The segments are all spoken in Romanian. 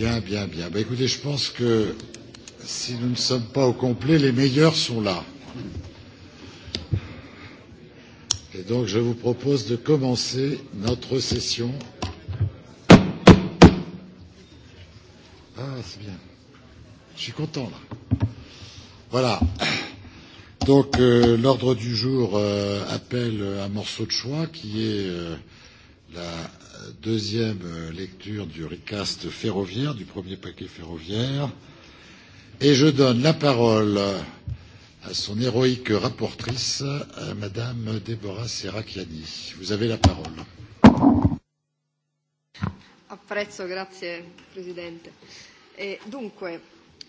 Bien, bien, bien. Bah, écoutez, je pense que si nous ne sommes pas au complet, les meilleurs sont là. Et donc, je vous propose de commencer notre session. Ah, c'est bien. Je suis content, là. Voilà. Donc, euh, l'ordre du jour euh, appelle un morceau de choix qui est euh, la deuxième euh, lecture du recast ferroviaire, du premier paquet ferroviaire. Et je donne la parole à son héroïque rapportrice, à Madame Deborah Serracchiani. Vous avez la parole. Apprezzo, grazie Presidente. E, dunque,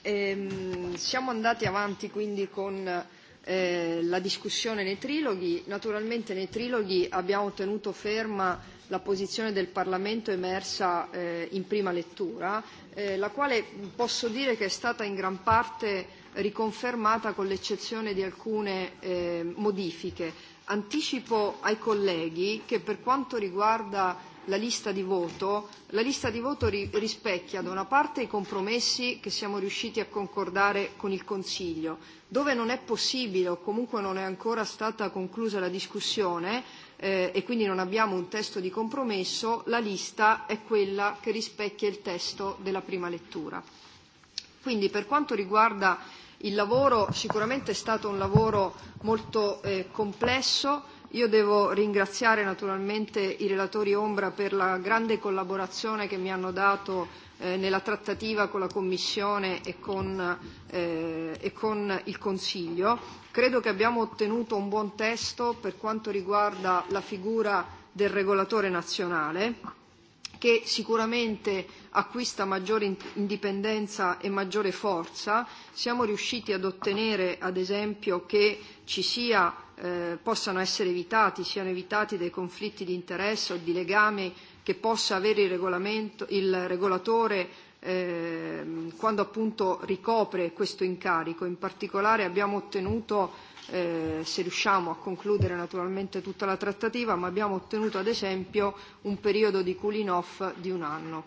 ehm, siamo andati avanti quindi con eh, la discussione nei triloghi. Naturalmente nei triloghi abbiamo tenuto ferma la posizione del Parlamento emersa eh, in prima lettura, eh, la quale posso dire che è stata in gran parte riconfermata con l'eccezione di alcune eh, modifiche. Anticipo ai colleghi che per quanto riguarda la lista di voto, la lista di voto ri- rispecchia da una parte i compromessi che siamo riusciti a concordare con il Consiglio, dove non è possibile o comunque non è ancora stata conclusa la discussione eh, e quindi non abbiamo un testo di compromesso, la lista è quella che rispecchia il testo della prima lettura. Quindi per quanto riguarda il lavoro, sicuramente è stato un lavoro molto eh, complesso, Io devo ringraziare naturalmente i relatori Ombra per la grande collaborazione che mi hanno dato eh, nella trattativa con la Commissione e con, eh, e con il Consiglio. Credo che abbiamo ottenuto un buon testo per quanto riguarda la figura del regolatore nazionale che sicuramente acquista maggiore indipendenza e maggiore forza. Siamo riusciti ad ottenere, ad esempio, che ci sia, eh, possano essere evitati, siano evitati dei conflitti di interesse o di legami che possa avere il, regolamento, il regolatore eh, quando appunto ricopre questo incarico. In particolare abbiamo ottenuto Eh, se riusciamo a concludere naturalmente tutta la trattativa, ma abbiamo ottenuto ad esempio un periodo di cooling off di un anno.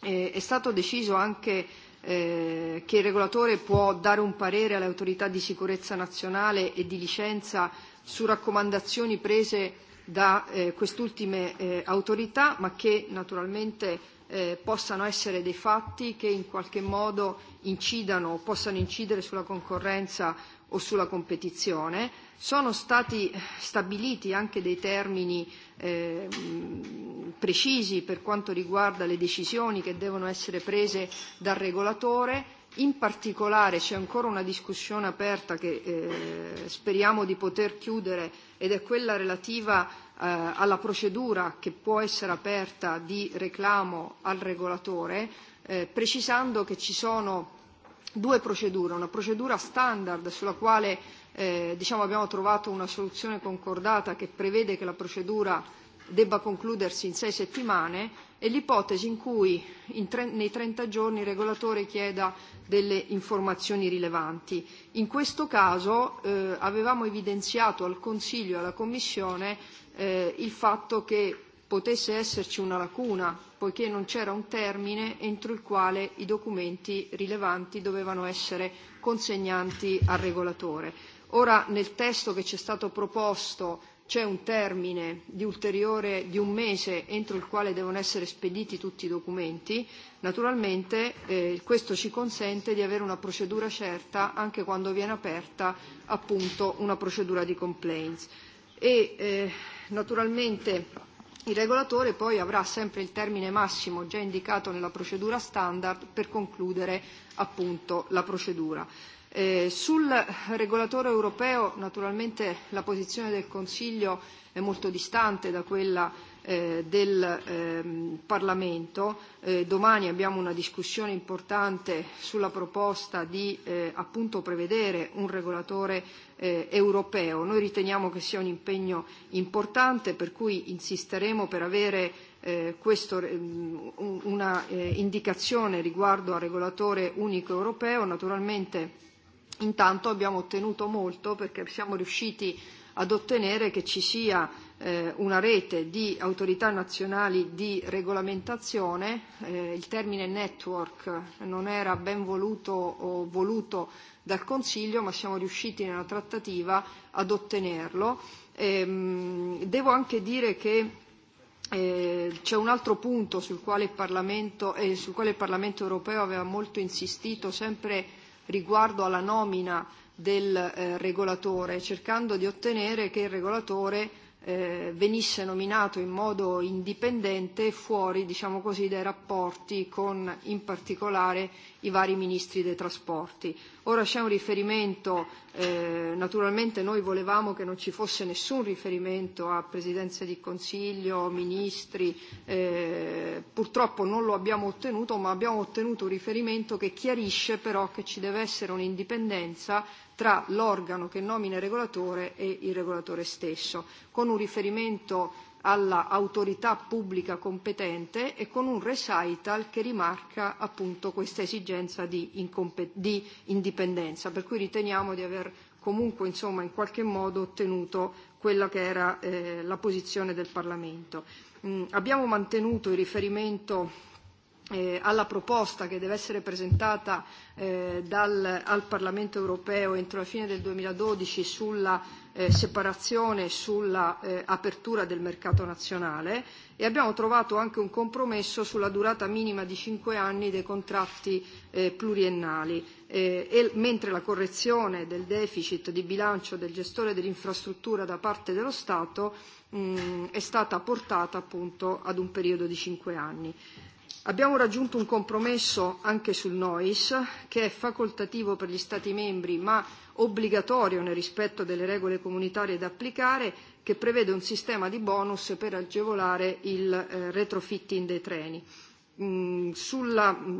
Eh, è stato deciso anche eh, che il regolatore può dare un parere alle autorità di sicurezza nazionale e di licenza su raccomandazioni prese da eh, quest'ultime eh, autorità, ma che naturalmente eh, possano essere dei fatti che in qualche modo incidano o possano incidere sulla concorrenza o sulla competizione, sono stati stabiliti anche dei termini eh, precisi per quanto riguarda le decisioni che devono essere prese dal regolatore In particolare c'è ancora una discussione aperta che eh, speriamo di poter chiudere ed è quella relativa eh, alla procedura che può essere aperta di reclamo al regolatore, eh, precisando che ci sono due procedure, una procedura standard sulla quale eh, diciamo, abbiamo trovato una soluzione concordata che prevede che la procedura debba concludersi in sei settimane e l'ipotesi in cui in tre, nei 30 giorni il regolatore chieda delle informazioni rilevanti. In questo caso eh, avevamo evidenziato al Consiglio e alla Commissione eh, il fatto che potesse esserci una lacuna, poiché non c'era un termine entro il quale i documenti rilevanti dovevano essere consegnanti al regolatore. Ora, nel testo che ci è stato proposto c'è un termine di ulteriore di un mese entro il quale devono essere spediti tutti i documenti, naturalmente eh, questo ci consente di avere una procedura certa anche quando viene aperta appunto una procedura di complaints. E eh, naturalmente Il regolatore poi avrà sempre il termine massimo già indicato nella procedura standard per concludere appunto la procedura. Eh, sul regolatore europeo naturalmente la posizione del Consiglio è molto distante da quella eh, del ehm, Parlamento. Eh, domani abbiamo una discussione importante sulla proposta di eh, appunto prevedere un regolatore eh, europeo. Noi riteniamo che sia un impegno importante per cui insisteremo per avere eh, questo, ehm, una eh, indicazione riguardo al regolatore unico europeo. Naturalmente intanto abbiamo ottenuto molto perché siamo riusciti ad ottenere che ci sia eh, una rete di autorità nazionali di regolamentazione, eh, il termine network non era ben voluto o voluto dal Consiglio, ma siamo riusciti nella trattativa ad ottenerlo. Ehm, devo anche dire che Eh, c'è un altro punto sul quale, il Parlamento, eh, sul quale il Parlamento europeo aveva molto insistito, sempre riguardo alla nomina del eh, regolatore, cercando di ottenere che il regolatore Eh, venisse nominato in modo indipendente fuori diciamo così, dai rapporti con in particolare i vari ministri dei trasporti. Ora c'è un riferimento, eh, naturalmente noi volevamo che non ci fosse nessun riferimento a presidenze di consiglio, ministri, eh, purtroppo non lo abbiamo ottenuto, ma abbiamo ottenuto un riferimento che chiarisce però che ci deve essere un'indipendenza tra l'organo che nomina il regolatore e il regolatore stesso, con un riferimento all'autorità pubblica competente e con un recital che rimarca appunto questa esigenza di, di indipendenza, per cui riteniamo di aver comunque insomma in qualche modo ottenuto quella che era eh, la posizione del Parlamento. Mm, abbiamo mantenuto il riferimento eh, alla proposta che deve essere presentata eh, dal, al Parlamento europeo entro la fine del 2012 sulla eh, separazione sulla eh, del mercato nazionale e abbiamo trovato anche un compromesso sulla durata minima di 5 anni dei contratti eh, pluriennali. Eh, e, mentre la correzione del deficit di bilancio del gestore dell'infrastruttura da parte dello Stato mh, mm, è stata portata appunto ad un periodo di 5 anni. Abbiamo raggiunto un compromesso anche sul NOIS, che è facoltativo per gli Stati membri ma obbligatorio nel rispetto delle regole comunitarie da applicare, che prevede un sistema di bonus per agevolare il eh, retrofitting dei treni. Mm, sulla mm,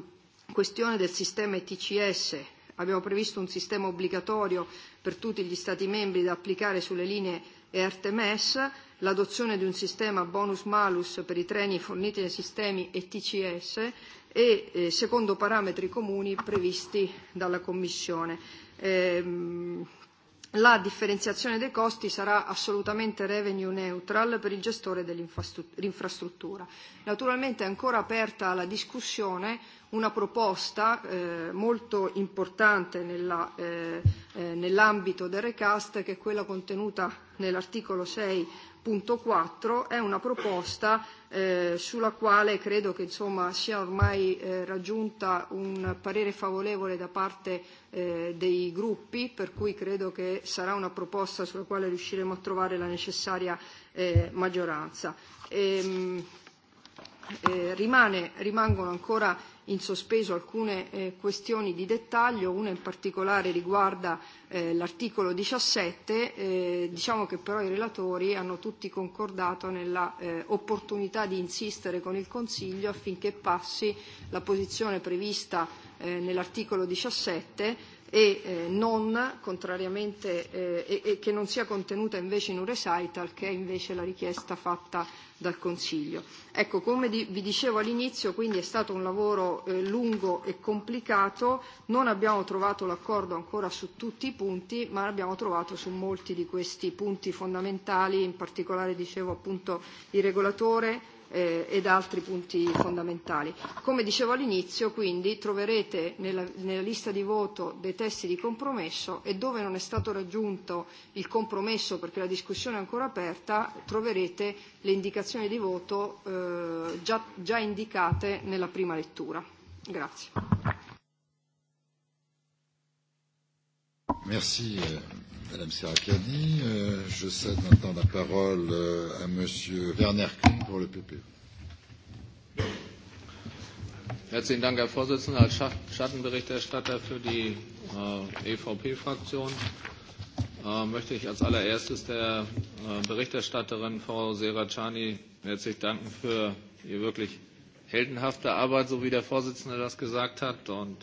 questione del sistema ETCS abbiamo previsto un sistema obbligatorio per tutti gli Stati membri da applicare sulle linee ERTMS l'adozione di un sistema bonus-malus per i treni forniti dai sistemi ETCS e eh, secondo parametri comuni previsti dalla Commissione. Ehm, la differenziazione dei costi sarà assolutamente revenue neutral per il gestore dell'infrastruttura. Naturalmente è ancora aperta la discussione una proposta eh, molto importante nella, eh, eh, nell'ambito del recast che è quella contenuta nell'articolo 6. Punto 4 è una proposta eh, sulla quale credo che insomma, sia ormai eh, raggiunta un parere favorevole da parte eh, dei gruppi, per cui credo che sarà una proposta sulla quale riusciremo a trovare la necessaria eh, maggioranza. Ehm, Eh, rimane, rimangono ancora in sospeso alcune eh, questioni di dettaglio, una in particolare riguarda eh, l'articolo 17, eh, diciamo che però i relatori hanno tutti concordato nella eh, opportunità di insistere con il Consiglio affinché passi la posizione prevista eh, nell'articolo 17 e eh, non contrariamente eh, e, e che non sia contenuta invece in un recital che è invece la richiesta fatta dal Consiglio. Ecco, come di, vi dicevo all'inizio, quindi è stato un lavoro eh, lungo e complicato, non abbiamo trovato l'accordo ancora su tutti i punti, ma l'abbiamo trovato su molti di questi punti fondamentali, in particolare dicevo appunto il regolatore, eh, ed altri punti fondamentali. Come dicevo all'inizio, quindi troverete nella, nella lista di voto dei testi di compromesso e dove non è stato raggiunto il compromesso perché la discussione è ancora aperta, troverete le indicazioni dichiarazioni di voto eh, già, già indicate nella prima lettura. Grazie. Merci, euh, Madame Serracani. Euh, je cède maintenant la parole euh, à Monsieur Werner Kling pour le PP. Herzlichen Dank, Herr Vorsitzender. Als Schattenberichterstatter für die äh, EVP-Fraktion Äh, möchte ich als allererstes der äh, Berichterstatterin Frau Serracani herzlich danken für ihr wirklich heldenhafte Arbeit, so wie der Vorsitzende das gesagt hat. Und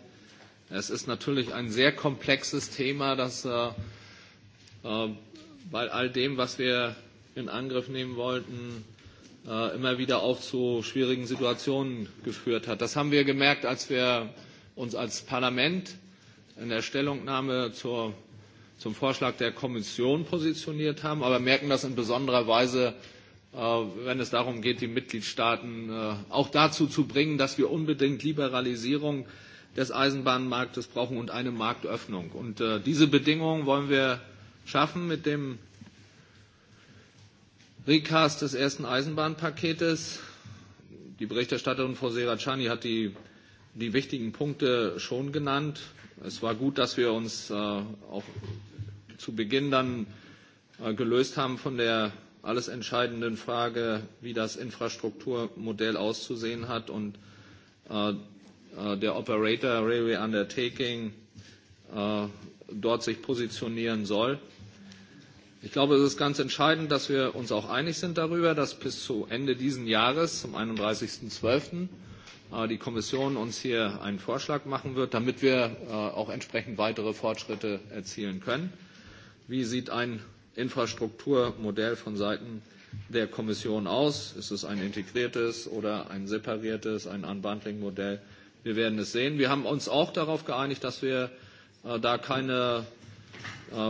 es ist natürlich ein sehr komplexes Thema, das äh, äh, bei all dem, was wir in Angriff nehmen wollten, äh, immer wieder auch zu schwierigen Situationen geführt hat. Das haben wir gemerkt, als wir uns als Parlament in der Stellungnahme zur zum Vorschlag der Kommission positioniert haben, aber merken das in besonderer Weise, äh, wenn es darum geht, die Mitgliedstaaten äh, auch dazu zu bringen, dass wir unbedingt Liberalisierung des Eisenbahnmarktes brauchen und eine Marktöffnung. Und äh, diese Bedingungen wollen wir schaffen mit dem Recast des ersten Eisenbahnpaketes. Die Berichterstatterin Frau Serracani hat die die wichtigen Punkte schon genannt. Es war gut, dass wir uns äh, auch zu Beginn dann äh, gelöst haben von der alles entscheidenden Frage, wie das Infrastrukturmodell auszusehen hat und äh, äh der Operator Railway Undertaking äh, dort sich positionieren soll. Ich glaube, es ist ganz entscheidend, dass wir uns auch einig sind darüber, dass bis zu Ende dieses Jahres, zum 31.12., Äh, die Kommission uns hier einen Vorschlag machen wird, damit wir äh, auch entsprechend weitere Fortschritte erzielen können. Wie sieht ein Infrastrukturmodell von Seiten der Kommission aus? Ist es ein integriertes oder ein separiertes, ein Unbundling-Modell? Wir werden es sehen. Wir haben uns auch darauf geeinigt, dass wir äh, da keine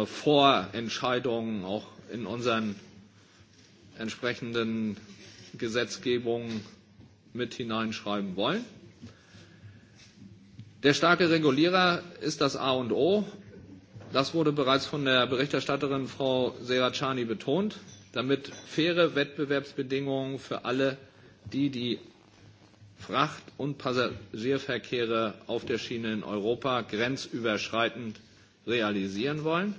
Vorentscheidungen auch in unseren entsprechenden Gesetzgebungen mit hineinschreiben wollen. Der starke Regulierer ist das A und O. Das wurde bereits von der Berichterstatterin Frau Serracani betont, damit faire Wettbewerbsbedingungen für alle, die die Fracht- und Passagierverkehre auf der Schiene in Europa grenzüberschreitend realisieren wollen.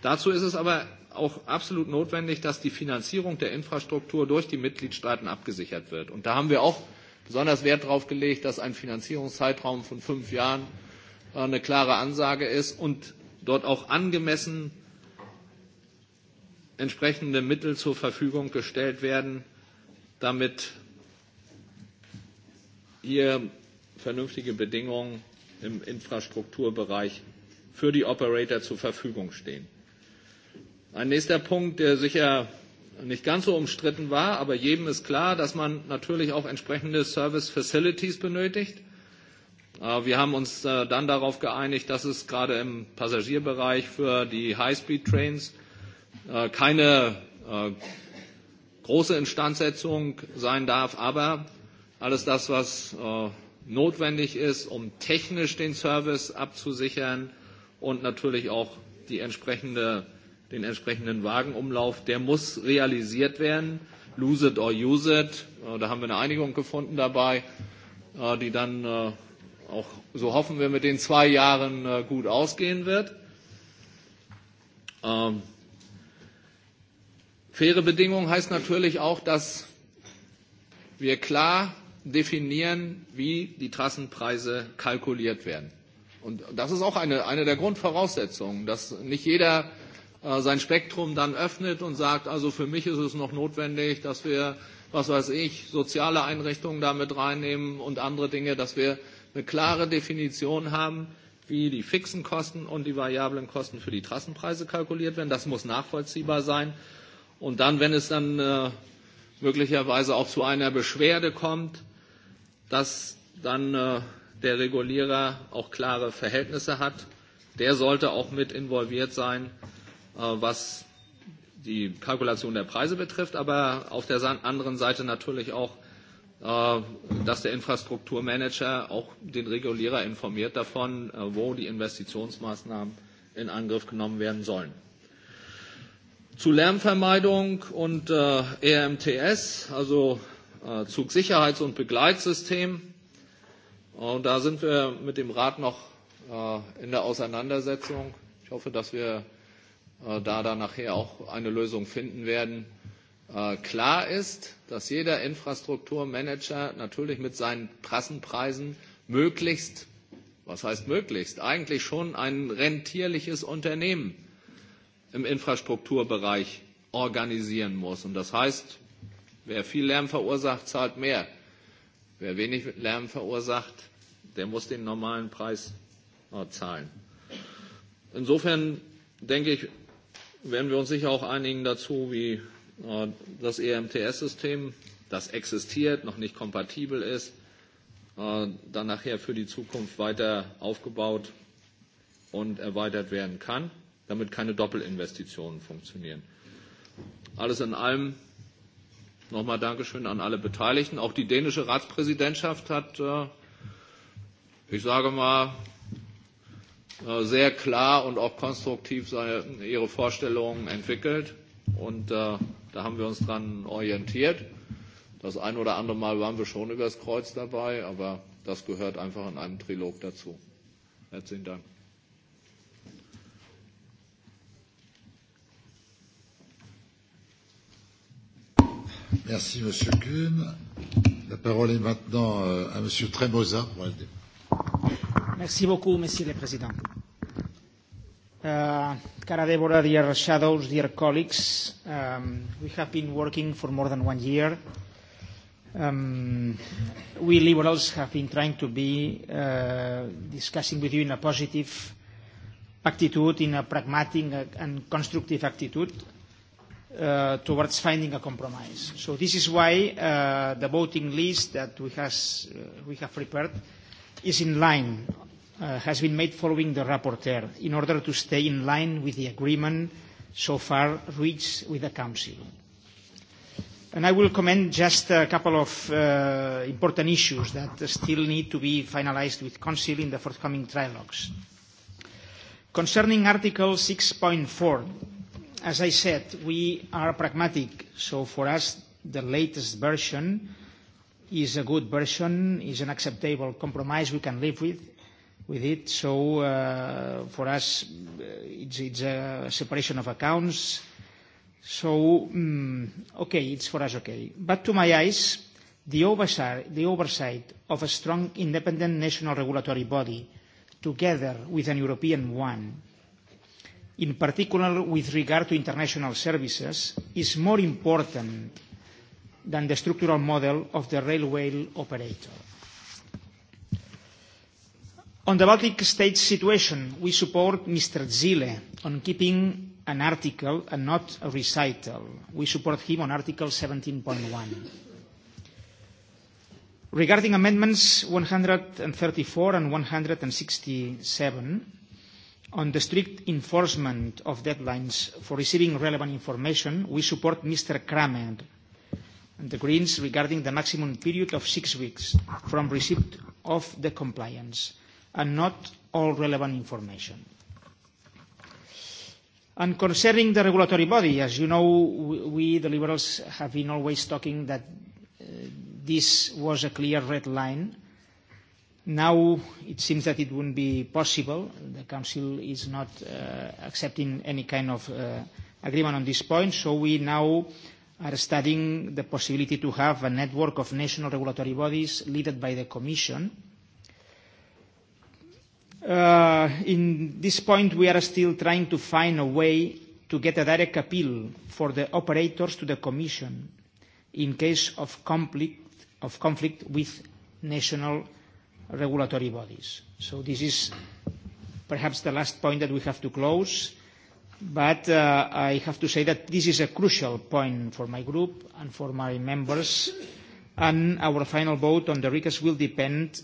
Dazu ist es aber auch absolut notwendig, dass die Finanzierung der Infrastruktur durch die Mitgliedstaaten abgesichert wird. Und da haben wir auch besonders Wert darauf gelegt, dass ein Finanzierungszeitraum von fünf Jahren äh, eine klare Ansage ist und dort auch angemessen entsprechende Mittel zur Verfügung gestellt werden, damit hier vernünftige Bedingungen im Infrastrukturbereich für die Operator zur Verfügung stehen. Ein nächster Punkt, der sicher nicht ganz so umstritten war, aber jedem ist klar, dass man natürlich auch entsprechende Service Facilities benötigt. Äh, wir haben uns äh, dann darauf geeinigt, dass es gerade im Passagierbereich für die High-Speed-Trains äh, keine große Instandsetzung sein darf, aber alles das, was notwendig ist, um technisch den Service abzusichern und natürlich auch die entsprechende den entsprechenden Wagenumlauf, der muss realisiert werden. Lose it or use it. Äh, da haben wir eine Einigung gefunden dabei, äh, die dann äh, auch, so hoffen wir, mit den zwei Jahren gut ausgehen wird. Ähm, faire Bedingungen heißt natürlich auch, dass wir klar definieren, wie die Trassenpreise kalkuliert werden. Und das ist auch eine, eine der Grundvoraussetzungen, dass nicht jeder Äh, sein Spektrum dann öffnet und sagt, also für mich ist es noch notwendig, dass wir, was weiß ich, soziale Einrichtungen damit reinnehmen und andere Dinge, dass wir eine klare Definition haben, wie die fixen Kosten und die variablen Kosten für die Trassenpreise kalkuliert werden. Das muss nachvollziehbar sein. Und dann, wenn es dann äh, möglicherweise auch zu einer Beschwerde kommt, dass dann äh, der Regulierer auch klare Verhältnisse hat. Der sollte auch mit involviert sein Äh, was die Kalkulation der Preise betrifft, aber auf der anderen Seite natürlich auch, äh, dass der Infrastrukturmanager auch den Regulierer informiert davon, äh, wo die Investitionsmaßnahmen in Angriff genommen werden sollen. Zu Lärmvermeidung und äh, EMTS, also äh, Zugsicherheits- und Begleitsystem. Und da sind wir mit dem Rat noch äh, in der Auseinandersetzung. Ich hoffe, dass wir Äh, da da nachher auch eine Lösung finden werden. Äh, klar ist, dass jeder Infrastrukturmanager natürlich mit seinen Trassenpreisen möglichst, was heißt möglichst, eigentlich schon ein rentierliches Unternehmen im Infrastrukturbereich organisieren muss. Und das heißt, wer viel Lärm verursacht, zahlt mehr. Wer wenig Lärm verursacht, der muss den normalen Preis äh, zahlen. Insofern denke ich, werden wir uns sicher auch einigen dazu, wie äh, das EMTS-System, das existiert, noch nicht kompatibel ist, äh, dann nachher für die Zukunft weiter aufgebaut und erweitert werden kann, damit keine Doppelinvestitionen funktionieren. Alles in allem nochmal Dankeschön an alle Beteiligten. Auch die dänische Ratspräsidentschaft hat, äh, ich sage mal, Äh, sehr klar und auch konstruktiv ihre Vorstellungen entwickelt. Und äh, da haben wir uns dran orientiert. Das ein oder andere Mal waren wir schon übers Kreuz dabei, aber das gehört einfach in einem Trilog dazu. Herzlichen Dank. Merci, Monsieur Kuhn. La parole est maintenant euh, à Monsieur Tremosa pour le débat. Merci beaucoup, Monsieur le President. Uh, Cara Deborah, dear shadows, dear colleagues, um, we have been working for more than one year. Um, we liberals have been trying to be uh, discussing with you in a positive attitude, in a pragmatic and constructive attitude uh, towards finding a compromise. So this is why uh, the voting list that we, has, uh, we have prepared uh, is in line, uh, has been made following the rapporteur in order to stay in line with the agreement so far reached with the Council. And I will comment just a couple of uh, important issues that still need to be finalized with Council in the forthcoming trilogues. Concerning Article 6.4, as I said, we are pragmatic, so for us the latest version is a good version, is an acceptable compromise we can live with, with it. So uh, for us, uh, it's, it's a separation of accounts. So, um, okay, it's for us okay. But to my eyes, the oversight, the oversight of a strong independent national regulatory body together with an European one, in particular with regard to international services, is more important than the structural model of the railway operator. On the Baltic state situation, we support Mr. Zile on keeping an article and not a recital. We support him on Article 17.1. Regarding amendments 134 and 167, on the strict enforcement of deadlines for receiving relevant information, we support Mr. Kramer and the Greens regarding the maximum period of six weeks from receipt of the compliance, and not all relevant information. And concerning the regulatory body, as you know, we, the Liberals, have been always talking that uh, this was a clear red line. Now it seems that it wouldn't be possible. The Council is not uh, accepting any kind of uh, agreement on this point, so we now uh, are studying the possibility to have a network of national regulatory bodies led by the Commission. Uh, in this point, we are still trying to find a way to get a direct appeal for the operators to the Commission in case of conflict, of conflict with national regulatory bodies. So this is perhaps the last point that we have to close But uh, I have to say that this is a crucial point for my group and for my members, and our final vote on the request will depend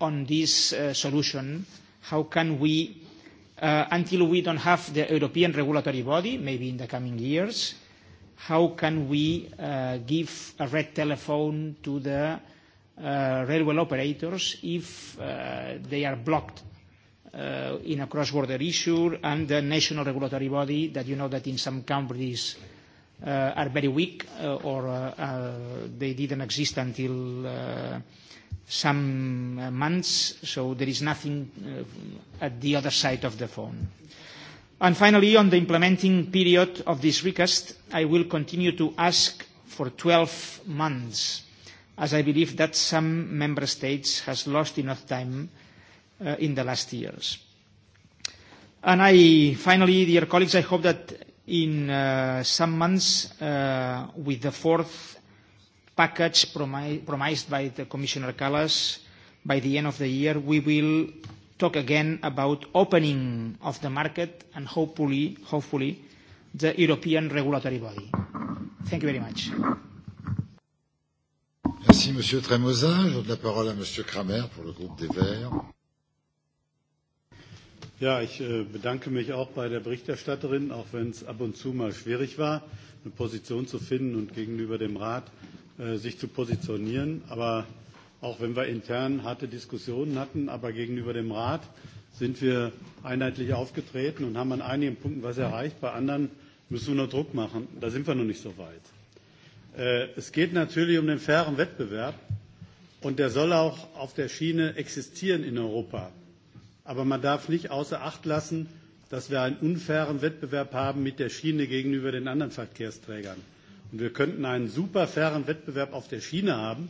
on this uh, solution. How can we, uh, until we don't have the European regulatory body, maybe in the coming years, how can we uh, give a red telephone to the uh, railway operators if uh, they are blocked uh, in a cross-border issue and the national regulatory body that you know that in some countries uh, are very weak uh, or uh, uh, they didn't exist until uh, some uh, months, so there is nothing uh, at the other side of the phone. And finally, on the implementing period of this request, I will continue to ask for 12 months, as I believe that some member states has lost enough time Uh, in the last years. And I, finally, dear colleagues, I hope that in uh, some months, uh, with the fourth package promi promised by the Commissioner Callas, by the end of the year, we will talk again about opening of the market and hopefully, hopefully, the European regulatory body. Thank you very much. Merci, Monsieur Tremosa. Je donne la parole à Monsieur Kramer pour le groupe des Verts. Ja, ich äh, bedanke mich auch bei der Berichterstatterin, auch wenn es ab und zu mal schwierig war, eine Position zu finden und gegenüber dem Rat äh, sich zu positionieren. Aber auch wenn wir intern harte Diskussionen hatten, aber gegenüber dem Rat sind wir einheitlich aufgetreten und haben an einigen Punkten was erreicht, bei anderen müssen wir noch Druck machen. Da sind wir noch nicht so weit. Äh, es geht natürlich um den fairen Wettbewerb und der soll auch auf der Schiene existieren in Europa. Aber man darf nicht außer Acht lassen, dass wir einen unfairen Wettbewerb haben mit der Schiene gegenüber den anderen Verkehrsträgern. Und wir könnten einen super fairen Wettbewerb auf der Schiene haben,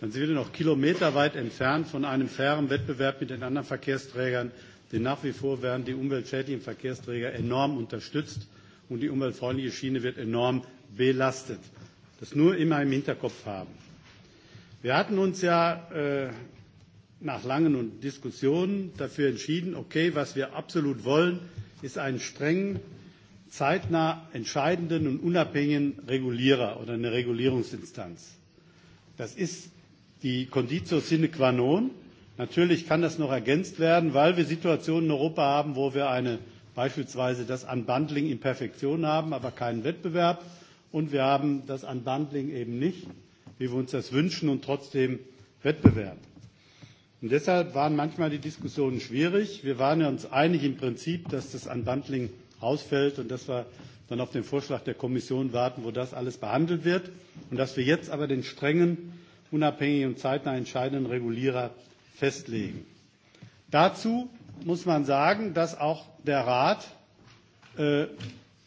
dann sind wir noch kilometerweit entfernt von einem fairen Wettbewerb mit den anderen Verkehrsträgern, denn nach wie vor werden die umweltschädlichen Verkehrsträger enorm unterstützt und die umweltfreundliche Schiene wird enorm belastet. Das nur immer im Hinterkopf haben. Wir hatten uns ja äh, nach langen Diskussionen dafür entschieden, okay, was wir absolut wollen, ist einen strengen, zeitnah entscheidenden und unabhängigen Regulierer oder eine Regulierungsinstanz. Das ist die Conditio sine qua non. Natürlich kann das noch ergänzt werden, weil wir Situationen in Europa haben, wo wir eine, beispielsweise das Unbundling in Perfektion haben, aber keinen Wettbewerb. Und wir haben das Unbundling eben nicht, wie wir uns das wünschen, und trotzdem Wettbewerb. Und deshalb waren manchmal die Diskussionen schwierig. Wir waren ja uns einig im Prinzip, dass das Unbundling ausfällt und dass wir dann auf den Vorschlag der Kommission warten, wo das alles behandelt wird und dass wir jetzt aber den strengen, unabhängigen und zeitnah entscheidenden Regulierer festlegen. Dazu muss man sagen, dass auch der Rat äh,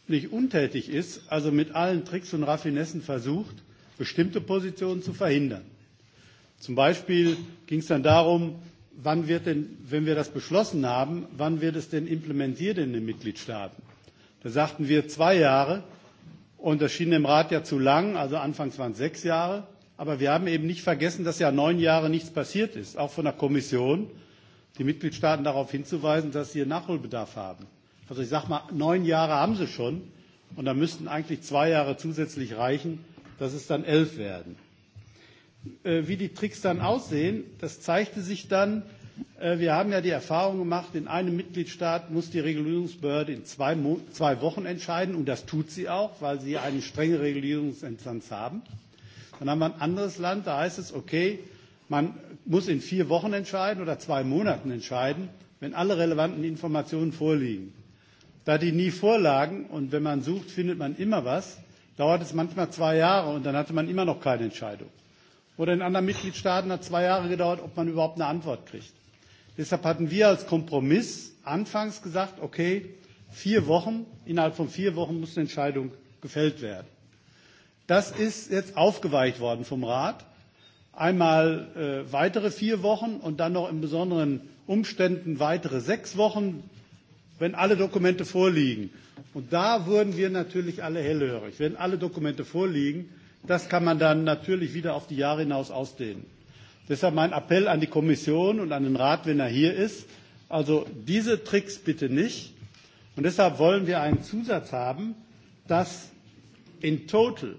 nicht untätig ist, also mit allen Tricks und Raffinessen versucht, bestimmte Positionen zu verhindern. Zum Beispiel ging es dann darum, wann wird denn, wenn wir das beschlossen haben, wann wird es denn implementiert in den Mitgliedstaaten? Da sagten wir zwei Jahre und das schien dem Rat ja zu lang, also anfangs waren es sechs Jahre. Aber wir haben eben nicht vergessen, dass ja neun Jahre nichts passiert ist, auch von der Kommission, die Mitgliedstaaten darauf hinzuweisen, dass sie Nachholbedarf haben. Also ich sage mal, neun Jahre haben sie schon und da müssten eigentlich zwei Jahre zusätzlich reichen, dass es dann elf werden äh, wie die Tricks dann aussehen. Das zeigte sich dann, äh, wir haben ja die Erfahrung gemacht, in einem Mitgliedstaat muss die Regulierungsbehörde in zwei, Mo zwei Wochen entscheiden und das tut sie auch, weil sie eine strenge Regulierungsinstanz haben. Dann haben wir ein anderes Land, da heißt es, okay, man muss in vier Wochen entscheiden oder zwei Monaten entscheiden, wenn alle relevanten Informationen vorliegen. Da die nie vorlagen und wenn man sucht, findet man immer was, dauert es manchmal zwei Jahre und dann hatte man immer noch keine Entscheidung oder in anderen Mitgliedstaaten hat zwei Jahre gedauert, ob man überhaupt eine Antwort kriegt. Deshalb hatten wir als Kompromiss anfangs gesagt, okay, vier Wochen, innerhalb von vier Wochen muss eine Entscheidung gefällt werden. Das ist jetzt aufgeweicht worden vom Rat. Einmal äh, weitere vier Wochen und dann noch in besonderen Umständen weitere sechs Wochen, wenn alle Dokumente vorliegen. Und da wurden wir natürlich alle hellhörig. Wenn alle Dokumente vorliegen, Das kann man dann natürlich wieder auf die Jahre hinaus ausdehnen. Deshalb mein Appell an die Kommission und an den Rat, wenn er hier ist, also diese Tricks bitte nicht. Und deshalb wollen wir einen Zusatz haben, dass in total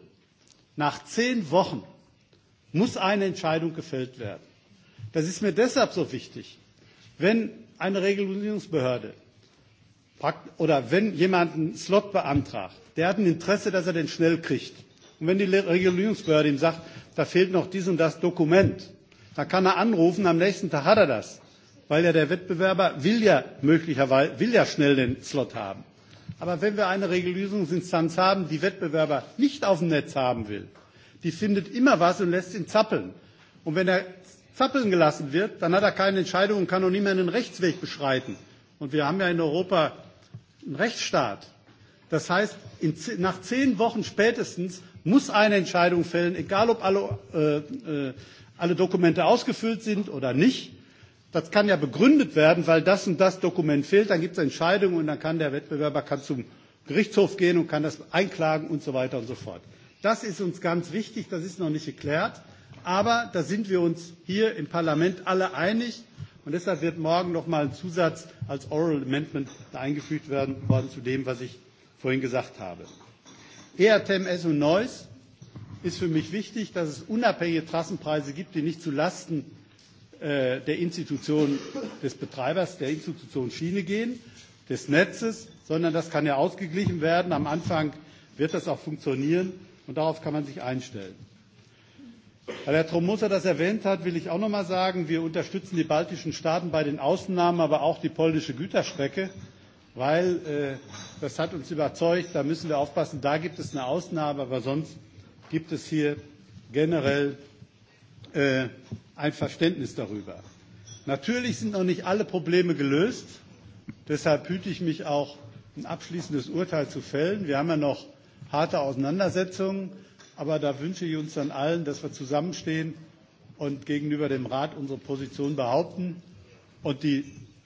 nach zehn Wochen muss eine Entscheidung gefällt werden. Das ist mir deshalb so wichtig. Wenn eine Regulierungsbehörde oder wenn jemand einen Slot beantragt, der hat ein Interesse, dass er den schnell kriegt Und wenn die Regulierungsbehörde ihm sagt, da fehlt noch dies und das Dokument, dann kann er anrufen, am nächsten Tag hat er das, weil ja der Wettbewerber will ja möglicherweise, will ja schnell den Slot haben. Aber wenn wir eine Regulierungsinstanz haben, die Wettbewerber nicht auf dem Netz haben will, die findet immer was und lässt ihn zappeln. Und wenn er zappeln gelassen wird, dann hat er keine Entscheidung und kann auch nicht mehr einen Rechtsweg beschreiten. Und wir haben ja in Europa einen Rechtsstaat. Das heißt, in, nach zehn Wochen spätestens muss eine Entscheidung fällen, egal ob alle, äh, äh, alle Dokumente ausgefüllt sind oder nicht. Das kann ja begründet werden, weil das und das Dokument fehlt, dann gibt es Entscheidungen und dann kann der Wettbewerber kann zum Gerichtshof gehen und kann das einklagen und so weiter und so fort. Das ist uns ganz wichtig, das ist noch nicht geklärt, aber da sind wir uns hier im Parlament alle einig und deshalb wird morgen noch mal ein Zusatz als Oral Amendment eingefügt werden worden zu dem, was ich vorhin gesagt habe. ERTMS und Neuss ist für mich wichtig, dass es unabhängige Trassenpreise gibt, die nicht zulasten äh, der Institution des Betreibers, der Institution Schiene gehen, des Netzes, sondern das kann ja ausgeglichen werden. Am Anfang wird das auch funktionieren und darauf kann man sich einstellen. Weil Herr Tromosa das erwähnt hat, will ich auch noch mal sagen, wir unterstützen die baltischen Staaten bei den Ausnahmen, aber auch die polnische Güterstrecke weil äh, das hat uns überzeugt, da müssen wir aufpassen, da gibt es eine Ausnahme, aber sonst gibt es hier generell äh, ein Verständnis darüber. Natürlich sind noch nicht alle Probleme gelöst, deshalb hüte ich mich auch, ein abschließendes Urteil zu fällen. Wir haben ja noch harte Auseinandersetzungen, aber da wünsche ich uns dann allen, dass wir zusammenstehen und gegenüber dem Rat unsere Position behaupten und die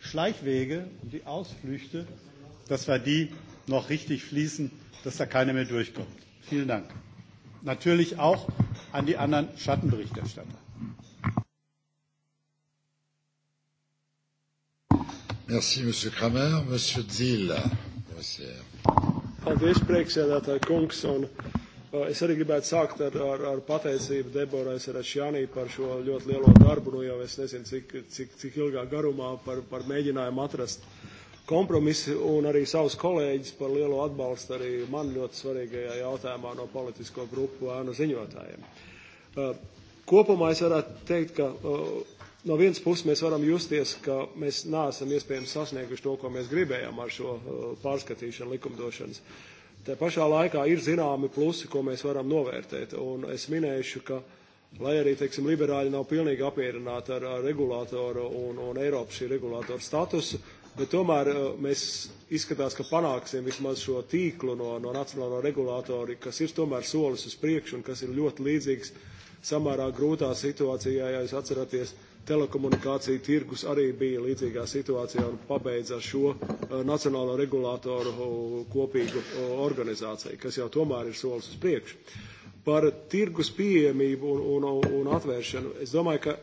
Schleichwege und die Ausflüchte, dass wir die noch richtig fließen, dass da keiner mehr durchkommt. Vielen Dank. Natürlich auch an die anderen Schattenberichterstatter. Merci, Monsieur Kramer. Monsieur Zille, OCR. Herr Gesprächsherr Kongsson. Uh, es arī gribētu sākt ar, ar, ar pateicību Deborai Seračjānī par šo ļoti lielo darbu, nu jau es nezinu, cik, cik, cik ilgā garumā par, par mēģinājumu atrast kompromisu un arī savus kolēģis par lielo atbalstu arī man ļoti svarīgajā jautājumā no politisko grupu ēnu ziņotājiem. Uh, kopumā es varētu teikt, ka uh, no vienas puses mēs varam justies, ka mēs neesam iespējams sasnieguši to, ko mēs gribējām ar šo pārskatīšanu likumdošanas. Te pašā laikā ir zināmi plusi, ko mēs varam novērtēt, un es minēšu, ka lai arī, teiksim, liberāļi nav pilnīgi apmierināti ar, ar regulātoru un, un Eiropas šī regulātora statusu, bet tomēr eh, mēs izskatās, ka panāksim vismaz šo tīklu no, no nacionālā regulātora, kas ir tomēr solis uz priekšu un kas ir ļoti līdzīgs samērā grūtā situācijā, ja jūs atceraties telekomunikāciju tirgus arī bija līdzīgā situācijā un pabeidz ar šo eh, nacionālo regulātoru kopīgu organizāciju, kas jau tomēr ir solis uz priekšu. Par tirgus pieejamību un, un, un atvēršanu. Es domāju, ka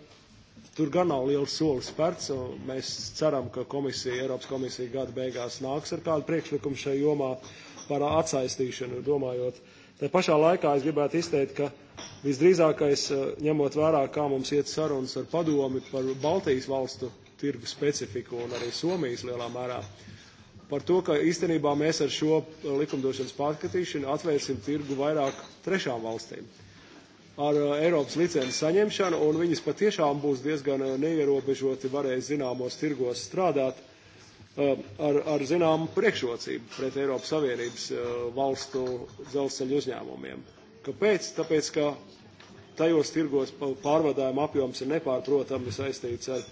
Tur gan nav liels solis spērts. Mēs ceram, ka komisija, Eiropas komisija gada beigās nāks ar kādu priekšlikumu šajā jomā par atsaistīšanu. Domājot, tā pašā laikā es gribētu izteikt, ka Visdrīzākais, eh, ņemot vērā, kā mums iet sarunas ar padomi par Baltijas valstu tirgu specifiku un arī Somijas lielā mērā, par to, ka īstenībā mēs ar šo eh, likumdošanas pārskatīšanu atvērsim tirgu vairāk trešām valstīm ar eh, Eiropas licences saņemšanu, un viņas patiešām būs diezgan neierobežoti varēs zināmos tirgos strādāt ar, ar zināmu priekšrocību pret Eiropas Savienības valstu dzelzceļu uzņēmumiem. Kāpēc? Tāpēc, ka tajos tirgos pārvadājuma apjoms ir nepārprotami saistīts ar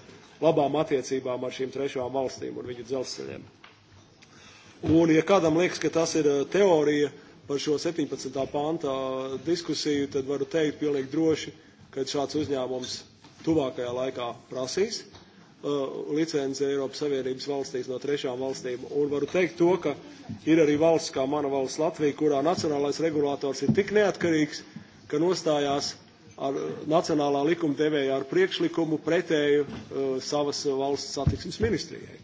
labām attiecībām ar šīm trešām valstīm un viņu dzelzceļiem. Un, ja kādam liekas, ka tas ir eh, teorija par šo 17. pāntā eh, diskusiju, tad varu teikt pilnīgi droši, ka šāds uzņēmums tuvākajā laikā prasīs. Uh, licenci Eiropas Savienības valstīs no trešām valstīm. Un varu teikt to, ka ir arī valsts, kā mana valsts Latvija, kurā nacionālais regulators ir tik neatkarīgs, ka nostājās ar uh, nacionālā likuma devēja ar priekšlikumu pretēju uh, savas valsts satiksmes ministrijai.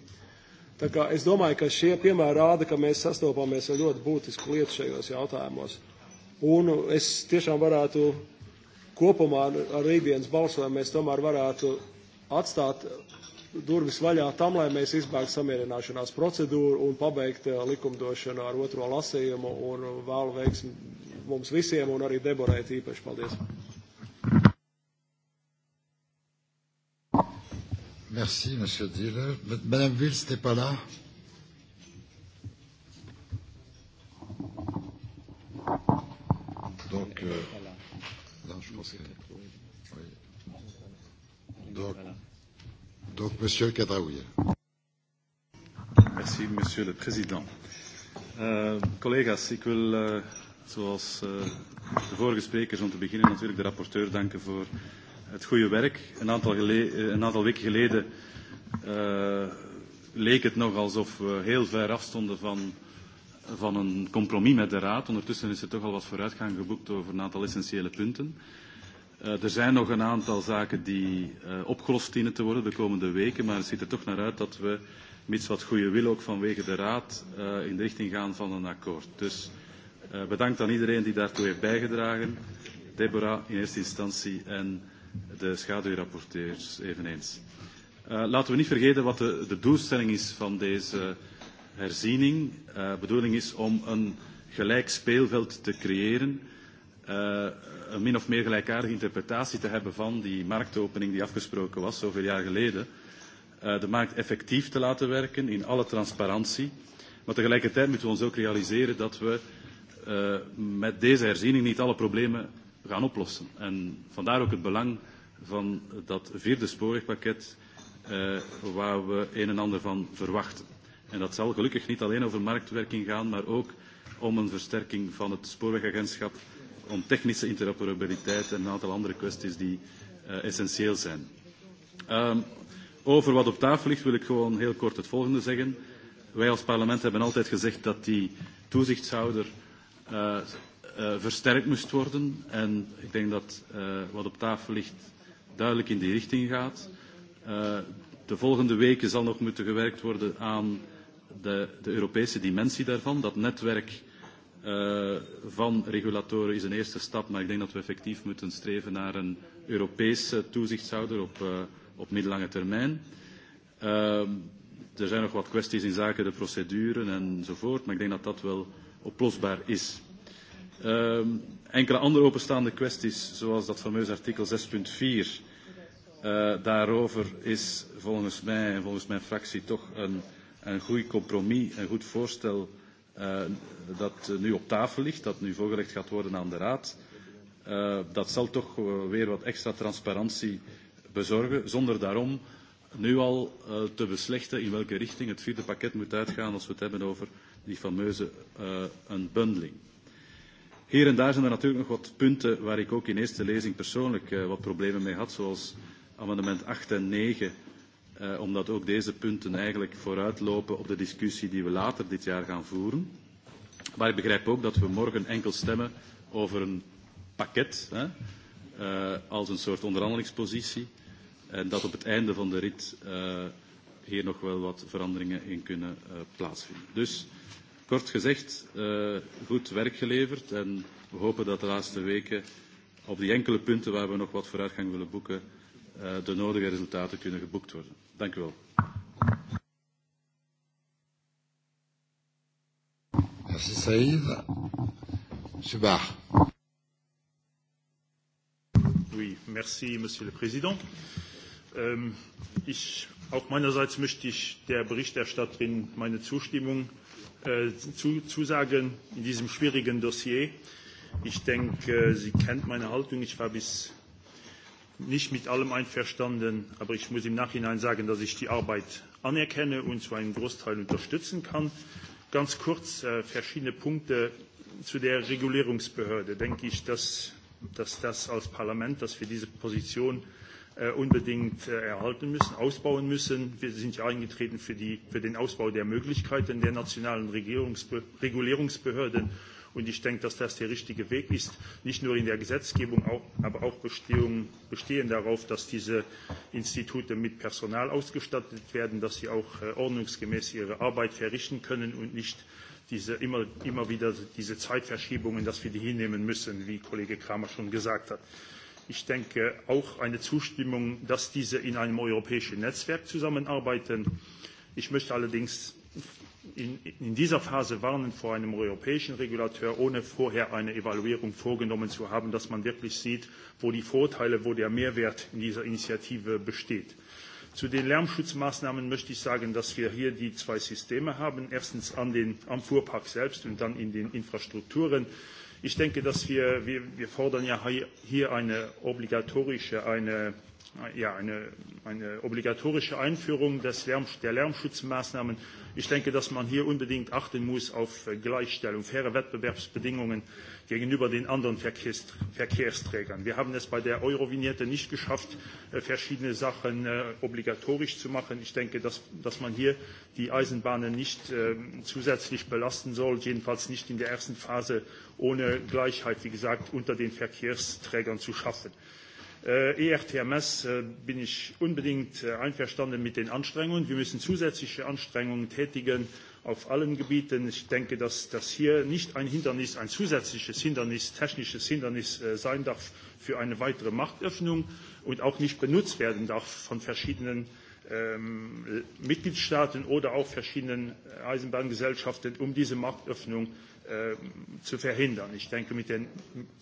Tā kā es domāju, ka šie piemēri rāda, ka mēs sastopamies ar ļoti būtisku lietu šajos jautājumos. Un es tiešām varētu kopumā ar rītdienas balsojumu mēs tomēr varētu atstāt durvis vaļā tam, lai mēs izbēgtu samierināšanās procedūru un pabeigtu eh, likumdošanu ar otro lasējumu. un vēlu veiksmi mums visiem un arī Deborai tīpaši. Paldies! Merci, M. Diller. Madame Ville, c'était pas là. Donc, euh, non, je pense que. Oui. Donc, Donc, Monsieur Kadraoui. Merci, Monsieur de President. Uh, collega's, ik wil uh, zoals uh, de vorige sprekers om te beginnen natuurlijk de rapporteur danken voor het goede werk. Een aantal, gele eh, een aantal weken geleden uh, leek het nog alsof we heel ver afstonden van, van een compromis met de Raad. Ondertussen is er toch al wat vooruitgang geboekt over een aantal essentiële punten. Uh, Uh, er zijn nog een aantal zaken die uh, opgelost dienen te worden de komende weken, maar het ziet er toch naar uit dat we, mits wat goede wil ook vanwege de Raad, uh, in de richting gaan van een akkoord. Dus uh, bedankt aan iedereen die daartoe heeft bijgedragen. Deborah in eerste instantie en de schaduwrapporteurs eveneens. Uh, laten we niet vergeten wat de, de doelstelling is van deze herziening. De uh, bedoeling is om een gelijk speelveld te creëren. Uh, een min of meer gelijkaardige interpretatie te hebben van die marktopening die afgesproken was zoveel jaar geleden. Uh, de markt effectief te laten werken in alle transparantie. Maar tegelijkertijd moeten we ons ook realiseren dat we uh, met deze herziening niet alle problemen gaan oplossen. En vandaar ook het belang van dat vierde spoorwegpakket uh, waar we een en ander van verwachten. En dat zal gelukkig niet alleen over marktwerking gaan, maar ook om een versterking van het spoorwegagentschap om technische interoperabiliteit en een aantal andere kwesties die uh, essentieel zijn. Um, over wat op tafel ligt wil ik gewoon heel kort het volgende zeggen. Wij als parlement hebben altijd gezegd dat die toezichtshouder uh, uh, versterkt moest worden. En ik denk dat uh, wat op tafel ligt duidelijk in die richting gaat. Uh, de volgende weken zal nog moeten gewerkt worden aan de, de Europese dimensie daarvan. Dat netwerk Eh, van regulatoren is een eerste stap, maar ik denk dat we effectief moeten streven naar een Europese toezichtshouder op, uh, op middellange termijn. Uh, er zijn nog wat kwesties in zaken de procedure enzovoort, maar ik denk dat dat wel oplosbaar is. Uh, enkele andere openstaande kwesties, zoals dat fameuze artikel 6.4, Uh, daarover is volgens mij en volgens mijn fractie toch een, een goed compromis, een goed voorstel uh, dat nu op tafel ligt, dat nu voorgelegd gaat worden aan de Raad, uh, dat zal toch uh, weer wat extra transparantie bezorgen, zonder daarom nu al uh, te beslechten in welke richting het vierde pakket moet uitgaan als we het hebben over die fameuze uh, unbundling. Hier en daar zijn er natuurlijk nog wat punten waar ik ook in eerste lezing persoonlijk uh, wat problemen mee had, zoals amendement 8 en 9 uh, omdat ook deze punten eigenlijk vooruitlopen op de discussie die we later dit jaar gaan voeren. Maar ik begrijp ook dat we morgen enkel stemmen over een pakket, hè, uh, als een soort onderhandelingspositie, en dat op het einde van de rit uh, hier nog wel wat veranderingen in kunnen uh, plaatsvinden. Dus kort gezegd, uh, goed werk geleverd en we hopen dat de laatste weken op die enkele punten waar we nog wat vooruitgang willen boeken, Eh, de nodige resultaten kunnen geboekt worden. Dank u wel. Merci Saïd. Monsieur Barr. Oui, merci Monsieur le Président. Euh, ich, auch meinerseits möchte ich der Berichterstatterin meine Zustimmung äh, zu, zusagen in diesem schwierigen Dossier. Ich denke, äh, sie kennt meine Haltung. Ich war bis nicht mit allem einverstanden, aber ich muss im Nachhinein sagen, dass ich die Arbeit anerkenne und zu einem Großteil unterstützen kann. Ganz kurz äh, verschiedene Punkte zu der Regulierungsbehörde. Denke ich, dass, dass das als Parlament, dass wir diese Position äh, unbedingt äh, erhalten müssen, ausbauen müssen. Wir sind ja eingetreten für, die, für den Ausbau der Möglichkeiten der nationalen Regulierungsbehörden Und ich denke, dass das der richtige Weg ist, nicht nur in der Gesetzgebung, auch, aber auch Bestehung, bestehen darauf, dass diese Institute mit Personal ausgestattet werden, dass sie auch äh, ordnungsgemäß ihre Arbeit verrichten können und nicht diese, immer, immer wieder diese Zeitverschiebungen, dass wir die hinnehmen müssen, wie Kollege Kramer schon gesagt hat. Ich denke auch eine Zustimmung, dass diese in einem europäischen Netzwerk zusammenarbeiten. Ich möchte allerdings in, in dieser Phase warnen vor einem europäischen Regulateur, ohne vorher eine Evaluierung vorgenommen zu haben, dass man wirklich sieht, wo die Vorteile, wo der Mehrwert in dieser Initiative besteht. Zu den Lärmschutzmaßnahmen möchte ich sagen, dass wir hier die zwei Systeme haben. Erstens an den, am Fuhrpark selbst und dann in den Infrastrukturen. Ich denke, dass wir, wir, wir fordern ja hier eine obligatorische, eine, ja, eine, eine obligatorische Einführung des Lärm, der Lärmschutzmaßnahmen Ich denke, dass man hier unbedingt achten muss auf äh, Gleichstellung, faire Wettbewerbsbedingungen gegenüber den anderen Verkehrsträgern. Wir haben es bei der Eurovignette nicht geschafft, äh, verschiedene Sachen äh, obligatorisch zu machen. Ich denke, dass, dass man hier die Eisenbahnen nicht ähm, zusätzlich belasten soll, jedenfalls nicht in der ersten Phase, ohne Gleichheit, wie gesagt, unter den Verkehrsträgern zu schaffen. Äh, ERTMS äh, bin ich unbedingt äh, einverstanden mit den Anstrengungen. Wir müssen zusätzliche Anstrengungen tätigen auf allen Gebieten. Ich denke, dass das hier nicht ein Hindernis, ein zusätzliches Hindernis, technisches Hindernis sein darf für eine weitere Marktöffnung und auch nicht benutzt werden darf von verschiedenen ähm, Mitgliedstaaten oder auch verschiedenen Eisenbahngesellschaften, um diese Marktöffnung äh, zu verhindern. Ich denke, mit dem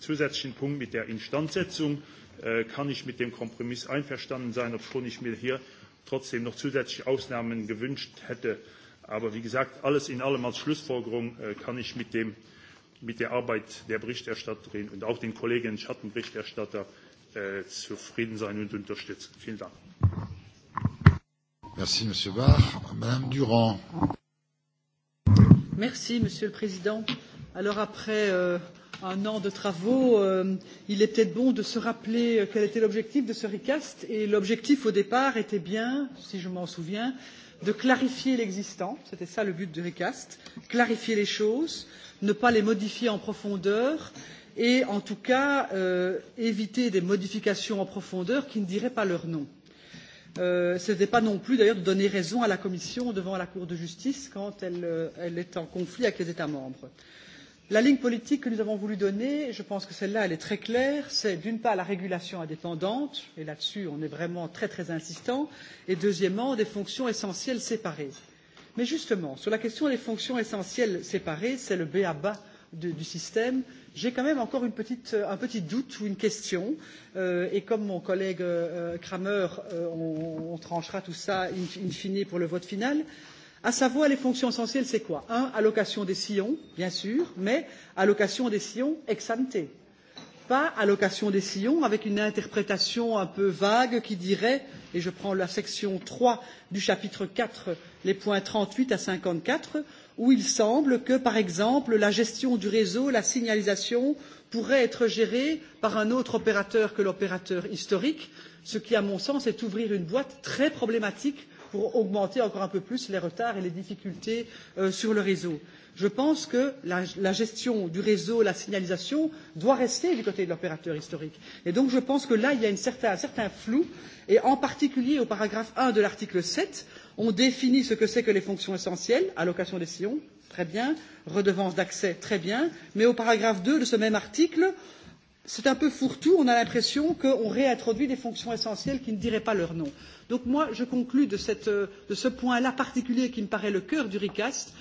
zusätzlichen Punkt mit der Instandsetzung Äh, kann ich mit dem Kompromiss einverstanden sein, obwohl ich mir hier trotzdem noch zusätzliche Ausnahmen gewünscht hätte. Aber wie gesagt, alles in allem als Schlussfolgerung äh, kann ich mit, dem, mit der Arbeit der Berichterstatterin und auch den Kolleginnen Schattenberichterstatter äh, zufrieden sein und unterstützen. Vielen Dank. Merci, Monsieur Bach. Madame Durand. Merci, Monsieur le Président. Alors après euh, un an de travaux, euh, il est peut-être bon de se rappeler euh, quel était l'objectif de ce recast. Et l'objectif au départ était bien, si je m'en souviens, de clarifier l'existant. C'était ça le but du recast. Clarifier les choses, ne pas les modifier en profondeur et en tout cas euh, éviter des modifications en profondeur qui ne diraient pas leur nom. Euh, ce n'était pas non plus d'ailleurs de donner raison à la Commission devant la Cour de justice quand elle, euh, elle est en conflit avec les États membres. Euh, la ligne politique que nous avons voulu donner, je pense que celle-là, est très claire, c'est d'une part la régulation indépendante, et là-dessus on est vraiment très très insistant, et deuxièmement des fonctions essentielles séparées. Mais justement, sur la question des fonctions essentielles séparées, c'est le b. a. ba du système, j'ai quand même encore une petite, euh, un petit doute ou une question, euh, et comme mon collègue euh, euh Kramer, euh, on, on tranchera tout cela in, in fine pour le vote final. Euh, à savoir les fonctions essentielles, c'est quoi Un, allocation des sillons, bien sûr, mais allocation des sillons ex ante. Pas allocation des sillons avec une interprétation un peu vague qui dirait, et je prends la section 3 du chapitre 4, les points 38 à 54, où il semble que, par exemple, la gestion du réseau, la signalisation pourrait être gérée par un autre opérateur que l'opérateur historique, ce qui, à mon sens, est ouvrir une boîte très problématique pour augmenter encore un peu plus les retards et les difficultés euh, sur le réseau. Je pense que la, la gestion du réseau, la signalisation doit rester du côté de l'opérateur historique. Et donc je pense que là, il y a une certain, un certain flou, et en particulier au paragraphe 1 de l'article 7, on définit ce que c'est que les fonctions essentielles, allocation des sillons, très bien, redevance d'accès, très bien, mais au paragraphe 2 de ce même article, c'est un peu fourre-tout. On a l'impression qu'on réintroduit des fonctions essentielles qui ne diraient pas leur nom. Donc moi, je conclus de, cette, euh, de ce point-là particulier qui me paraît le cœur du RICAST.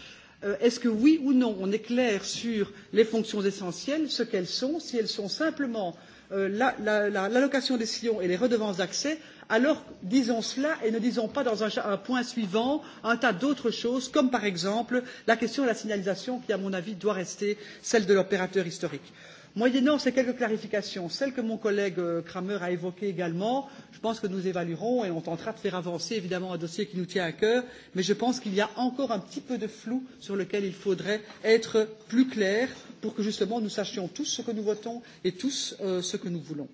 Euh, est-ce que oui ou non, on est clair sur les fonctions essentielles, ce qu'elles sont, si elles sont simplement euh, l'allocation la, la, la, des sillons et les redevances d'accès, alors disons cela et ne disons pas dans un, un point suivant un tas d'autres choses, comme par exemple la question de la signalisation qui, à mon avis, doit rester celle de l'opérateur historique. Moyennant ces quelques clarifications, celles que mon collègue euh, Kramer a évoquées également, je pense que nous évaluerons et on tentera de faire avancer évidemment un dossier qui nous tient à cœur, mais je pense qu'il y a encore un petit peu de flou sur lequel il faudrait être plus clair pour que justement nous sachions tous ce que nous votons et tous euh, ce que nous voulons.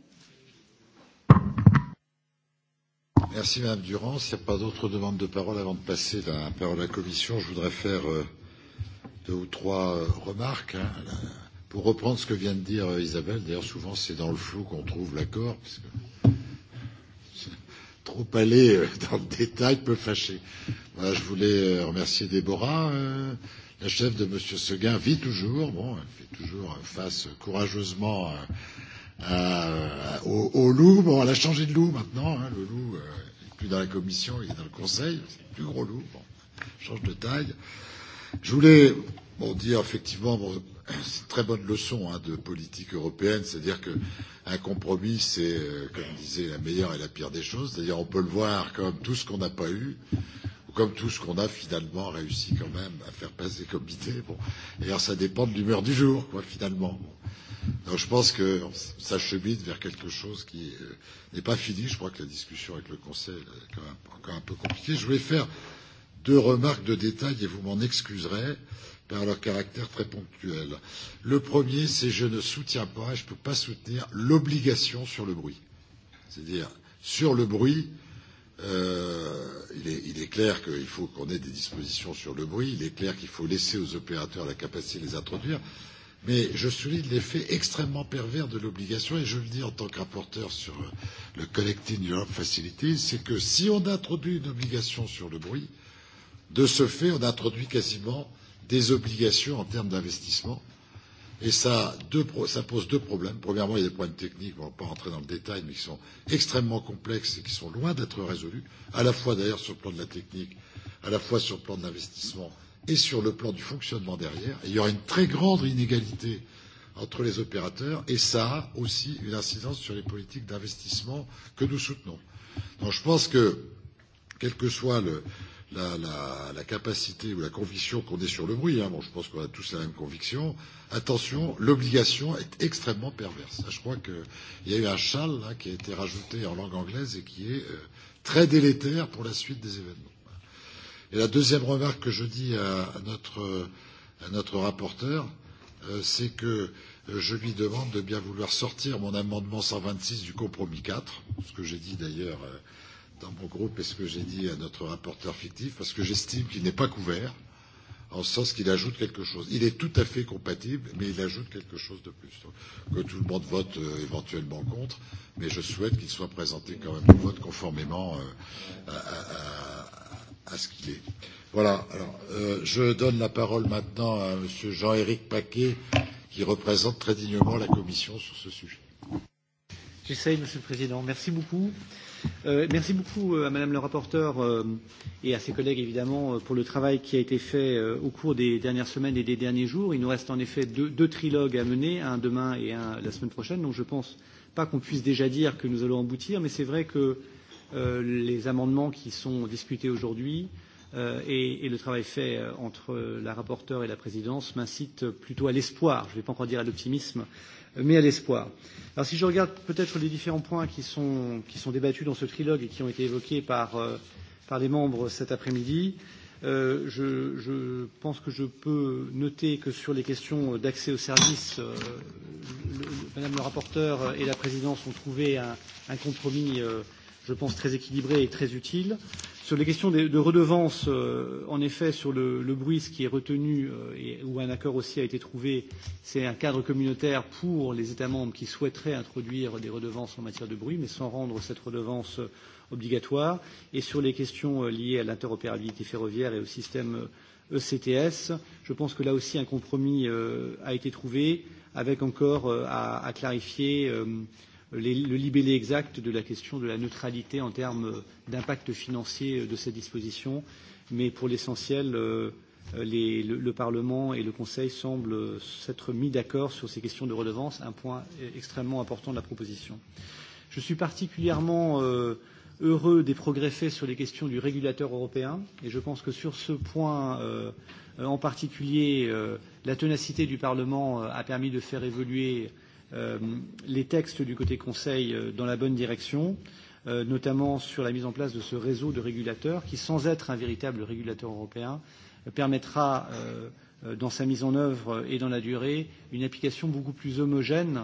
Merci Madame Durand. S'il n'y a pas d'autres demandes de parole avant de passer la parole à la Commission, je voudrais faire euh, deux ou trois euh, remarques. Hein. Pour reprendre ce que vient de dire euh, Isabelle, d'ailleurs souvent c'est dans le flou qu'on trouve l'accord, parce que trop aller euh, dans le détail peut fâcher. Voilà, je voulais euh, remercier Déborah, euh, la chef de M. Seguin vit toujours, bon, elle fait toujours face courageusement à, à, au, au loup. Bon, elle a changé de loup maintenant, hein, le loup euh, n'est plus dans la commission, il est dans le conseil, c'est le plus gros loup, bon, change de taille. Je voulais bon, dire effectivement, bon, une très bonne leçon hein, de politique européenne, c'est-à-dire qu'un compromis, c'est, euh, comme disait, la meilleure et la pire des choses, c'est-à-dire on peut le voir comme tout ce qu'on n'a pas eu, ou comme tout ce qu'on a finalement réussi quand même à faire passer comme idée. Bon. D'ailleurs, ça dépend de l'humeur du jour, quoi, finalement. Bon. Donc je pense que ça chemine vers quelque chose qui euh, n'est pas fini. Je crois que la discussion avec le Conseil est quand même encore un peu compliquée. Je voulais faire deux remarques de détail et vous m'en excuserez. Euh, par leur caractère très ponctuel. Le premier, c'est je ne soutiens pas, je ne peux pas soutenir l'obligation sur le bruit. C'est-à-dire, sur le bruit, euh, il, est, il est clair qu'il faut qu'on ait des dispositions sur le bruit, il est clair qu'il faut laisser aux opérateurs la capacité de les introduire, mais je souligne l'effet extrêmement pervers de l'obligation, et je le dis en tant que rapporteur sur euh, le Collecting Europe Facility, c'est que si on introduit une obligation sur le bruit, de ce fait, on introduit quasiment euh, des obligations en termes d'investissement. Et ça, deux, ça pose deux problèmes. Premièrement, il y a des problèmes techniques, on ne va pas rentrer dans le détail, mais qui sont extrêmement complexes et qui sont loin d'être résolus, à la fois d'ailleurs sur le plan de la technique, à la fois sur le plan de l'investissement et sur le plan du fonctionnement derrière. Et il y aura une très grande inégalité entre les opérateurs et ça a aussi une incidence sur les politiques d'investissement que nous soutenons. Donc je pense que, quel que soit le, euh, la, la, la capacité ou la conviction qu'on est sur le bruit. Hein. Bon, je pense qu'on a tous la même conviction. Attention, l'obligation est extrêmement perverse. Je crois qu'il y a eu un châle là, qui a été rajouté en langue anglaise et qui est euh, très délétère pour la suite des événements. Et la deuxième remarque que je dis à, à, notre, à notre rapporteur, euh, c'est que euh, je lui demande de bien vouloir sortir mon amendement 126 du compromis 4, ce que j'ai dit d'ailleurs. Euh, dans mon groupe et ce que j'ai dit à notre rapporteur fictif, parce que j'estime qu'il n'est pas couvert, en ce sens qu'il ajoute quelque chose. Il est tout à fait compatible, mais il ajoute quelque chose de plus. Donc, que tout le monde vote euh, éventuellement contre, mais je souhaite qu'il soit présenté quand même au vote conformément euh, à, à, à, à ce qu'il est. Voilà. Alors, euh, je donne la parole maintenant à M. Jean-Éric Paquet, qui représente très dignement la Commission sur ce sujet. J'essaye, Monsieur le Président. Merci beaucoup. Euh, Euh, merci beaucoup euh, à Madame le rapporteur euh, et à ses collègues évidemment euh, pour le travail qui a été fait euh, au cours des dernières semaines et des derniers jours. Il nous reste en effet deux, deux trilogues à mener, un demain et un la semaine prochaine. Donc je ne pense pas qu'on puisse déjà dire que nous allons aboutir, mais c'est vrai que euh, les amendements qui sont discutés aujourd'hui euh, et, et le travail fait euh, entre la rapporteure et la présidence m'incitent plutôt à l'espoir. Je ne vais pas encore dire à l'optimisme. Euh, mais à l'espoir. Alors si je regarde peut-être les différents points qui sont, qui sont débattus dans ce trilogue et qui ont été évoqués par, euh, par les membres cet après-midi, euh, je, je pense que je peux noter que sur les questions d'accès aux services, euh, le, le, Madame le rapporteur et la présidence ont trouvé un, un compromis, euh, je pense, très équilibré et très utile. Euh, Sur les questions de, de redevances, euh, en effet, sur le, le bruit, ce qui est retenu euh, et où un accord aussi a été trouvé, c'est un cadre communautaire pour les États membres qui souhaiteraient introduire des redevances en matière de bruit, mais sans rendre cette redevance euh, obligatoire. Et sur les questions euh, liées à l'interopérabilité ferroviaire et au système ECTS, euh, je pense que là aussi un compromis euh, a été trouvé, avec encore euh, à, à clarifier. Euh, les, le libellé exact de la question de la neutralité en termes d'impact financier de cette disposition, mais pour l'essentiel, le euh, les, le, le Parlement et le Conseil semblent s'être mis d'accord sur ces questions de redevance, un point extrêmement important de la proposition. Je suis particulièrement euh, heureux des progrès faits sur les questions du régulateur européen et je pense que sur ce point euh, en particulier, euh, la tenacité du Parlement euh, a permis de faire évoluer euh, Euh, les textes du côté Conseil euh, dans la bonne direction, euh, notamment sur la mise en place de ce réseau de régulateurs qui, sans être un véritable régulateur européen, permettra, dans sa mise en œuvre et dans la durée, une application beaucoup plus homogène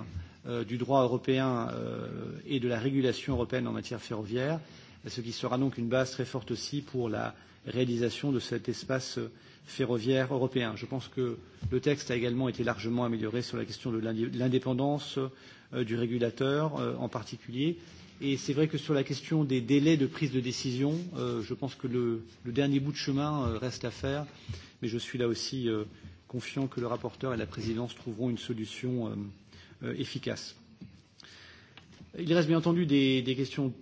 du droit européen et de la régulation européenne en matière ferroviaire, ce qui sera donc une base très forte aussi pour la réalisation de cet espace ferroviaire européen. Je pense que le texte a également été largement amélioré sur la question de l'indépendance euh, du régulateur euh, en particulier. Et c'est vrai que sur la question des délais de prise de décision, euh, je pense que le, le dernier bout de chemin reste à faire, mais je suis là aussi confiant que le rapporteur et la présidence trouveront une solution efficace. Il reste bien entendu des, des questions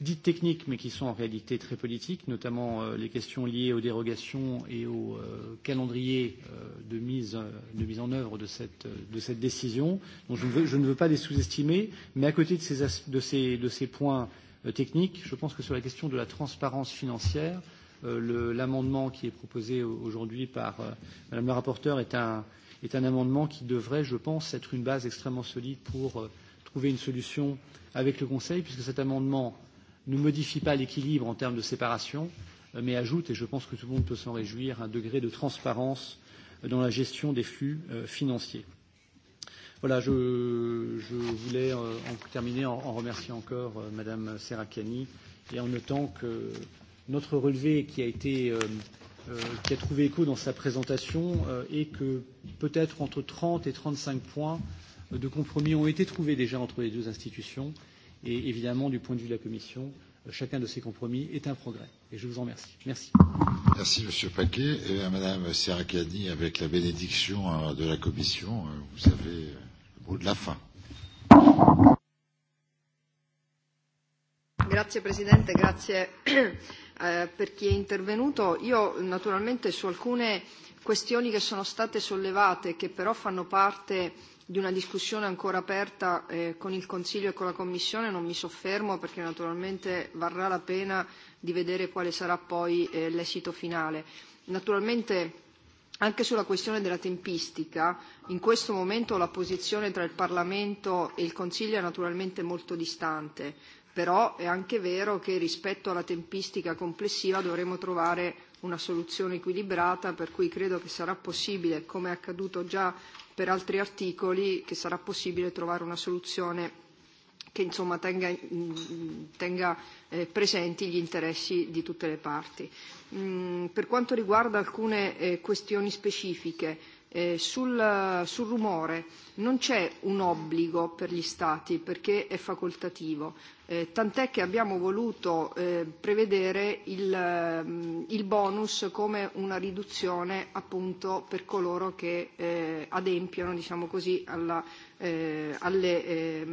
dites techniques, mais qui sont en réalité très politiques, notamment euh, les questions liées aux dérogations et au euh, calendrier euh, de, mise, euh, de mise en œuvre de cette, euh, de cette décision. Donc je ne veux, je ne veux pas les sous-estimer, mais à côté de ces, as, de ces, de ces points euh, techniques, je pense que sur la question de la transparence financière, euh, l'amendement qui est proposé aujourd'hui par euh, Madame la rapporteure est un, est un amendement qui devrait, je pense, être une base extrêmement solide pour euh, trouver une solution avec le Conseil, puisque cet amendement ne modifie pas l'équilibre en termes de séparation, euh, mais ajoute, et je pense que tout le monde peut s'en réjouir, un degré de transparence euh, dans la gestion des flux euh, financiers. Voilà, je, je voulais en terminer en, en remerciant encore Madame Serracani et en notant que notre relevé qui a été euh, qui a trouvé écho dans sa présentation euh, et que peut-être entre 30 et 35 points de compromis ont été trouvés déjà entre les deux institutions Et évidemment, du point de vue de la Commission, euh, chacun de ces compromis est un progrès. Et je vous en remercie. Merci. Merci, Monsieur Paquet. Et à Madame Serracani, avec la bénédiction euh, de la Commission, euh, vous avez le mot de la fin. Grazie Presidente, grazie eh, per chi è intervenuto. Io naturalmente su alcune questioni che sono state sollevate, che però fanno parte eh, di una discussione ancora aperta eh, con il Consiglio e con la Commissione non mi soffermo perché naturalmente varrà la pena di vedere quale sarà poi eh, l'esito finale. Naturalmente anche sulla questione della tempistica, in questo momento la posizione tra il Parlamento e il Consiglio è naturalmente molto distante, però è anche vero che rispetto alla tempistica complessiva dovremo trovare una soluzione equilibrata, per cui credo che sarà possibile, come è accaduto già per altri articoli che sarà possibile trovare una soluzione che insomma tenga, tenga eh, presenti gli interessi di tutte le parti. Mm, per quanto riguarda alcune eh, questioni specifiche, Eh, sul, eh, sul rumore non c'è un obbligo per gli Stati perché è facoltativo, eh, tant'è che abbiamo voluto eh, prevedere il, ehm, il bonus come una riduzione appunto per coloro che eh, adempiono diciamo così, alla, eh, alle eh,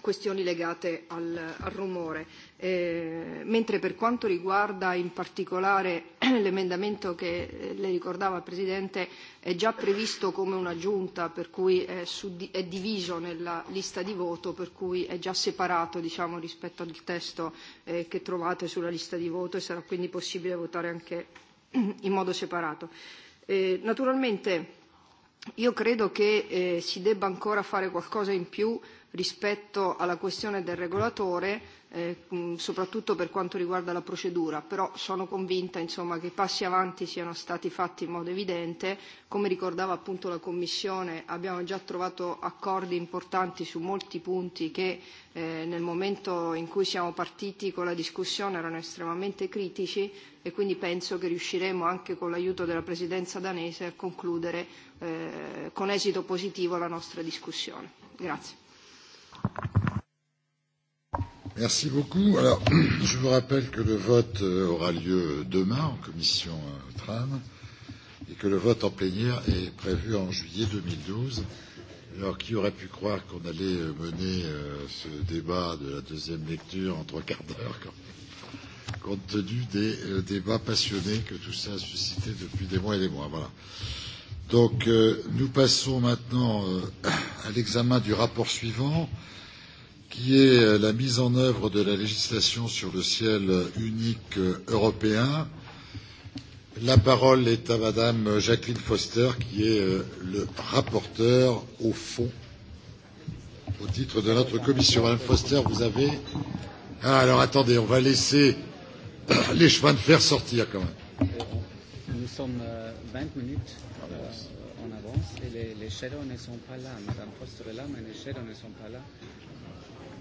questioni legate al, al rumore Eh, mentre per quanto riguarda in particolare l'emendamento che eh, le ricordava Presidente è già previsto come un'aggiunta per cui è, è diviso nella lista di voto per cui è già separato diciamo, rispetto al testo eh, che trovate sulla lista di voto e sarà quindi possibile votare anche in modo separato. Eh, naturalmente Io credo che eh, si debba ancora fare qualcosa in più rispetto alla questione del regolatore eh, soprattutto per quanto riguarda la procedura, però sono convinta insomma, che i passi avanti siano stati fatti in modo evidente. Come ricordava appunto la Commissione abbiamo già trovato accordi importanti su molti punti che eh, nel momento in cui siamo partiti con la discussione erano estremamente critici e quindi penso che riusciremo anche con l'aiuto della Presidenza danese a concludere eh, con esito positivo la nostra discussione. Grazie. Merci beaucoup. Alors, je vous rappelle que le vote euh, aura lieu demain en commission euh, TRAM et que le vote en plénière est prévu en juillet 2012. Alors, qui aurait pu croire qu'on allait euh, mener euh, ce débat de la deuxième lecture en trois quarts d'heure, compte tenu des euh, débats passionnés que tout ça a suscité depuis des mois et des mois. Voilà. Donc, euh, nous passons maintenant euh, à l'examen du rapport suivant. Euh, qui est euh, la mise en œuvre de la législation sur le ciel unique euh, européen. La parole est à Madame euh, Jacqueline Foster, qui est le rapporteur au fond au titre de notre commission. Madame Foster, vous avez. Ah, alors attendez, on va laisser les chemins de fer sortir quand même. Nous sommes 20 minutes ah, en avance et les, les chaleurs ne sont pas là. Madame Foster est là, mais les chaleurs ne sont pas là.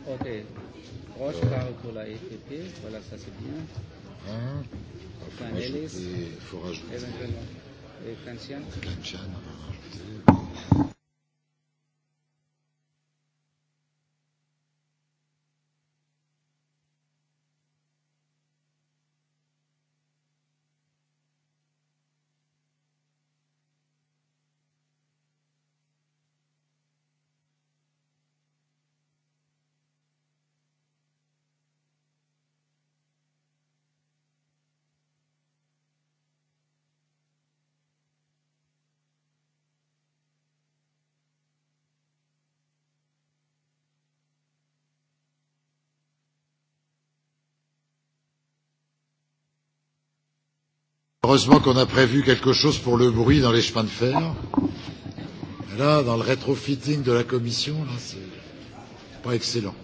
Ok. Roche parle pour la FPP. Voilà, ça c'est bien. Hein Canelis. Il faut rajouter. Éventuellement. Et Kantian. Kantian, on va da. rajouter. Heureusement qu'on a prévu quelque chose pour le bruit dans les chemins de fer. Là, dans le rétrofitting de la commission, là, c'est pas excellent.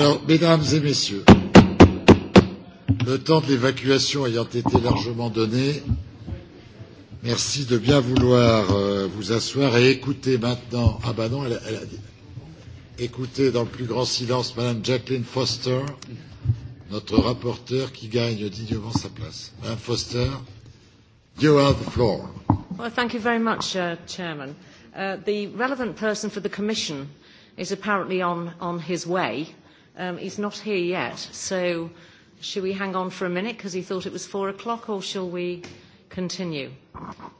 Alors, mesdames et messieurs, le temps de l'évacuation ayant été largement donné, merci de bien vouloir euh, vous asseoir et écouter maintenant. Ah ben non, elle, elle a dit. Écoutez dans le plus grand silence Madame Jacqueline Foster, notre rapporteur qui gagne dignement sa place. Madame Foster, you have the floor. Well, thank you very much, uh, Chairman. Uh, the relevant person for the Commission is apparently on, on his way Um, he's not here yet, so should we hang on for a minute because he thought it was four o'clock, or shall we continue?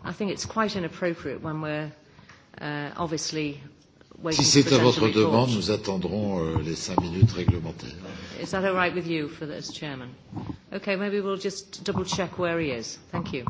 I think it's quite inappropriate when we're uh, obviously waiting si c'est à votre demande, nous attendrons euh, les cinq minutes réglementaires. Is that all right with you for this, Chairman? Okay, maybe we'll just double check where he is. Thank you.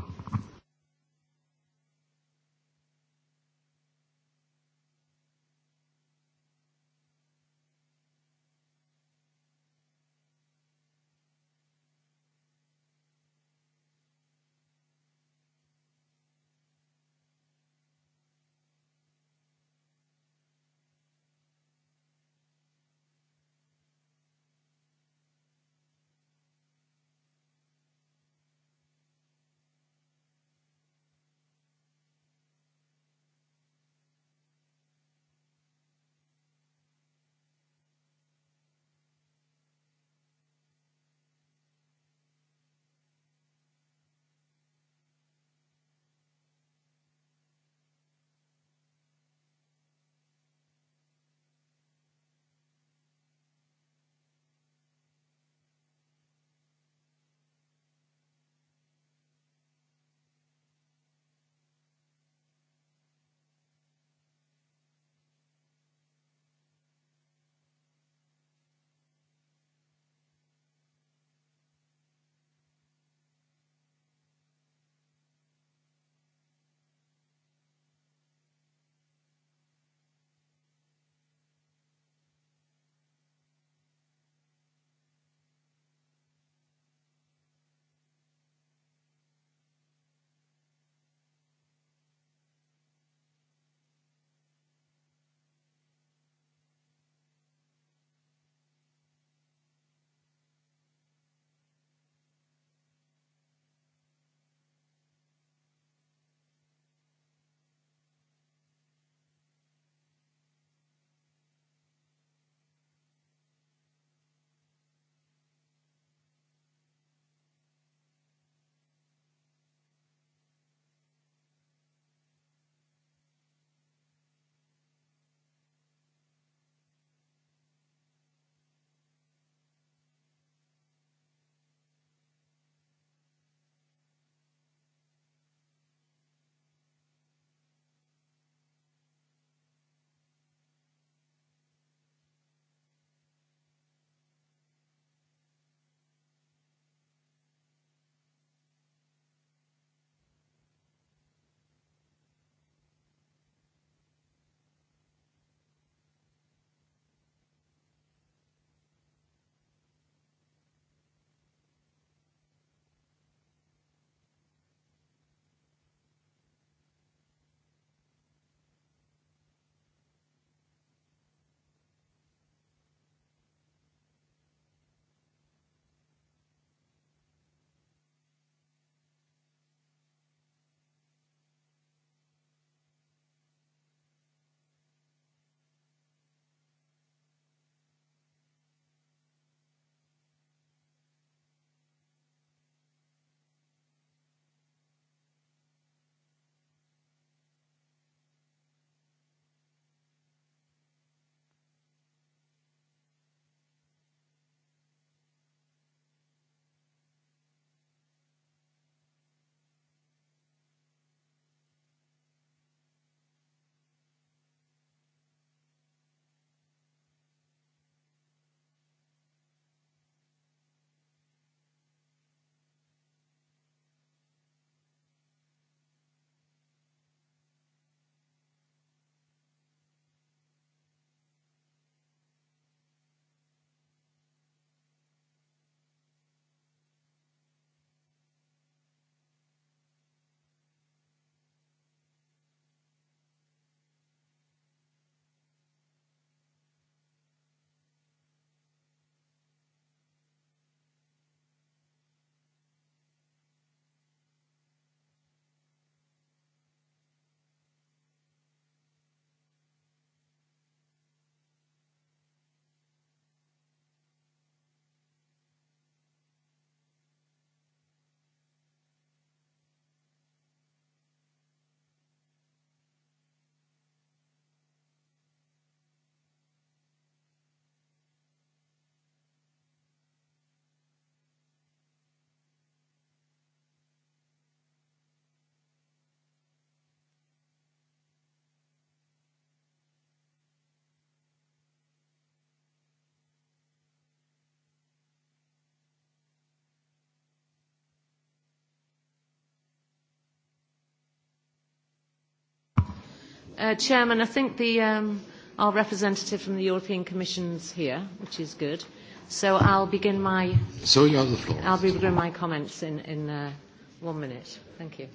Uh, Chairman, I think the, um, our representative from the European Commission is here, which is good. So I'll begin my... So you have the floor. I'll begin my comments in, in uh, one minute. Thank you.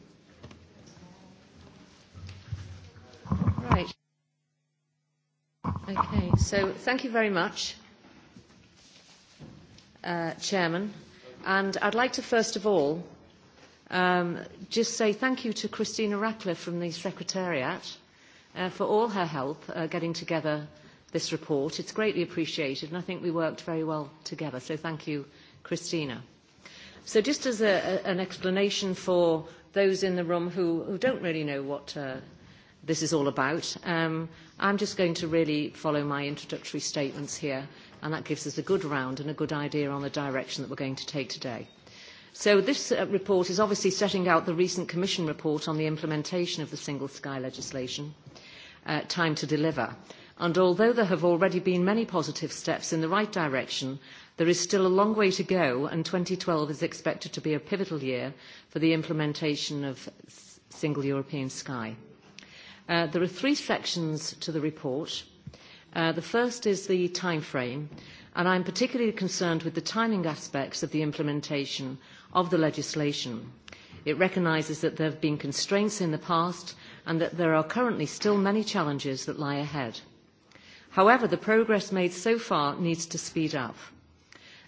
Right. Okay, so thank you very much, uh, Chairman. And I'd like to first of all um, just say thank you to Christina Rackler from the Secretariat Uh, for all her help uh, getting together this report. It's greatly appreciated, and I think we worked very well together. So thank you, Christina. So just as a, a, an explanation for those in the room who, who don't really know what uh, this is all about, um, I'm just going to really follow my introductory statements here, and that gives us a good round and a good idea on the direction that we're going to take today. So this uh, report is obviously setting out the recent Commission report on the implementation of the Single Sky legislation. Uh, uh, time to deliver. And although there have already been many positive steps in the right direction, there is still a long way to go, and 2012 is expected to be a pivotal year for the implementation of Single European Sky. Uh, there are three sections to the report. Uh, the first is the time frame, and I'm particularly concerned with the timing aspects of the implementation of the legislation. It recognises that there have been constraints in the past and that there are currently still many challenges that lie ahead. However, the progress made so far needs to speed up.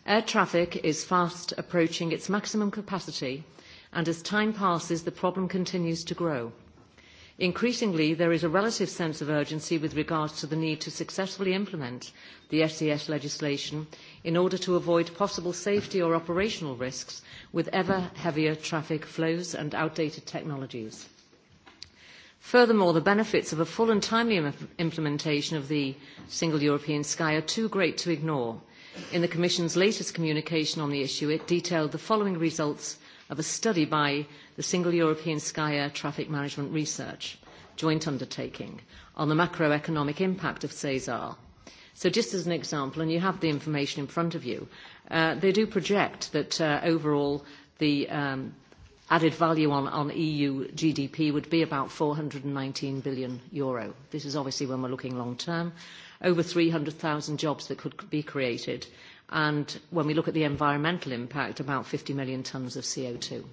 Air traffic is fast approaching its maximum capacity, and as time passes, the problem continues to grow. Increasingly, there is a relative sense of urgency with regards to the need to successfully implement the SES legislation in order to avoid possible safety or operational risks with ever heavier traffic flows and outdated technologies. Furthermore, the benefits of a full and timely implementation of the Single European Sky are too great to ignore. In the Commission's latest communication on the issue, it detailed the following results of a study by the Single European Sky Air Traffic Management Research joint undertaking on the macroeconomic impact of CESAR. So just as an example, and you have the information in front of you, uh, they do project that uh, overall the um, added value on, on EU GDP would be about 419 billion euro. This is obviously when we're looking long term. Over 300,000 jobs that could be created and when we look at the environmental impact, about 50 million tonnes of CO2.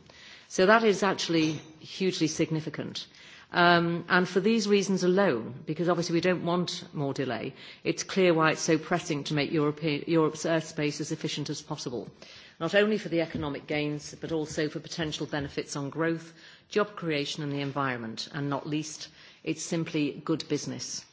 So that is actually hugely significant. Um, and for these reasons alone, because obviously we don't want more delay, it's clear why it's so pressing to make Europe, Europe's airspace as efficient as possible, not only for the economic gains, but also for potential benefits on growth, job creation and the environment, and not least, it's simply good business.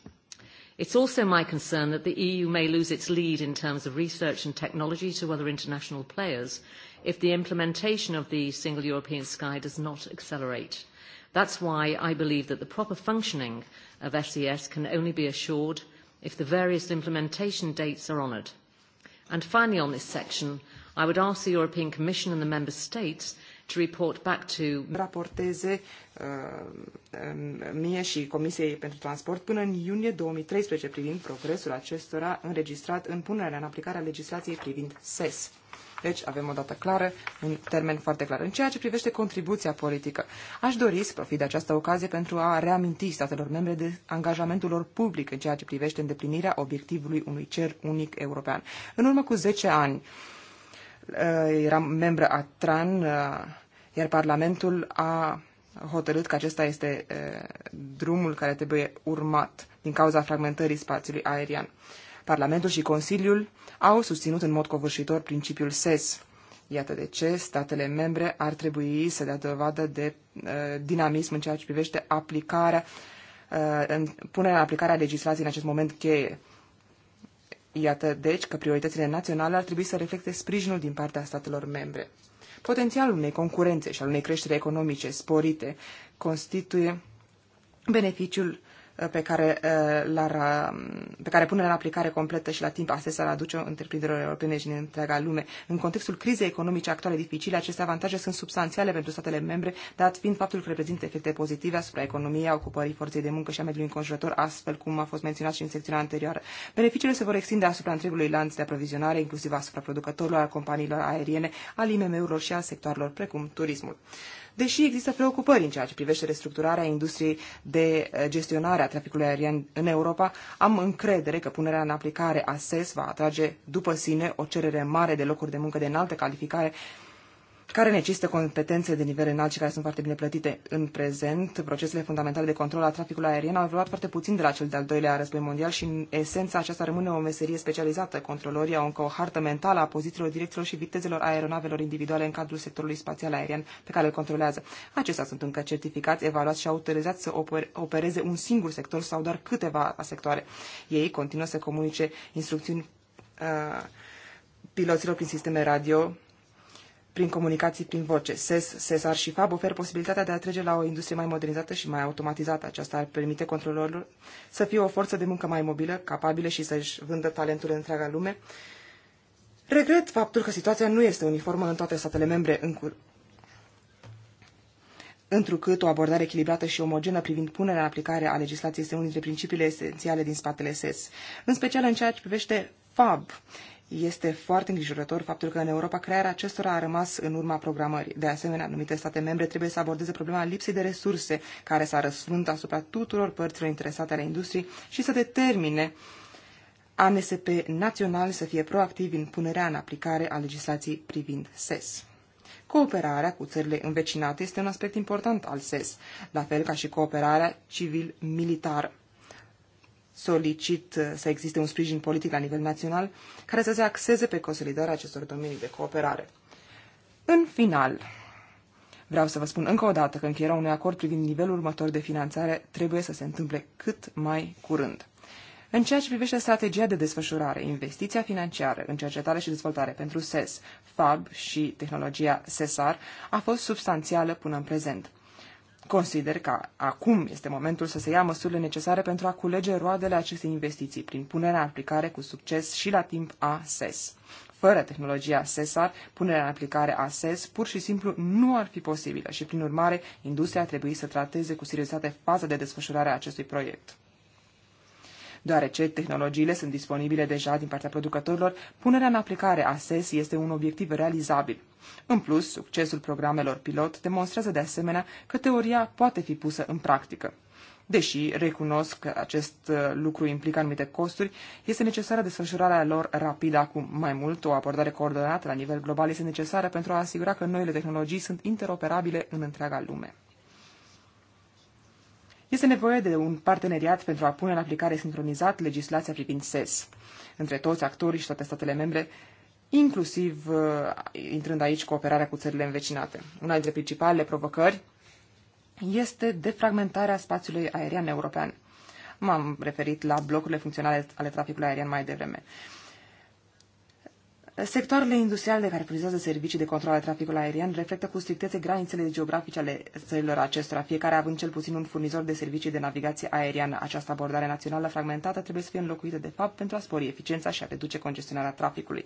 It's also my concern that the EU may lose its lead in terms of research and technology to other international players if the implementation of the Single European Sky does not accelerate. That's why I believe that the proper functioning of SES can only be assured if the various implementation dates are honoured. And finally on this section, I would ask the European Commission and the Member States report back to... raporteze uh, mie și Comisiei pentru Transport până în iunie 2013 privind progresul acestora înregistrat în punerea în aplicare a legislației privind SES. Deci avem o dată clară, un termen foarte clar. În ceea ce privește contribuția politică, aș dori să profit de această ocazie pentru a reaminti statelor membre de angajamentul lor public în ceea ce privește îndeplinirea obiectivului unui cer unic european. În urmă cu 10 ani, uh, eram membră a TRAN, uh, iar Parlamentul a hotărât că acesta este drumul care trebuie urmat din cauza fragmentării spațiului aerian. Parlamentul și Consiliul au susținut în mod covârșitor principiul SES. Iată de ce statele membre ar trebui să dea dovadă de e, dinamism în ceea ce privește aplicarea, e, în, punerea în aplicare a legislației în acest moment cheie. Iată deci că prioritățile naționale ar trebui să reflecte sprijinul din partea statelor membre. Potențialul unei concurențe și al unei creșteri economice sporite constituie beneficiul Uh, pe care, uh, la, um, pe care punerea în aplicare completă și la timp acesta ar aduce întreprinderilor europene și din întreaga lume. În contextul crizei economice actuale dificile, aceste avantaje sunt substanțiale pentru statele membre, dat fiind faptul că reprezintă efecte pozitive asupra economiei, a ocupării forței de muncă și a mediului înconjurător, astfel cum a fost menționat și în secțiunea anterioară. Beneficiile se vor extinde asupra întregului lanț de aprovizionare, inclusiv asupra producătorilor, a companiilor aeriene, al IMM-urilor și al sectoarelor precum turismul deși există preocupări în ceea ce privește restructurarea industriei de eh, gestionare a traficului aerian în Europa, am încredere că punerea în aplicare a SES va atrage după sine o cerere mare de locuri de muncă de înaltă calificare care necesită competențe de nivel înalt și care sunt foarte bine plătite. În prezent, procesele fundamentale de control al traficului aerian au evoluat foarte puțin de la cel de-al doilea război mondial și, în esență, aceasta rămâne o meserie specializată. Controlorii au încă o hartă mentală a pozițiilor, direcțiilor și vitezelor aeronavelor individuale în cadrul sectorului spațial aerian pe care îl controlează. Acestea sunt încă certificați, evaluați și autorizați să opereze un singur sector sau doar câteva sectoare. Ei continuă să comunice instrucțiuni uh, piloților prin sisteme radio, prin comunicații, prin voce. SES, SESAR și FAB oferă posibilitatea de a trece la o industrie mai modernizată și mai automatizată. Aceasta ar permite controlorilor să fie o forță de muncă mai mobilă, capabilă și să-și vândă talentul în întreaga lume. Regret faptul că situația nu este uniformă în toate statele membre în cur întrucât o abordare echilibrată și omogenă privind punerea în aplicare a legislației este unul dintre principiile esențiale din spatele SES, în special în ceea ce privește FAB, este foarte îngrijorător faptul că în Europa crearea acestora a rămas în urma programării. De asemenea, anumite state membre trebuie să abordeze problema lipsei de resurse care s-a răsfrânt asupra tuturor părților interesate ale industriei și să determine ANSP național să fie proactiv în punerea în aplicare a legislației privind SES. Cooperarea cu țările învecinate este un aspect important al SES, la fel ca și cooperarea civil-militară solicit uh, să existe un sprijin politic la nivel național care să se axeze pe consolidarea acestor domenii de cooperare. În final, vreau să vă spun încă o dată că încheierea unui acord privind nivelul următor de finanțare trebuie să se întâmple cât mai curând. În ceea ce privește strategia de desfășurare, investiția financiară în cercetare și dezvoltare pentru SES, FAB și tehnologia SESAR a fost substanțială până în prezent. Consider că acum este momentul să se ia măsurile necesare pentru a culege roadele acestei investiții prin punerea în aplicare cu succes și la timp a SES. Fără tehnologia SESAR, punerea în aplicare a SES pur și simplu nu ar fi posibilă și, prin urmare, industria trebuie să trateze cu seriozitate faza de desfășurare a acestui proiect. Deoarece tehnologiile sunt disponibile deja din partea producătorilor, punerea în aplicare a SES este un obiectiv realizabil. În plus, succesul programelor pilot demonstrează de asemenea că teoria poate fi pusă în practică. Deși recunosc că acest uh, lucru implică anumite costuri, este necesară desfășurarea lor rapidă acum. Mai mult, o abordare coordonată la nivel global este necesară pentru a asigura că noile tehnologii sunt interoperabile în întreaga lume. Este nevoie de un parteneriat pentru a pune în aplicare sincronizat legislația privind SES între toți actorii și toate statele membre, inclusiv uh, intrând aici cooperarea cu țările învecinate. Una dintre principalele provocări este defragmentarea spațiului aerian european. M-am referit la blocurile funcționale ale traficului aerian mai devreme. Uh, Sectoarele industriale care furnizează servicii de control al traficului aerian reflectă cu strictețe granițele geografice ale țărilor acestora, fiecare având cel puțin un furnizor de servicii de navigație aeriană. Această abordare națională fragmentată trebuie să fie înlocuită de fapt pentru a spori eficiența și a reduce congestionarea traficului.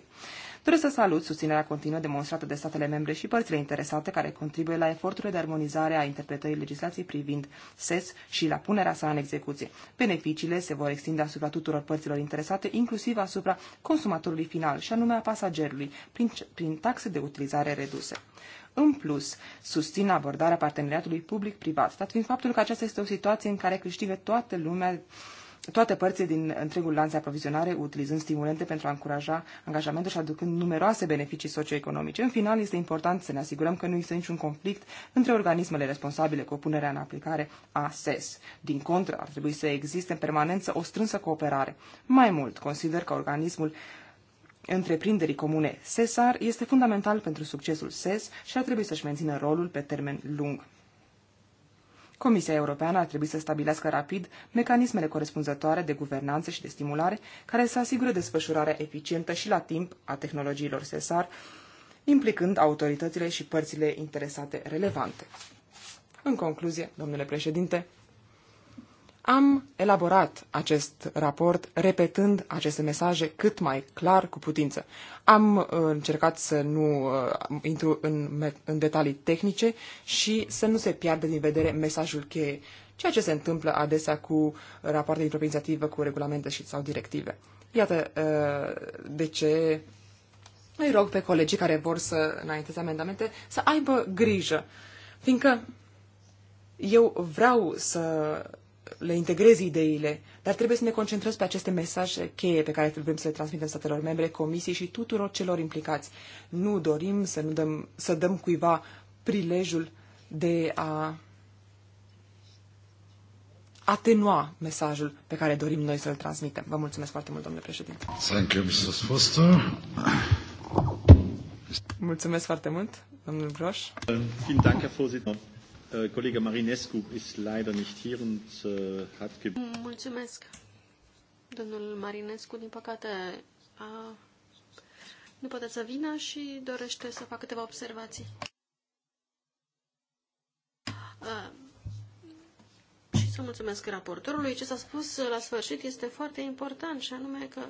Doresc să salut susținerea continuă demonstrată de statele membre și părțile interesate care contribuie la eforturile de armonizare a interpretării legislației privind SES și la punerea sa în execuție. Beneficiile se vor extinde asupra tuturor părților interesate, inclusiv asupra consumatorului final, și anume a pasagerului, prin, prin taxe de utilizare reduse. În plus, susțin abordarea parteneriatului public-privat, dat fiind faptul că aceasta este o situație în care câștigă toată lumea toate părțile din întregul lanț de aprovizionare, utilizând stimulente pentru a încuraja angajamentul și aducând numeroase beneficii socioeconomice. În final, este important să ne asigurăm că nu există niciun conflict între organismele responsabile cu punerea în aplicare a SES. Din contră, ar trebui să existe în permanență o strânsă cooperare. Mai mult, consider că organismul întreprinderii comune SESAR este fundamental pentru succesul SES și ar trebui să-și mențină rolul pe termen lung. Comisia Europeană ar trebui să stabilească rapid mecanismele corespunzătoare de guvernanță și de stimulare care să asigure desfășurarea eficientă și la timp a tehnologiilor SESAR, implicând autoritățile și părțile interesate relevante. În concluzie, domnule președinte, am elaborat acest raport repetând aceste mesaje cât mai clar cu putință. Am uh, încercat să nu uh, intru în, în detalii tehnice și să nu se piardă din vedere mesajul cheie, ceea ce se întâmplă adesea cu rapoarte de inițiativă, cu regulamente și sau directive. Iată uh, de ce îi rog pe colegii care vor să înainteze amendamente să aibă grijă, fiindcă eu vreau să le integrezi ideile, dar trebuie să ne concentrăm pe aceste mesaje cheie pe care trebuie să le transmitem statelor membre, comisii și tuturor celor implicați. Nu dorim să, nu dăm, să dăm cuiva prilejul de a atenua mesajul pe care dorim noi să-l transmitem. Vă mulțumesc foarte mult, domnule președinte. Thank you, Mrs. Foster. Mulțumesc foarte mult, domnul Groș. Vielen Dank, Herr Uh, Kollege Marinescu ist leider nicht hier und äh, hat ge mm, Mulțumesc. Domnul Marinescu, din păcate, a... nu poate să vină și dorește să facă câteva observații. Ă, și să mulțumesc raportorului. Ce s-a spus la sfârșit este foarte important și anume că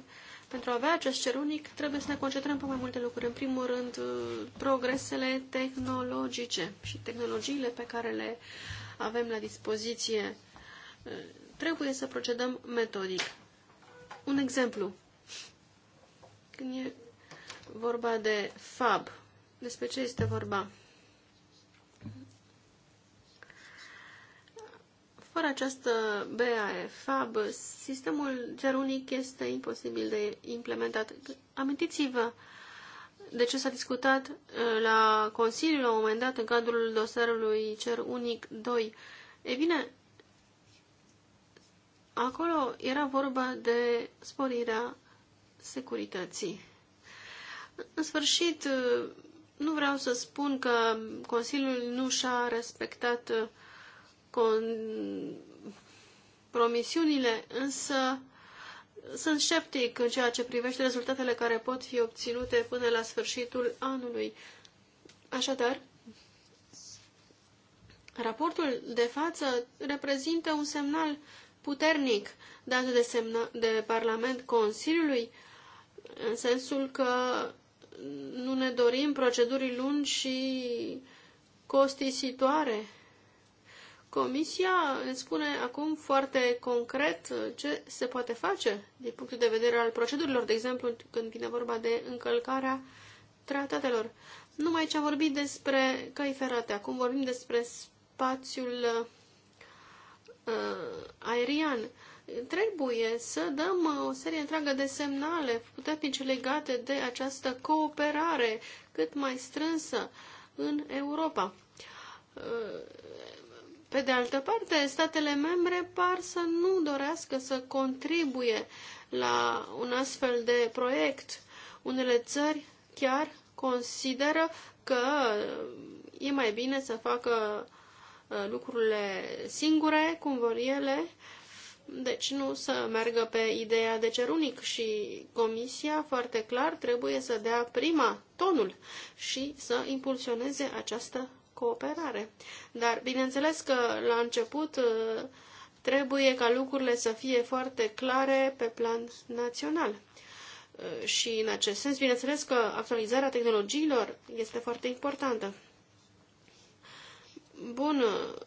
pentru a avea acest cer unic, trebuie să ne concentrăm pe mai multe lucruri. În primul rând, uh, progresele tehnologice și tehnologiile pe care le avem la dispoziție. Uh, trebuie să procedăm metodic. Un exemplu. Când e vorba de FAB, despre ce este vorba? Fără această BAE, FAB, sistemul cerunic este imposibil de implementat. Amintiți-vă de ce s-a discutat uh, la Consiliul la un moment dat în cadrul dosarului Cer Unic 2. E bine, acolo era vorba de sporirea securității. În sfârșit, uh, nu vreau să spun că Consiliul nu și-a respectat uh, con- promisiunile, însă sunt sceptic în ceea ce privește rezultatele care pot fi obținute până la sfârșitul anului. Așadar, raportul de față reprezintă un semnal puternic dat de, semna- de Parlament Consiliului, în sensul că nu ne dorim proceduri lungi și costisitoare Comisia ne spune acum foarte concret ce se poate face din punctul de vedere al procedurilor, de exemplu când vine vorba de încălcarea tratatelor. Numai ce am vorbit despre căi ferate, acum vorbim despre spațiul uh, aerian. Trebuie să dăm uh, o serie întreagă de semnale puternice legate de această cooperare cât mai strânsă în Europa. Uh, pe de altă parte, statele membre par să nu dorească să contribuie la un astfel de proiect. Unele țări chiar consideră că e mai bine să facă uh, lucrurile singure, cum vor ele, deci nu să meargă pe ideea de cer unic și comisia foarte clar trebuie să dea prima tonul și să impulsioneze această cooperare. Dar bineînțeles că la început uh, trebuie ca lucrurile să fie foarte clare pe plan național. Uh, și în acest sens, bineînțeles că actualizarea tehnologiilor este foarte importantă. Bun, uh,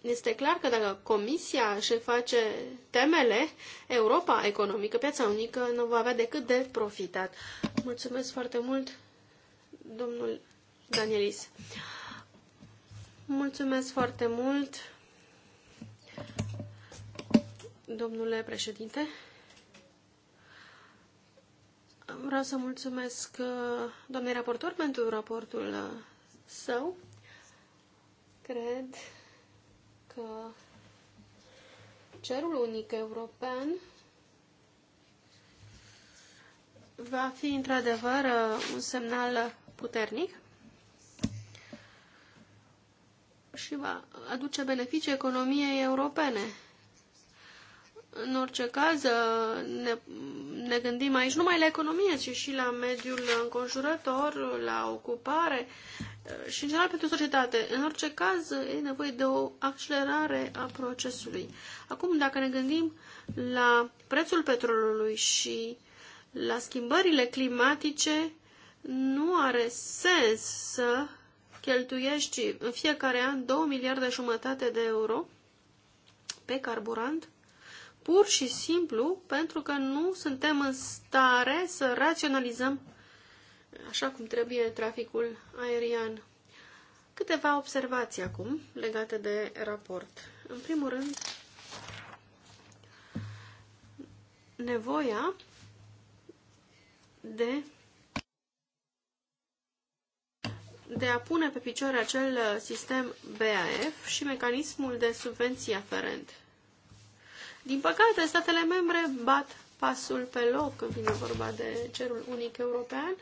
este clar că dacă Comisia își face temele, Europa economică, piața unică, nu va avea decât de profitat. Mulțumesc foarte mult, domnul Danielis. Mulțumesc foarte mult, domnule președinte. Vreau să mulțumesc uh, doamnei raportor pentru raportul uh, său. Cred că cerul unic european va fi într-adevăr uh, un semnal puternic și va aduce beneficii economiei europene. În orice caz, ne, ne gândim aici numai la economie, ci și la mediul înconjurător, la ocupare și, în general, pentru societate. În orice caz, e nevoie de o accelerare a procesului. Acum, dacă ne gândim la prețul petrolului și la schimbările climatice, nu are sens să cheltuiești în fiecare an 2 miliarde jumătate de euro pe carburant, pur și simplu pentru că nu suntem în stare să raționalizăm așa cum trebuie traficul aerian. Câteva observații acum legate de raport. În primul rând, nevoia de de a pune pe picioare acel uh, sistem BAF și mecanismul de subvenții aferent. Din păcate, statele membre bat pasul pe loc când vine vorba de cerul unic european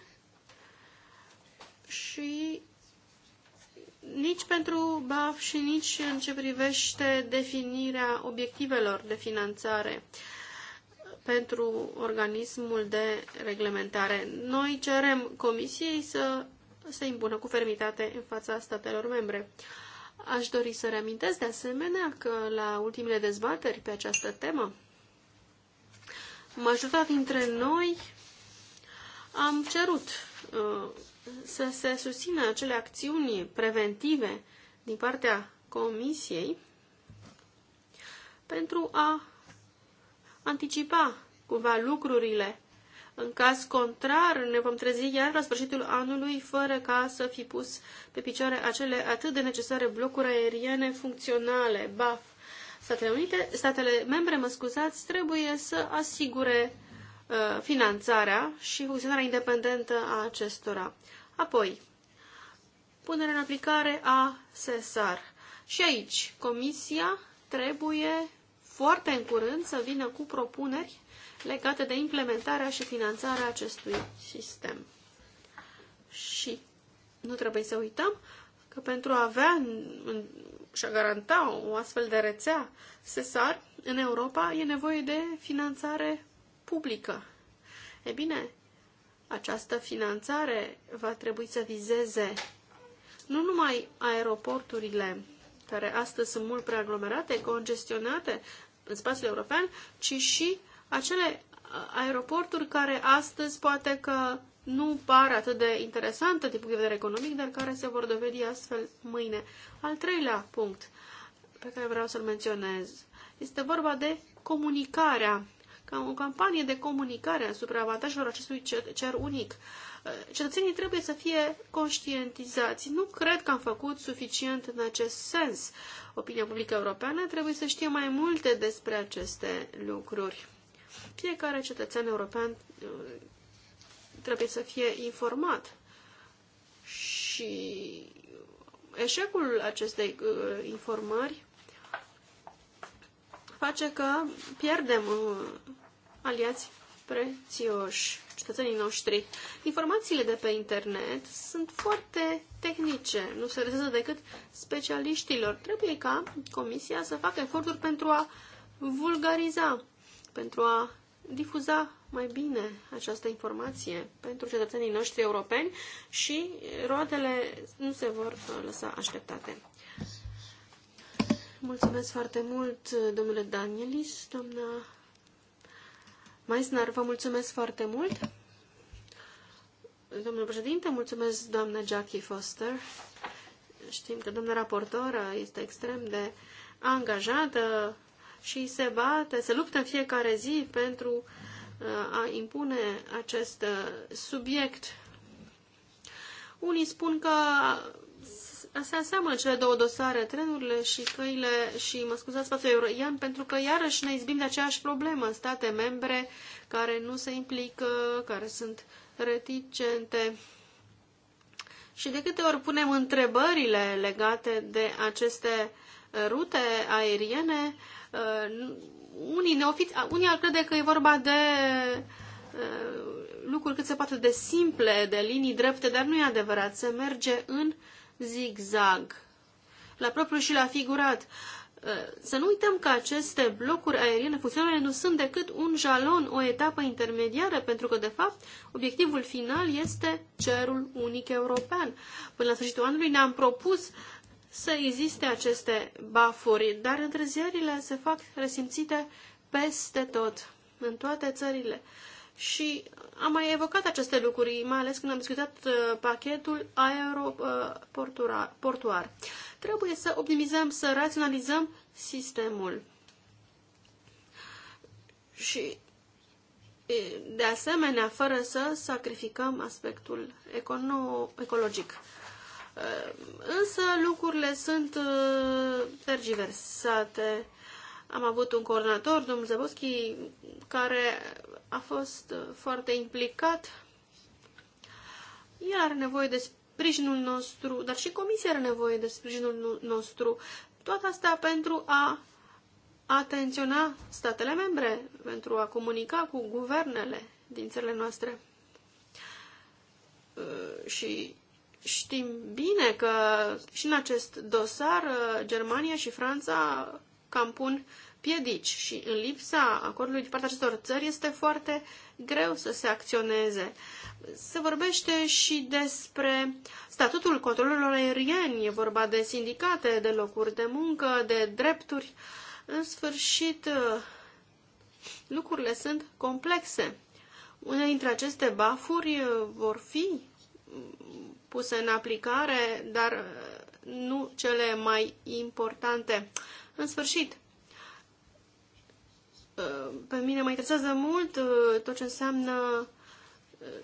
și nici pentru BAF și nici în ce privește definirea obiectivelor de finanțare pentru organismul de reglementare. Noi cerem Comisiei să se impună cu fermitate în fața statelor membre. Aș dori să reamintesc de asemenea că la ultimele dezbateri pe această temă, majoritatea dintre noi am cerut uh, să se susțină acele acțiuni preventive din partea Comisiei pentru a anticipa cumva lucrurile în caz contrar, ne vom trezi iar la sfârșitul anului fără ca să fi pus pe picioare acele atât de necesare blocuri aeriene funcționale, BAF. Statele Unite, statele membre, mă scuzați, trebuie să asigure uh, finanțarea și funcționarea independentă a acestora. Apoi, punerea în aplicare a SESAR. Și aici, Comisia trebuie foarte în curând să vină cu propuneri legate de implementarea și finanțarea acestui sistem. Și nu trebuie să uităm că pentru a avea și a garanta o astfel de rețea SESAR în Europa e nevoie de finanțare publică. E bine, această finanțare va trebui să vizeze nu numai aeroporturile care astăzi sunt mult prea aglomerate, congestionate în spațiul european, ci și acele uh, aeroporturi care astăzi poate că nu par atât de interesante din punct de vedere economic, dar care se vor dovedi astfel mâine. Al treilea punct pe care vreau să-l menționez este vorba de comunicarea, ca o campanie de comunicare asupra avantajelor acestui cer unic. Uh, cetățenii trebuie să fie conștientizați. Nu cred că am făcut suficient în acest sens. Opinia publică europeană trebuie să știe mai multe despre aceste lucruri. Fiecare cetățean european uh, trebuie să fie informat și eșecul acestei uh, informări face că pierdem uh, aliați prețioși, cetățenii noștri. Informațiile de pe internet sunt foarte tehnice, nu se rezează decât specialiștilor. Trebuie ca Comisia să facă eforturi pentru a vulgariza pentru a difuza mai bine această informație pentru cetățenii noștri europeni și roadele nu se vor uh, lăsa așteptate. Mulțumesc foarte mult, domnule Danielis, doamna Maisnar, vă mulțumesc foarte mult. Domnule președinte, mulțumesc doamna Jackie Foster. Știm că doamna raportoră este extrem de angajată și se bate, se luptă în fiecare zi pentru uh, a impune acest uh, subiect. Unii spun că se aseamănă cele două dosare, trenurile și căile și, mă scuzați, față euroian, pentru că iarăși ne izbim de aceeași problemă. State membre care nu se implică, care sunt reticente. Și de câte ori punem întrebările legate de aceste uh, rute aeriene, uh, Uh, unii, neofiți, uh, unii ar crede că e vorba de uh, lucruri cât se poate de simple, de linii drepte, dar nu e adevărat. Se merge în zigzag, la propriu și la figurat. Uh, să nu uităm că aceste blocuri aeriene funcționale nu sunt decât un jalon, o etapă intermediară, pentru că, de fapt, obiectivul final este cerul unic european. Până la sfârșitul anului ne-am propus să existe aceste bafuri, dar întârzierile se fac resimțite peste tot, în toate țările. Și am mai evocat aceste lucruri, mai ales când am discutat uh, pachetul aeroportuar. Trebuie să optimizăm, să raționalizăm sistemul. Și, de asemenea, fără să sacrificăm aspectul econo- ecologic. Eh, însă lucrurile sunt eh, tergiversate. Am avut un coordonator, domnul Zaboschi, care a fost eh, foarte implicat. El are nevoie de sprijinul nostru, dar și comisia are nevoie de sprijinul nostru. Toate astea pentru a atenționa statele membre, pentru a comunica cu guvernele din țările noastre. Și Știm bine că și în acest dosar uh, Germania și Franța cam pun piedici și în lipsa acordului de partea acestor țări este foarte greu să se acționeze. Se vorbește și despre statutul controlorilor aerieni, e vorba de sindicate, de locuri de muncă, de drepturi. În sfârșit, uh, lucrurile sunt complexe. Unele dintre aceste bafuri uh, vor fi puse în aplicare, dar uh, nu cele mai importante. În sfârșit, uh, pe mine mă interesează mult uh, tot ce înseamnă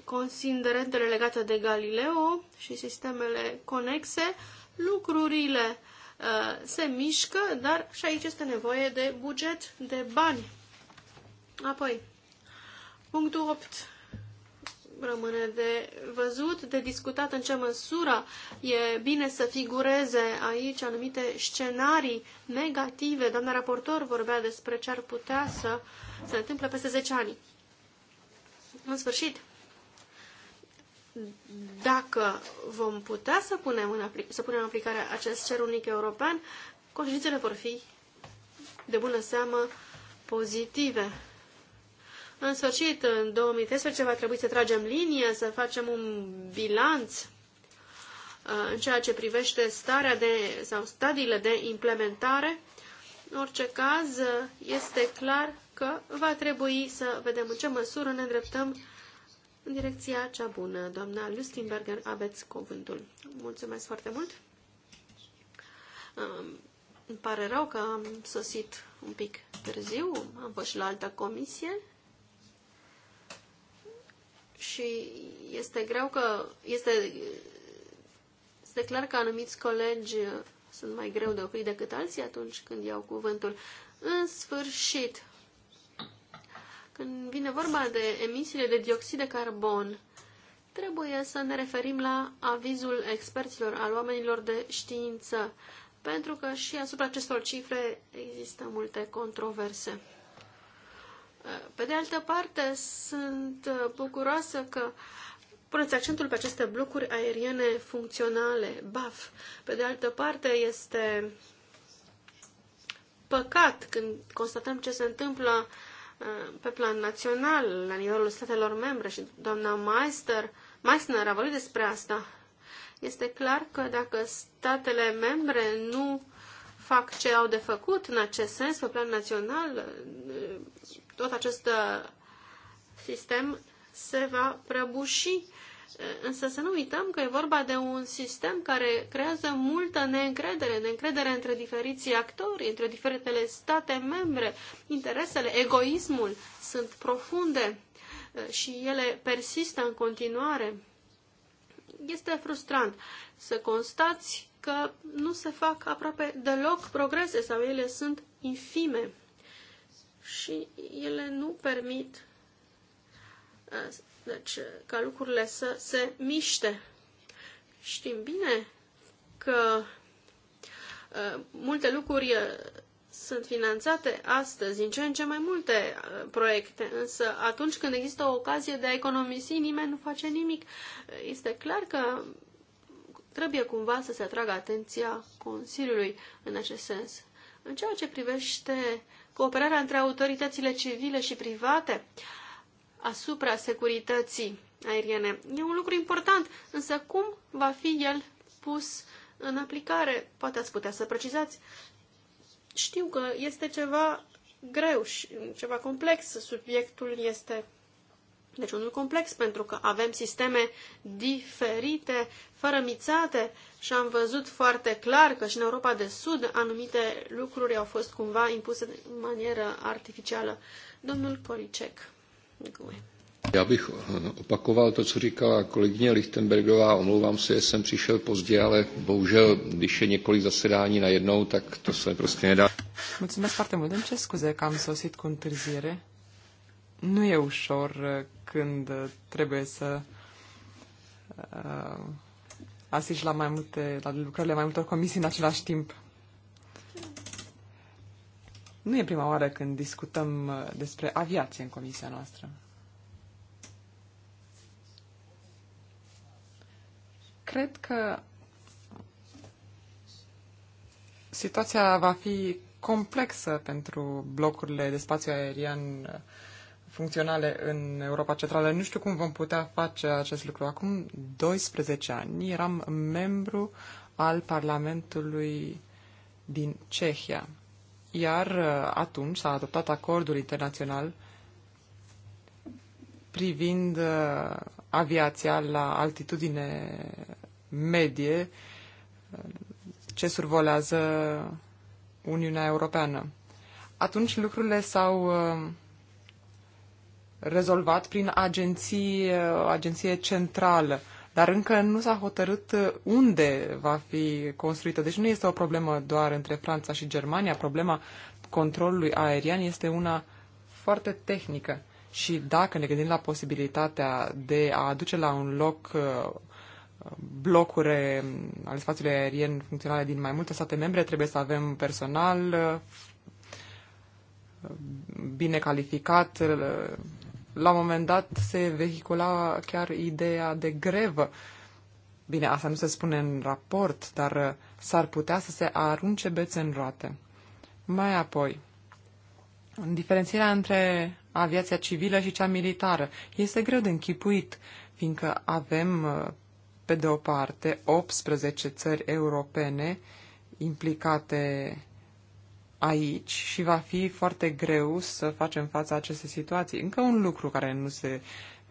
considerentele legate de Galileo și sistemele conexe. Lucrurile se mișcă, dar și aici este nevoie de buget, de bani. Apoi, punctul 8 rămâne de văzut, de discutat în ce măsură e bine să figureze aici anumite scenarii negative. Doamna raportor vorbea despre ce ar putea să se întâmple peste 10 ani. În sfârșit, dacă vom putea să punem în, apli- să punem în aplicare acest cer unic european, consecințele vor fi de bună seamă pozitive. În sfârșit, în 2013 va trebui să tragem linie, să facem un bilanț uh, în ceea ce privește starea de, sau stadiile de implementare. În orice caz, este clar că va trebui să vedem în ce măsură ne îndreptăm în direcția cea bună. Doamna Lustinberger, aveți cuvântul. Mulțumesc foarte mult. Îmi pare rău că am sosit un pic târziu, am fost și la altă comisie și este greu că este, este clar că anumiți colegi sunt mai greu de oprit decât alții atunci când iau cuvântul. În sfârșit, când vine vorba de emisiile de dioxid de carbon, trebuie să ne referim la avizul experților, al oamenilor de știință, pentru că și asupra acestor cifre există multe controverse. Pe de altă parte, sunt uh, bucuroasă că puneți accentul pe aceste blocuri aeriene funcționale, BAF. Pe de altă parte, este păcat când constatăm ce se întâmplă uh, pe plan național, la nivelul statelor membre și doamna Meister, Meissner a vorbit despre asta. Este clar că dacă statele membre nu fac ce au de făcut în acest sens pe plan național, uh, tot acest uh, sistem se va prăbuși. Uh, însă să nu uităm că e vorba de un sistem care creează multă neîncredere, neîncredere între diferiții actori, între diferitele state membre. Interesele, egoismul sunt profunde uh, și ele persistă în continuare. Este frustrant să constați că nu se fac aproape deloc progrese sau ele sunt infime și ele nu permit uh, deci, uh, ca lucrurile să se miște. Știm bine că uh, multe lucruri sunt finanțate astăzi în ce în ce mai multe proiecte, însă atunci când există o ocazie de a economisi, nimeni nu face nimic. Este clar că trebuie cumva să se atragă atenția Consiliului în acest sens. În ceea ce privește cooperarea între autoritățile civile și private asupra securității aeriene. E un lucru important, însă cum va fi el pus în aplicare? Poate ați putea să precizați. Știu că este ceva greu și ceva complex, subiectul este deci unul complex, pentru că avem sisteme diferite, fărămițate și am văzut foarte clar că și în Europa de Sud anumite lucruri au fost cumva impuse în manieră artificială. Domnul Kolicek. Já bych eh, opakoval to, co říkala kolegyně Lichtenbergová. Omlouvám se, že jsem přišel pozdě, ale bohužel, když je několik zasedání jednou, tak to se prostě nedá. Mulțumesc foarte mult. Îmi cer scuze că am sosit cu întârziere. Nu e ușor eh, când uh, trebuie să uh, asigi la mai multe, la lucrările mai multor comisii în același timp. Nu e prima oară când discutăm uh, despre aviație în comisia noastră. Cred că situația va fi complexă pentru blocurile de spațiu aerian uh, funcționale în Europa Centrală. Nu știu cum vom putea face acest lucru. Acum 12 ani eram membru al Parlamentului din Cehia, iar uh, atunci s-a adoptat acordul internațional privind uh, aviația la altitudine medie uh, ce survolează Uniunea Europeană. Atunci lucrurile s-au rezolvat prin agenții, uh, agenție centrală, dar încă nu s-a hotărât uh, unde va fi construită. Deci nu este o problemă doar între Franța și Germania, problema controlului aerian este una foarte tehnică. Și dacă ne gândim la posibilitatea de a aduce la un loc uh, blocuri ale spațiului aerien funcționale din mai multe state membre, trebuie să avem personal bine calificat, la un moment dat se vehicula chiar ideea de grevă. Bine, asta nu se spune în raport, dar uh, s-ar putea să se arunce bețe în roate. Mai apoi, diferențierea între aviația civilă și cea militară este greu de închipuit, fiindcă avem, uh, pe de o parte, 18 țări europene implicate aici și va fi foarte greu să facem fața acestei situații. Încă un lucru care nu se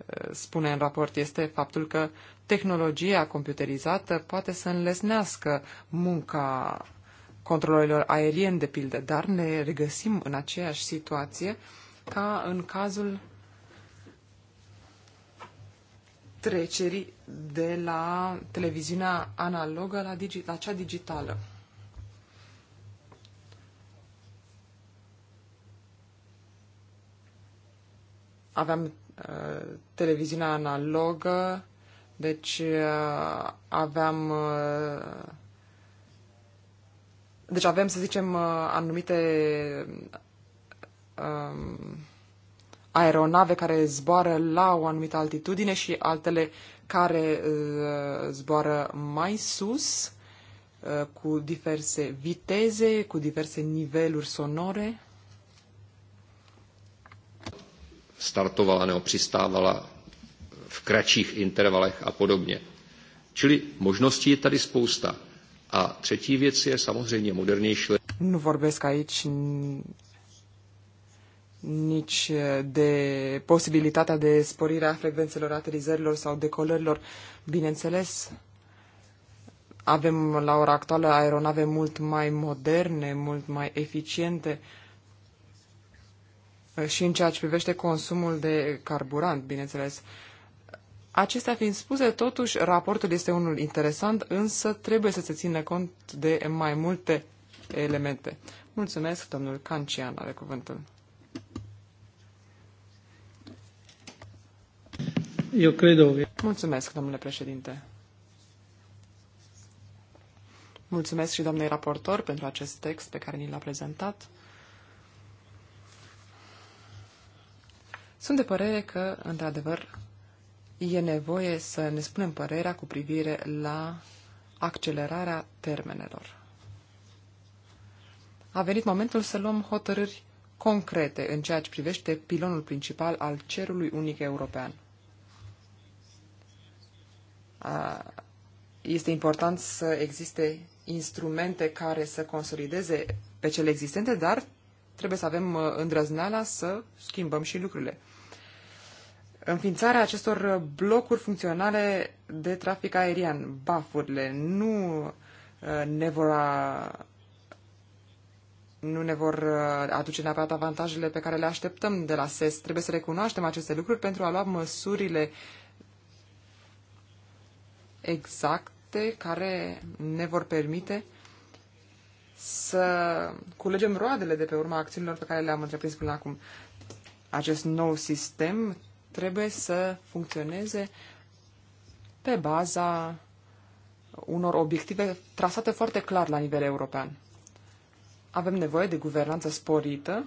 uh, spune în raport este faptul că tehnologia computerizată poate să înlesnească munca controlorilor aerieni, de pildă, dar ne regăsim în aceeași situație ca în cazul trecerii de la televiziunea analogă la, digi- la cea digitală. aveam uh, televiziunea analogă, deci uh, aveam uh, deci avem, să zicem, uh, anumite um, aeronave care zboară la o anumită altitudine și altele care uh, zboară mai sus, uh, cu diverse viteze, cu diverse niveluri sonore. startovala nebo přistávala v kratších intervalech a podobně. Čili možností je tady spousta. A třetí věc je samozřejmě modernější. Nu vorbesc aici nici de posibilitatea de sporire a frecvențelor aterizărilor sau decolărilor. Bineînțeles, avem la ora actuală aeronave mult mai moderne, mult mai eficiente, uh, și în ceea ce privește consumul de carburant, bineînțeles. Acestea fiind spuse, totuși, raportul este unul interesant, însă trebuie să se țină cont de mai multe elemente. Mulțumesc, domnul Cancian are cuvântul. Eu cred. Mulțumesc, domnule președinte. Mulțumesc și domnului raportor pentru acest text pe care ni l-a prezentat. Sunt de părere că, într-adevăr, e nevoie să ne spunem părerea cu privire la accelerarea termenelor. A venit momentul să luăm hotărâri concrete în ceea ce privește pilonul principal al cerului unic european. Este important să existe instrumente care să consolideze pe cele existente, dar trebuie să avem uh, îndrăzneala să schimbăm și lucrurile înființarea acestor blocuri funcționale de trafic aerian, bafurile, nu uh, ne vor a, nu ne vor uh, aduce neapărat avantajele pe care le așteptăm de la SES. Trebuie să recunoaștem aceste lucruri pentru a lua măsurile exacte care ne vor permite să culegem roadele de pe urma acțiunilor pe care le-am întreprins până acum. Acest nou sistem trebuie să funcționeze pe baza unor obiective trasate foarte clar la nivel european. Avem nevoie de guvernanță sporită,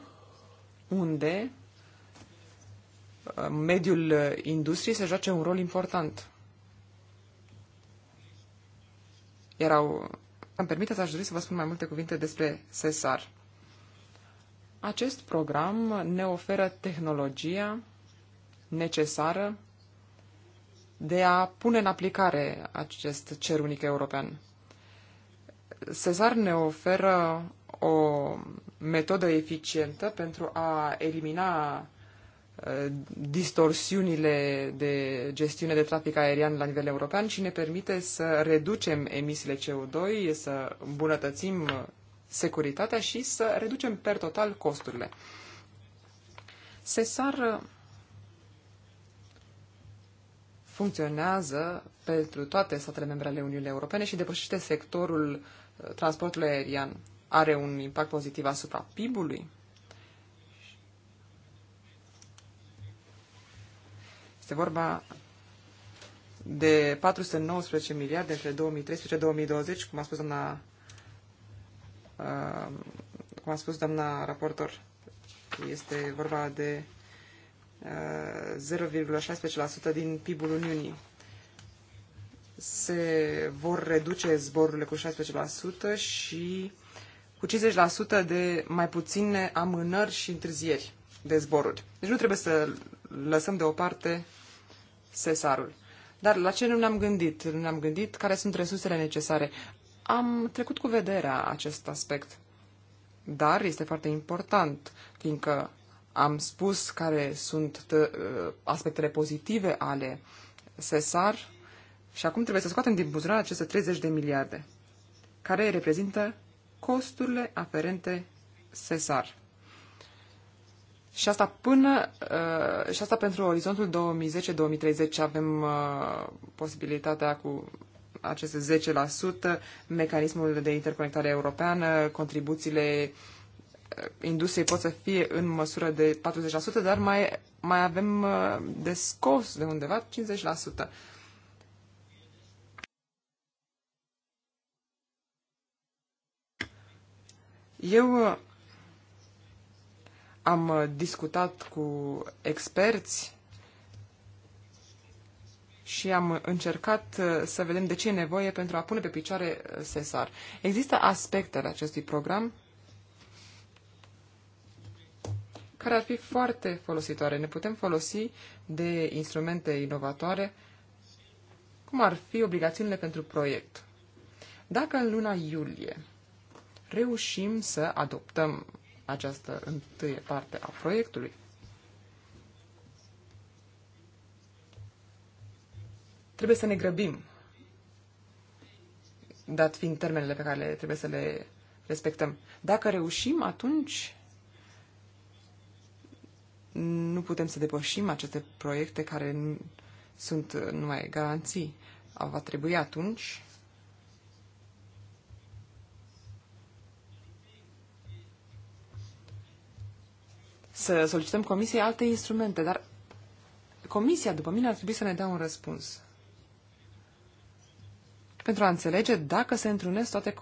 unde uh, mediul industriei să joace un rol important. Erau... Îmi permiteți, aș dori să vă spun mai multe cuvinte despre SESAR. Acest program ne oferă tehnologia necesară de a pune în aplicare acest cer unic european. Cezar ne oferă o metodă eficientă pentru a elimina uh, distorsiunile de gestiune de trafic aerian la nivel european și ne permite să reducem emisiile CO2, să îmbunătățim securitatea și să reducem per total costurile. Cesar funcționează pentru toate statele membre ale Uniunii Europene și depășește sectorul uh, transportului aerian. Are un impact pozitiv asupra PIB-ului. Este vorba de 419 miliarde între 2013-2020, cum a spus doamna uh, cum a spus doamna raportor. Este vorba de 0,16% din PIB-ul Uniunii. Se vor reduce zborurile cu 16% și cu 50% de mai puține amânări și întârzieri de zboruri. Deci nu trebuie să lăsăm deoparte sesarul. Dar la ce nu ne-am gândit? Nu ne-am gândit care sunt resursele necesare. Am trecut cu vederea acest aspect. Dar este foarte important, fiindcă am spus care sunt uh, aspectele pozitive ale SESAR și acum trebuie să scoatem din buzunar aceste 30 de miliarde, care reprezintă costurile aferente SESAR. Și asta până, uh, și asta pentru orizontul 2010-2030 avem uh, posibilitatea cu aceste 10%, mecanismul de interconectare europeană, contribuțiile uh, industriei pot să fie în măsură de 40%, dar mai, mai avem uh, de scos de undeva 50%. Eu uh, am uh, discutat cu experți și am încercat să vedem de ce e nevoie pentru a pune pe picioare SESAR. Există aspectele acestui program care ar fi foarte folositoare. Ne putem folosi de instrumente inovatoare, cum ar fi obligațiunile pentru proiect. Dacă în luna iulie reușim să adoptăm această întâie parte a proiectului, trebuie să ne grăbim, dat fiind termenele pe care trebuie să le respectăm. Dacă reușim, atunci nu putem să depășim aceste proiecte care sunt numai garanții. Va trebui atunci să solicităm comisiei alte instrumente, dar comisia, după mine, ar trebui să ne dea un răspuns. Pentru a înțelege dacă se întrunesc toate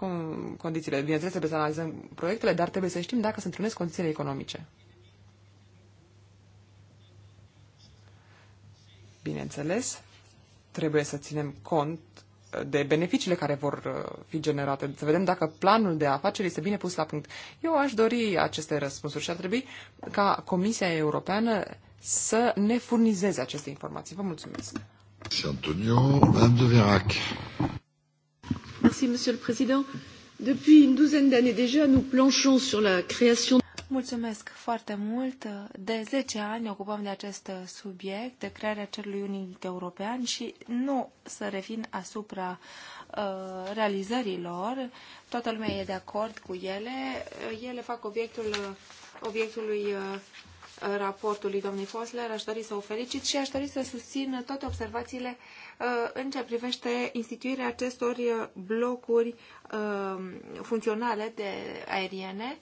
condițiile. Bineînțeles, trebuie să analizăm proiectele, dar trebuie să știm dacă se întrunesc condițiile economice. Bineînțeles, trebuie să ținem cont de beneficiile care vor uh, fi generate, să vedem dacă planul de afaceri este bine pus la punct. Eu aș dori aceste răspunsuri și ar trebui ca Comisia Europeană să ne furnizeze aceste informații. Vă mulțumesc. Antonio, Madame de Verac. Merci, Monsieur le Président. Depuis une douzaine d'années déjà, nous planchons sur la création Mulțumesc foarte mult. De 10 ani ne ocupăm de acest subiect, de crearea cerului unic european și nu să revin asupra uh, realizărilor. Toată lumea e de acord cu ele. Ele fac obiectul uh, obiectului uh, raportului domnului Fosler, aș dori să o felicit și aș dori să susțin toate observațiile uh, în ce privește instituirea acestor uh, blocuri funcționale de aeriene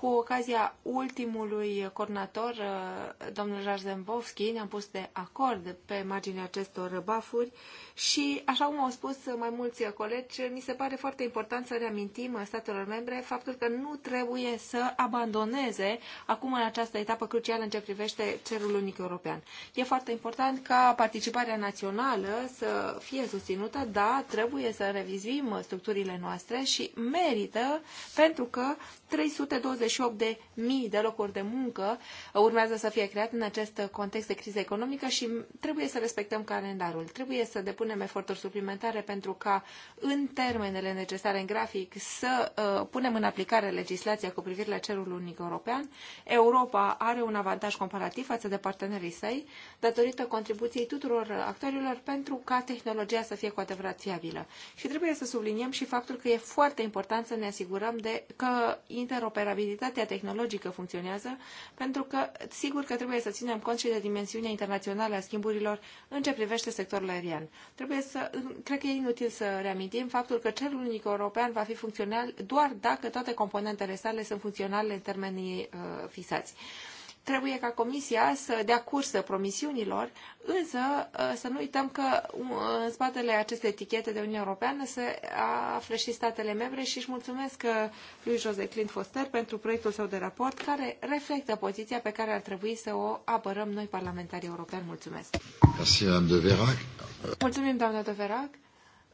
cu ocazia ultimului coordonator, uh, domnul Jarzembovski, ne-am pus de acord pe marginea acestor bafuri și, așa cum au spus mai mulți colegi, mi se pare foarte important să reamintim statelor membre faptul că nu trebuie să abandoneze acum în această etapă crucială în ce privește cerul unic european. E foarte important ca participarea națională să fie susținută, da, trebuie să revizuim structurile noastre și merită pentru că 328 de mii de locuri de muncă urmează să fie create în acest context de criză economică și trebuie să respectăm calendarul. Trebuie să depunem depunem eforturi suplimentare pentru ca în termenele necesare în grafic să uh, punem în aplicare legislația cu privire la cerul unic european. Europa are un avantaj comparativ față de partenerii săi datorită contribuției tuturor actorilor pentru ca tehnologia să fie cu adevărat fiabilă. Și trebuie să subliniem și faptul că e foarte important să ne asigurăm de că interoperabilitatea tehnologică funcționează pentru că sigur că trebuie să ținem cont și de dimensiunea internațională a schimburilor în ce privește sectorul aerian. Trebuie să, cred că e inutil să reamintim faptul că cel unic european va fi funcțional doar dacă toate componentele sale sunt funcționale în termenii uh, fisați. Uh, Trebuie ca Comisia să dea cursă promisiunilor, însă ă, să nu uităm că în spatele acestei etichete de Uniune Europeană se află și statele membre și își mulțumesc ă, lui Jose Clint Foster pentru proiectul său de raport care reflectă poziția pe care ar trebui să o apărăm noi parlamentarii europeni. Mulțumesc! Mulțumim, doamna de Verac.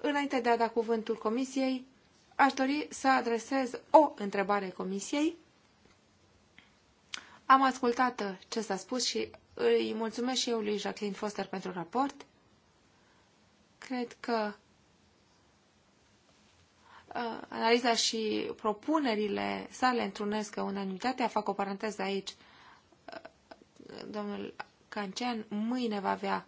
Înainte de a da cuvântul Comisiei, aș dori să adresez o întrebare Comisiei am ascultat uh, ce s-a spus și îi mulțumesc și eu lui Jacqueline Foster pentru raport. Cred că uh, analiza și propunerile sale întrunesc unanimitatea. Fac o paranteză aici. Uh, domnul Cancean mâine va avea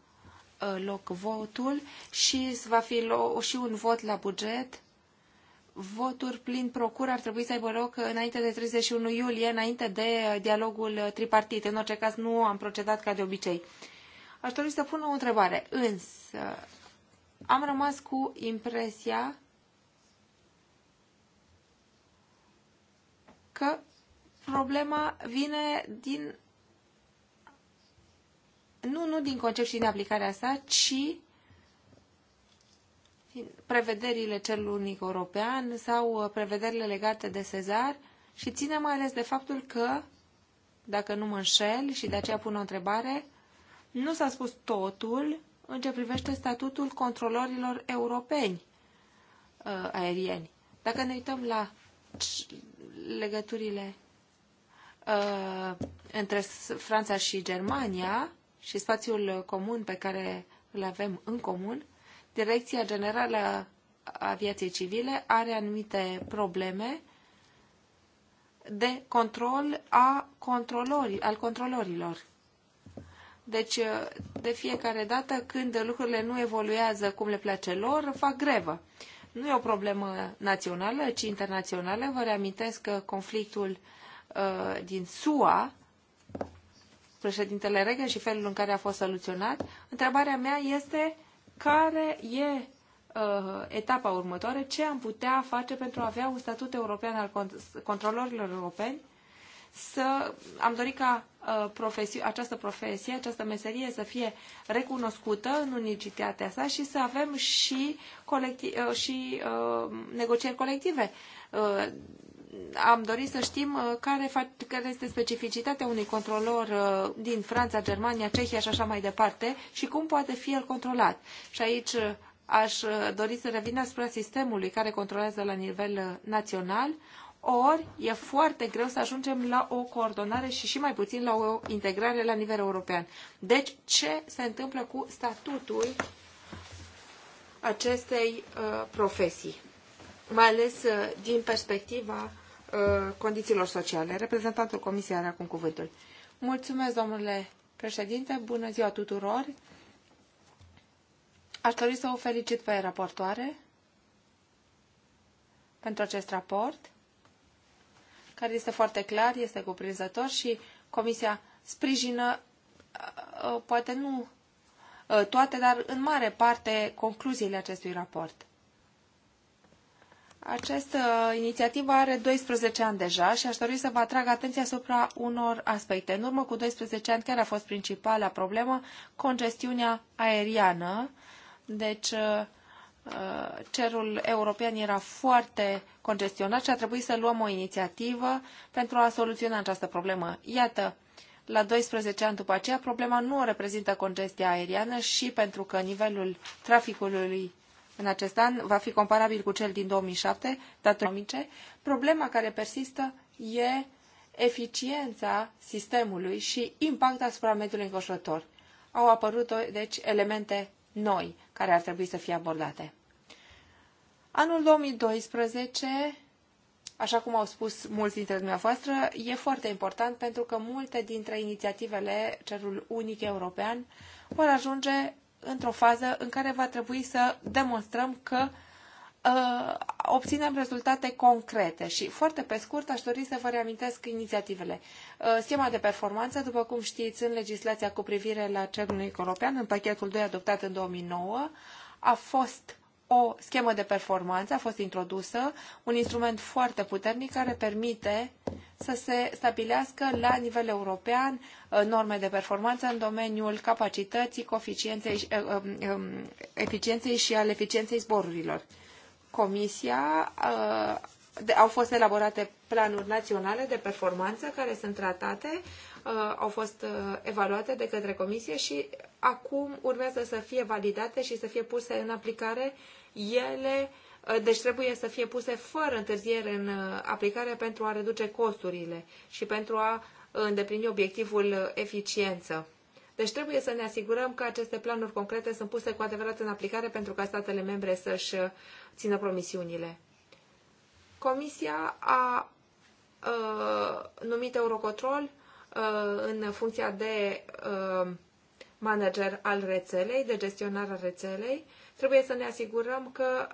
loc votul și va fi și un vot la buget voturi plin procur ar trebui să aibă loc înainte de 31 iulie, înainte de dialogul tripartit. În orice caz, nu am procedat ca de obicei. Aș dori să pun o întrebare, însă am rămas cu impresia că problema vine din nu, nu din concept și din aplicarea sa, ci prevederile cel unic european sau uh, prevederile legate de Sezar și ține mai ales de faptul că, dacă nu mă înșel și de aceea pun o întrebare, nu s-a spus totul în ce privește statutul controlorilor europeni uh, aerieni. Dacă ne uităm la legăturile uh, între Franța și Germania și spațiul comun pe care îl avem în comun, Direcția Generală a Aviației Civile are anumite probleme de control a controlori, al controlorilor. Deci, de fiecare dată când lucrurile nu evoluează cum le place lor, fac grevă. Nu e o problemă națională, ci internațională. Vă reamintesc că conflictul uh, din SUA, președintele Reagan și felul în care a fost soluționat, întrebarea mea este care e uh, etapa următoare, ce am putea face pentru a avea un statut european al controlorilor europeni, să am dorit ca uh, profesi, această profesie, această meserie să fie recunoscută în unicitatea sa și să avem și, colecti, uh, și uh, negocieri colective. Uh, am dorit să știm uh, care, care este specificitatea unui controlor uh, din Franța, Germania, Cehia și așa mai departe și cum poate fi el controlat. Și aici uh, aș dori să revin asupra sistemului care controlează la nivel național, ori e foarte greu să ajungem la o coordonare și și mai puțin la o integrare la nivel european. Deci, ce se întâmplă cu statutul acestei uh, profesii? Mai ales din perspectiva Uh, condițiilor sociale. Reprezentantul Comisiei are acum cuvântul. Mulțumesc, domnule președinte, bună ziua tuturor. Aș dori să o felicit pe raportoare pentru acest raport, care este foarte clar, este cuprinzător și Comisia sprijină, uh, uh, poate nu toate, dar în mare parte, concluziile acestui raport. Această inițiativă are 12 ani deja și aș dori să vă atrag atenția asupra unor aspecte. În urmă cu 12 ani care a fost principala problemă congestiunea aeriană. Deci uh, cerul european era foarte congestionat și a trebuit să luăm o inițiativă pentru a soluționa această problemă. Iată, la 12 ani după aceea, problema nu o reprezintă congestia aeriană și pentru că nivelul traficului în acest an va fi comparabil cu cel din 2007, economice. Problema care persistă e eficiența sistemului și impactul asupra mediului înconjurător. Au apărut, deci, elemente noi care ar trebui să fie abordate. Anul 2012, așa cum au spus mulți dintre dumneavoastră, e foarte important pentru că multe dintre inițiativele Cerul Unic European vor ajunge într-o fază în care va trebui să demonstrăm că uh, obținem rezultate concrete și foarte pe scurt aș dori să vă reamintesc inițiativele. Uh, schema de performanță, după cum știți, în legislația cu privire la cerul european, în pachetul 2 adoptat în 2009, a fost o schemă de performanță a fost introdusă, un instrument foarte puternic care permite să se stabilească la nivel european uh, norme de performanță în domeniul capacității, coeficienței, uh, um, um, eficienței și al eficienței zborurilor. Comisia uh, au fost elaborate planuri naționale de performanță care sunt tratate Uh, au fost uh, evaluate de către comisie și acum urmează să fie validate și să fie puse în aplicare ele, uh, deci trebuie să fie puse fără întârziere în aplicare pentru a reduce costurile și pentru a îndeplini obiectivul eficiență. Deci trebuie să ne asigurăm că aceste planuri concrete sunt puse cu adevărat în aplicare pentru ca statele membre să-și țină promisiunile. Comisia a numit Eurocontrol Uh, în funcția de uh, manager al rețelei, de gestionar al rețelei. Trebuie să ne asigurăm că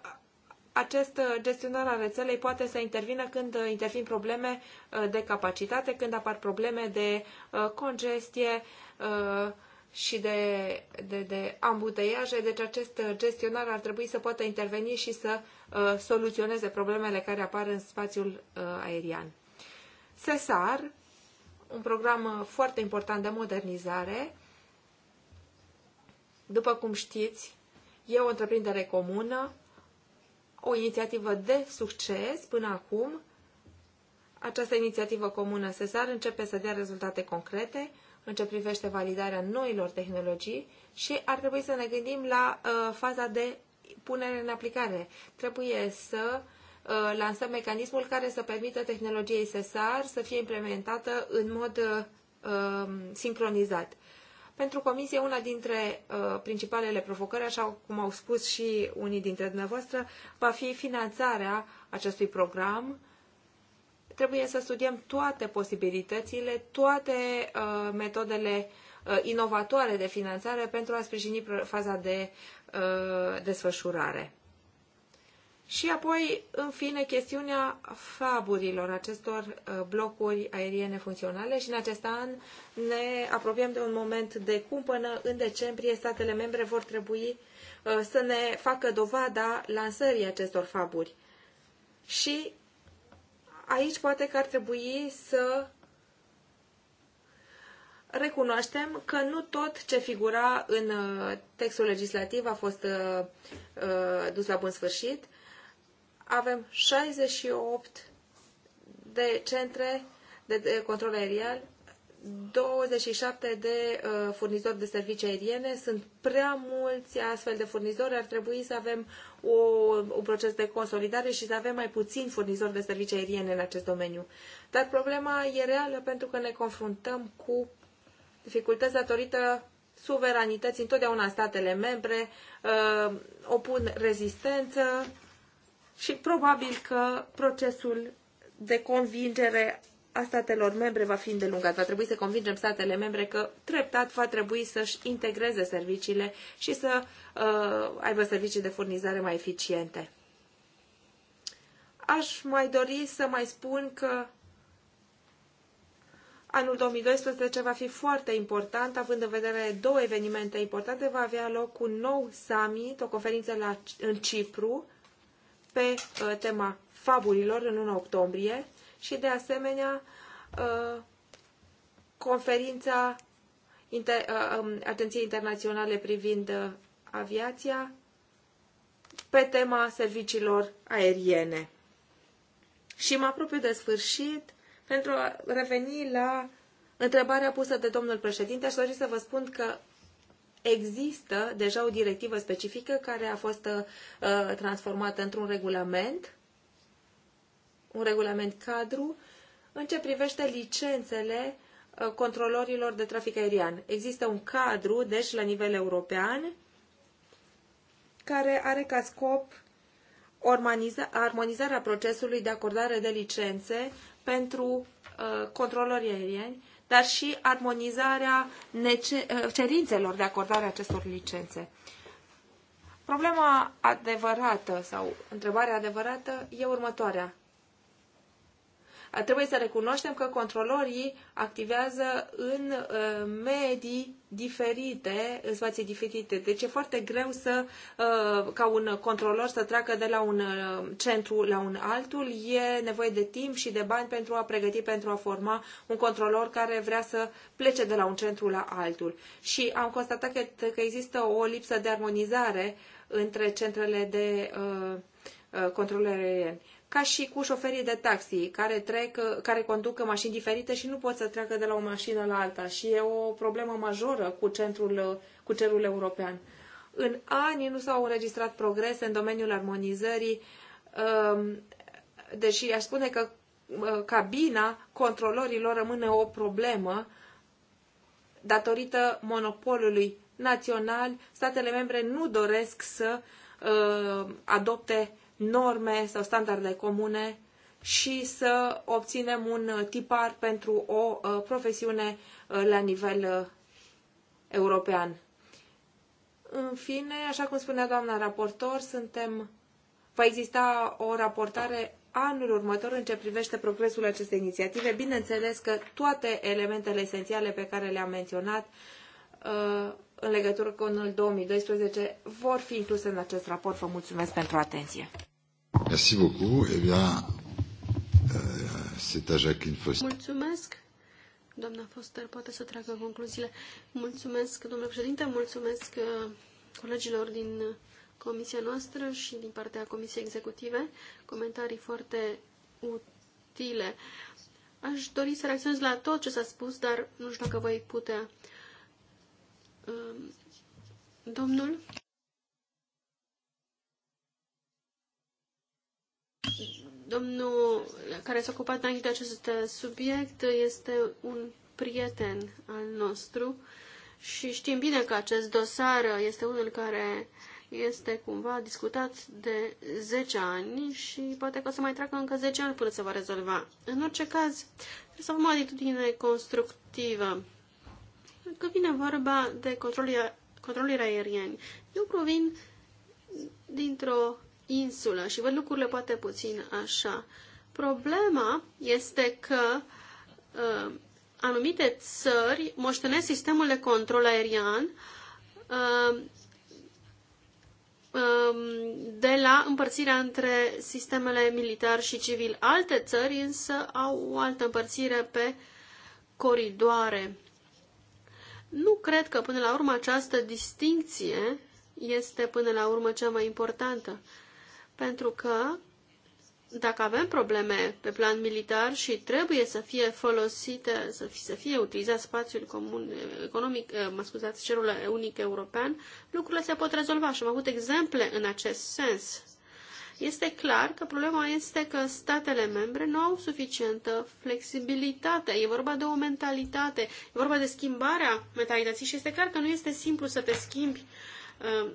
acest gestionar al rețelei poate să intervină când intervin probleme uh, de capacitate, când apar probleme de congestie și de, de, de ambuteiaje. Deci acest gestionar ar trebui să poată interveni și să soluționeze problemele care apar în spațiul aerian. SESAR un program uh, foarte important de modernizare. După cum știți, e o întreprindere comună, o inițiativă de succes până acum. Această inițiativă comună SESAR începe să dea rezultate concrete în ce privește validarea noilor tehnologii și ar trebui să ne gândim la uh, faza de punere în aplicare. Trebuie să uh, Uh, lansăm mecanismul care să permită tehnologiei SESAR să fie implementată în mod uh, um, sincronizat. Pentru Comisie, una dintre uh, principalele provocări, așa cum au spus și unii dintre dumneavoastră, va fi finanțarea acestui program. Trebuie să studiem toate posibilitățile, toate uh, metodele uh, inovatoare de finanțare pentru a sprijini faza de uh, desfășurare. Și apoi, în fine, chestiunea faburilor acestor uh, blocuri aeriene funcționale și în acest an ne apropiem de un moment de până În decembrie, statele membre vor trebui uh, să ne facă dovada lansării acestor faburi. Și aici poate că ar trebui să recunoaștem că nu tot ce figura în uh, textul legislativ a fost dus la bun sfârșit avem 68 de centre de control aerian 27 de uh, furnizori de servicii aeriene, sunt prea mulți astfel de furnizori, ar trebui să avem o, un proces de consolidare și să avem mai puțini furnizori de servicii aeriene în acest domeniu. Dar problema e reală pentru că ne confruntăm cu dificultăți datorită suveranității. Întotdeauna statele membre uh, opun rezistență, și probabil că procesul de convingere a statelor membre va fi îndelungat. Va trebui să convingem statele membre că treptat va trebui să-și integreze serviciile și să uh, aibă servicii de furnizare mai eficiente. Aș mai dori să mai spun că anul 2012 va fi foarte important, având în vedere două evenimente importante. Va avea loc un nou summit, o conferință la, în Cipru, pe uh, tema fabulilor în 1 octombrie și, de asemenea, uh, conferința uh, um, Atenției Internaționale privind aviația pe tema serviciilor aeriene. Și mă apropiu de sfârșit pentru a reveni la întrebarea pusă de domnul președinte. Aș dori să vă spun că există deja o directivă specifică care a fost uh, transformată într-un regulament, un regulament cadru, în ce privește licențele uh, controlorilor de trafic aerian. Există un cadru, deci, la nivel european, care are ca scop armonizarea procesului de acordare de licențe pentru uh, controlorii aerieni dar și armonizarea eh, cerințelor de acordare a acestor licențe. Problema adevărată sau întrebarea adevărată e următoarea. Trebuie să recunoaștem că controlorii activează în uh, medii diferite, în spații diferite. Deci e foarte greu să, uh, ca un controlor să treacă de la un uh, centru la un altul. E nevoie de timp și de bani pentru a pregăti, pentru a forma un controlor care vrea să plece de la un centru la altul. Și am constatat că, că există o lipsă de armonizare între centrele de uh, controlere ca și cu șoferii de taxi care, trec, care conduc mașini diferite și nu pot să treacă de la o mașină la alta. Și e o problemă majoră cu, centrul, cu cerul european. În ani nu s-au înregistrat progrese în domeniul armonizării, um, deși aș spune că uh, cabina controlorilor rămâne o problemă datorită monopolului național. Statele membre nu doresc să uh, adopte norme sau standarde comune și să obținem un tipar pentru o uh, profesiune uh, la nivel uh, european. În fine, așa cum spunea doamna raportor, suntem, va exista o raportare anul următor în ce privește progresul acestei inițiative. Bineînțeles că toate elementele esențiale pe care le-am menționat în legătură cu anul 2012 vor fi incluse în acest raport. Vă mulțumesc pentru atenție. Merci beaucoup. Eh bien, euh, c'est à Jacqueline Foster. Mulțumesc. Doamna Foster poate să tragă concluziile. Mulțumesc, domnule președinte, mulțumesc uh, colegilor din uh, comisia noastră și din partea comisiei executive. Comentarii foarte utile. Aș dori să reacționez la tot ce s-a spus, dar nu știu dacă voi putea. Um, domnul Domnul care s-a ocupat înainte de acest subiect este un prieten al nostru și știm bine că acest dosar este unul care este cumva discutat de 10 ani și poate că o să mai treacă încă 10 ani până se va rezolva. În orice caz, trebuie să avem o atitudine constructivă. Că vine vorba de controlul controlul aerieni, eu provin dintr-o insulă și văd lucrurile poate puțin așa. Problema este că uh, anumite țări moștenesc sistemul de control aerian uh, um, de la împărțirea între sistemele militar și civil. Alte țări însă au o altă împărțire pe coridoare. Nu cred că până la urmă această distinție este până la urmă cea mai importantă pentru că dacă avem probleme pe plan militar și trebuie să fie folosite, să fie, să fie utilizat spațiul comun economic, eh, mă scuzați, cerul unic european, lucrurile se pot rezolva și am avut exemple în acest sens. Este clar că problema este că statele membre nu au suficientă flexibilitate. E vorba de o mentalitate, e vorba de schimbarea mentalității și este clar că nu este simplu să te schimbi eh,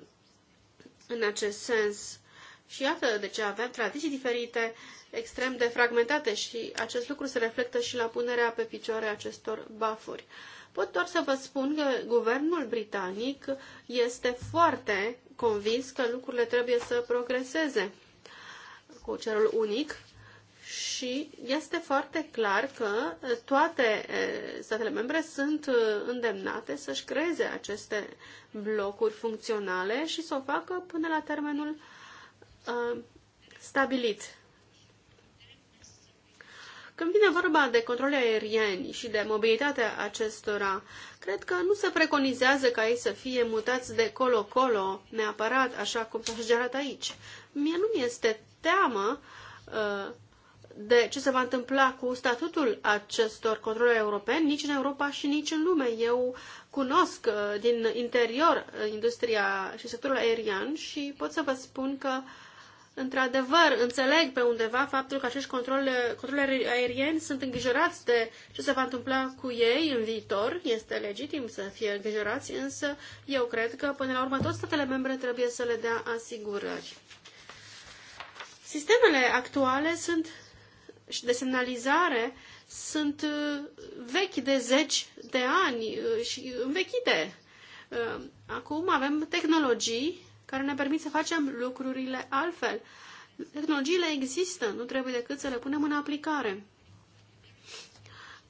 în acest sens și iată de ce avem tradiții diferite, extrem de fragmentate și acest lucru se reflectă și la punerea pe picioare acestor bafuri. Pot doar să vă spun că guvernul britanic este foarte convins că lucrurile trebuie să progreseze cu cerul unic și este foarte clar că toate statele membre sunt îndemnate să-și creeze aceste blocuri funcționale și să o facă până la termenul uh, stabilit. Când vine vorba de controle aerieni și de mobilitatea acestora, cred că nu se preconizează ca ei să fie mutați de colo-colo neapărat, așa cum s-a sugerat aici. Mie nu mi este teamă uh, de ce se va întâmpla cu statutul acestor controle europeni, nici în Europa și nici în lume. Eu cunosc ă, din interior industria și sectorul aerian și pot să vă spun că uh, Într-adevăr, înțeleg pe undeva faptul că acești controle, controle aerieni sunt îngrijorați de ce se va întâmpla cu ei în viitor. Este legitim să fie îngrijorați, însă eu cred că, până la urmă, toți statele membre trebuie să le dea asigurări. Sistemele actuale sunt și de semnalizare sunt uh, vechi de zeci de ani uh, și învechite. Uh, acum avem tehnologii care ne permit să facem lucrurile altfel. Tehnologiile există, nu trebuie decât să le punem în aplicare.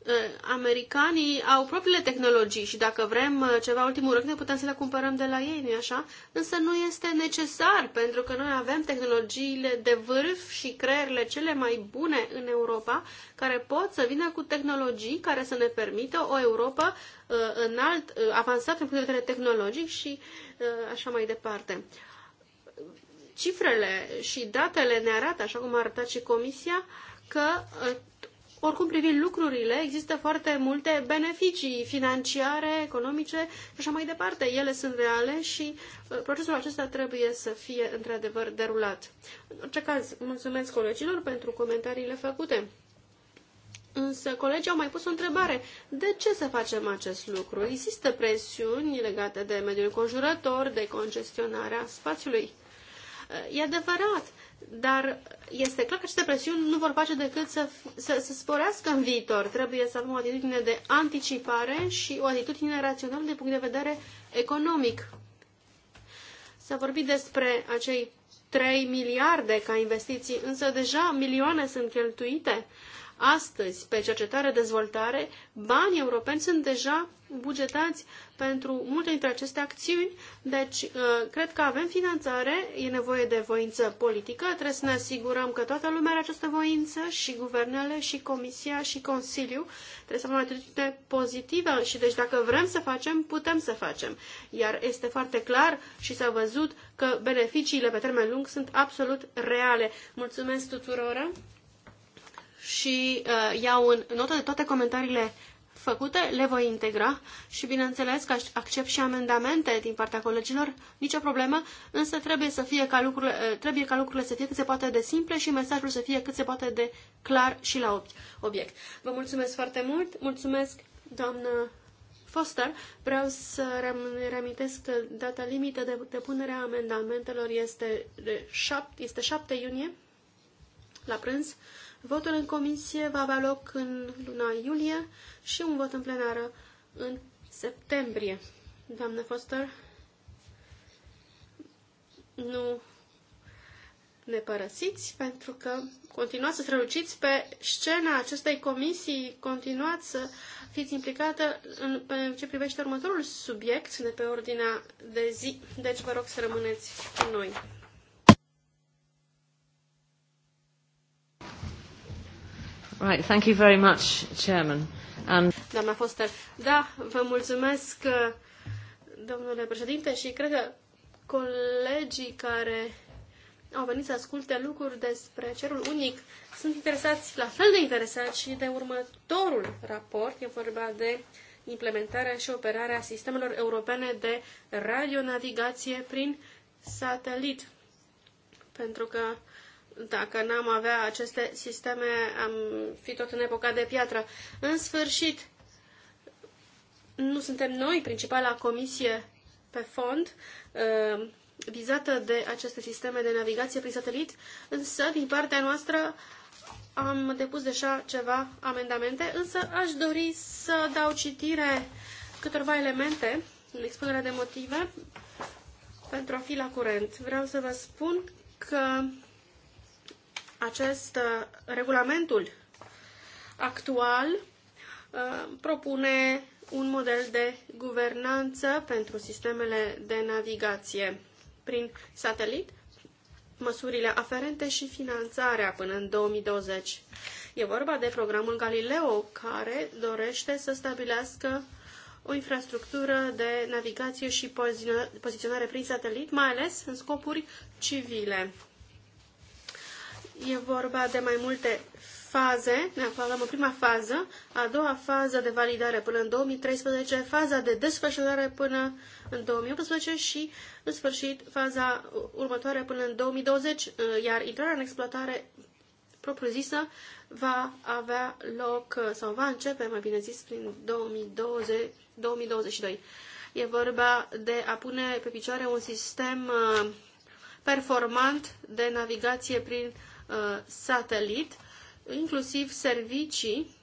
Uh, americanii au propriile tehnologii și dacă vrem uh, ceva ultimul rând ne putem să le cumpărăm de la ei, nu așa? Însă nu este necesar, pentru că noi avem tehnologiile de vârf și creierile cele mai bune în Europa, care pot să vină cu tehnologii care să ne permită o Europa uh, înalt, uh, avansată în punct de vedere tehnologic și uh, așa mai departe. Cifrele și datele ne arată, așa cum a arătat și Comisia, că uh, oricum privind lucrurile, există foarte multe beneficii financiare, economice și așa mai departe. Ele sunt reale și uh, procesul acesta trebuie să fie într-adevăr derulat. În orice caz, mulțumesc colegilor pentru comentariile făcute. Însă colegii au mai pus o întrebare. De ce să facem acest lucru? Există presiuni legate de mediul conjurător, de congestionarea spațiului. Uh, e adevărat, dar este clar că aceste presiuni nu vor face decât să, să, să sporească în viitor. Trebuie să avem o atitudine de anticipare și o atitudine rațională de punct de vedere economic. S-a vorbit despre acei 3 miliarde ca investiții, însă deja milioane sunt cheltuite astăzi pe cercetare-dezvoltare, banii europeni sunt deja bugetați pentru multe dintre aceste acțiuni, deci uh, cred că avem finanțare, e nevoie de voință politică, trebuie să ne asigurăm că toată lumea are această voință și guvernele, și Comisia, și Consiliu, trebuie să avem atitudine pozitivă și deci dacă vrem să facem, putem să facem. Iar este foarte clar și s-a văzut că beneficiile pe termen lung sunt absolut reale. Mulțumesc tuturor și uh, iau în notă de toate comentariile făcute, le voi integra și bineînțeles că accept și amendamente din partea colegilor, nicio problemă, însă trebuie, să fie ca lucrurile, uh, trebuie ca lucrurile să fie cât se poate de simple și mesajul să fie cât se poate de clar și la obiect. Vă mulțumesc foarte mult, mulțumesc doamnă Foster, vreau să reamintesc că data limită de depunere a amendamentelor este 7, este 7 iunie la prânz. Votul în comisie va avea loc în luna iulie și un vot în plenară în septembrie. Doamnă Foster, nu ne părăsiți pentru că continuați să străluciți pe scena acestei comisii, continuați să fiți implicată în, în ce privește următorul subiect de pe ordinea de zi. Deci vă rog să rămâneți cu noi. Right, thank you very much, Chairman. And... Um, Doamna Foster, da, vă mulțumesc, uh, domnule președinte, și cred că colegii care au venit să asculte lucruri despre cerul unic sunt interesați, la fel de interesați și de următorul raport. E vorba de implementarea și operarea sistemelor europene de radionavigație prin satelit. Pentru că dacă n-am avea aceste sisteme, am fi tot în epoca de piatră. În sfârșit, nu suntem noi principala comisie pe fond uh, vizată de aceste sisteme de navigație prin satelit, însă, din partea noastră, am depus deja ceva amendamente, însă aș dori să dau citire câtorva elemente în expunerea de motive pentru a fi la curent. Vreau să vă spun că acest uh, regulamentul actual uh, propune un model de guvernanță pentru sistemele de navigație prin satelit, măsurile aferente și finanțarea până în 2020. E vorba de programul Galileo, care dorește să stabilească o infrastructură de navigație și poziționare prin satelit, mai ales în scopuri civile. E vorba de mai multe faze, ne aflăm în prima fază, a doua fază de validare până în 2013, faza de desfășurare până în 2018 și, în sfârșit, faza următoare până în 2020, eh, iar intrarea în exploatare propriu-zisă va avea loc eh, sau va începe, mai bine zis, prin 2020, 2022. E vorba de a pune pe picioare un sistem eh, performant de navigație prin uh, Uh, satelit, inclusiv servicii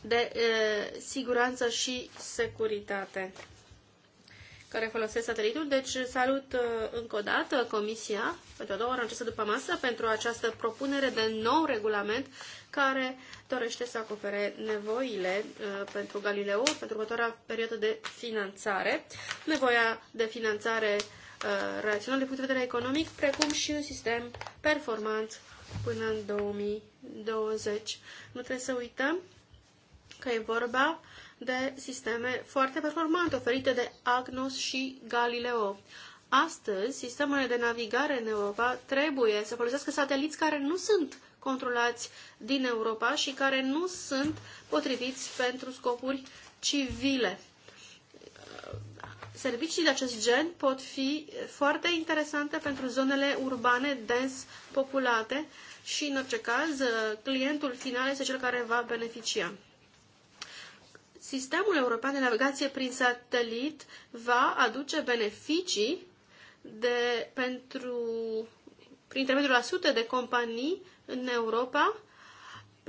de uh, siguranță și securitate care folosesc satelitul. Deci salut uh, încă o dată Comisia, pentru a doua oară această după masă, pentru această propunere de nou regulament care dorește să acopere nevoile uh, pentru Galileo pentru următoarea perioadă de finanțare. Nevoia de finanțare Uh, rațional din punct de vedere economic, precum și un sistem performant până în 2020. Nu trebuie să uităm că e vorba de sisteme foarte performante oferite de Agnos și Galileo. Astăzi, sistemele de navigare în Europa trebuie să folosească sateliți care nu sunt controlați din Europa și care nu sunt potriviți pentru scopuri civile servicii de acest gen pot fi foarte interesante pentru zonele urbane dens populate și, în orice caz, clientul final este cel care va beneficia. Sistemul european de navigație prin satelit va aduce beneficii de, pentru, prin intermediul a sute de companii în Europa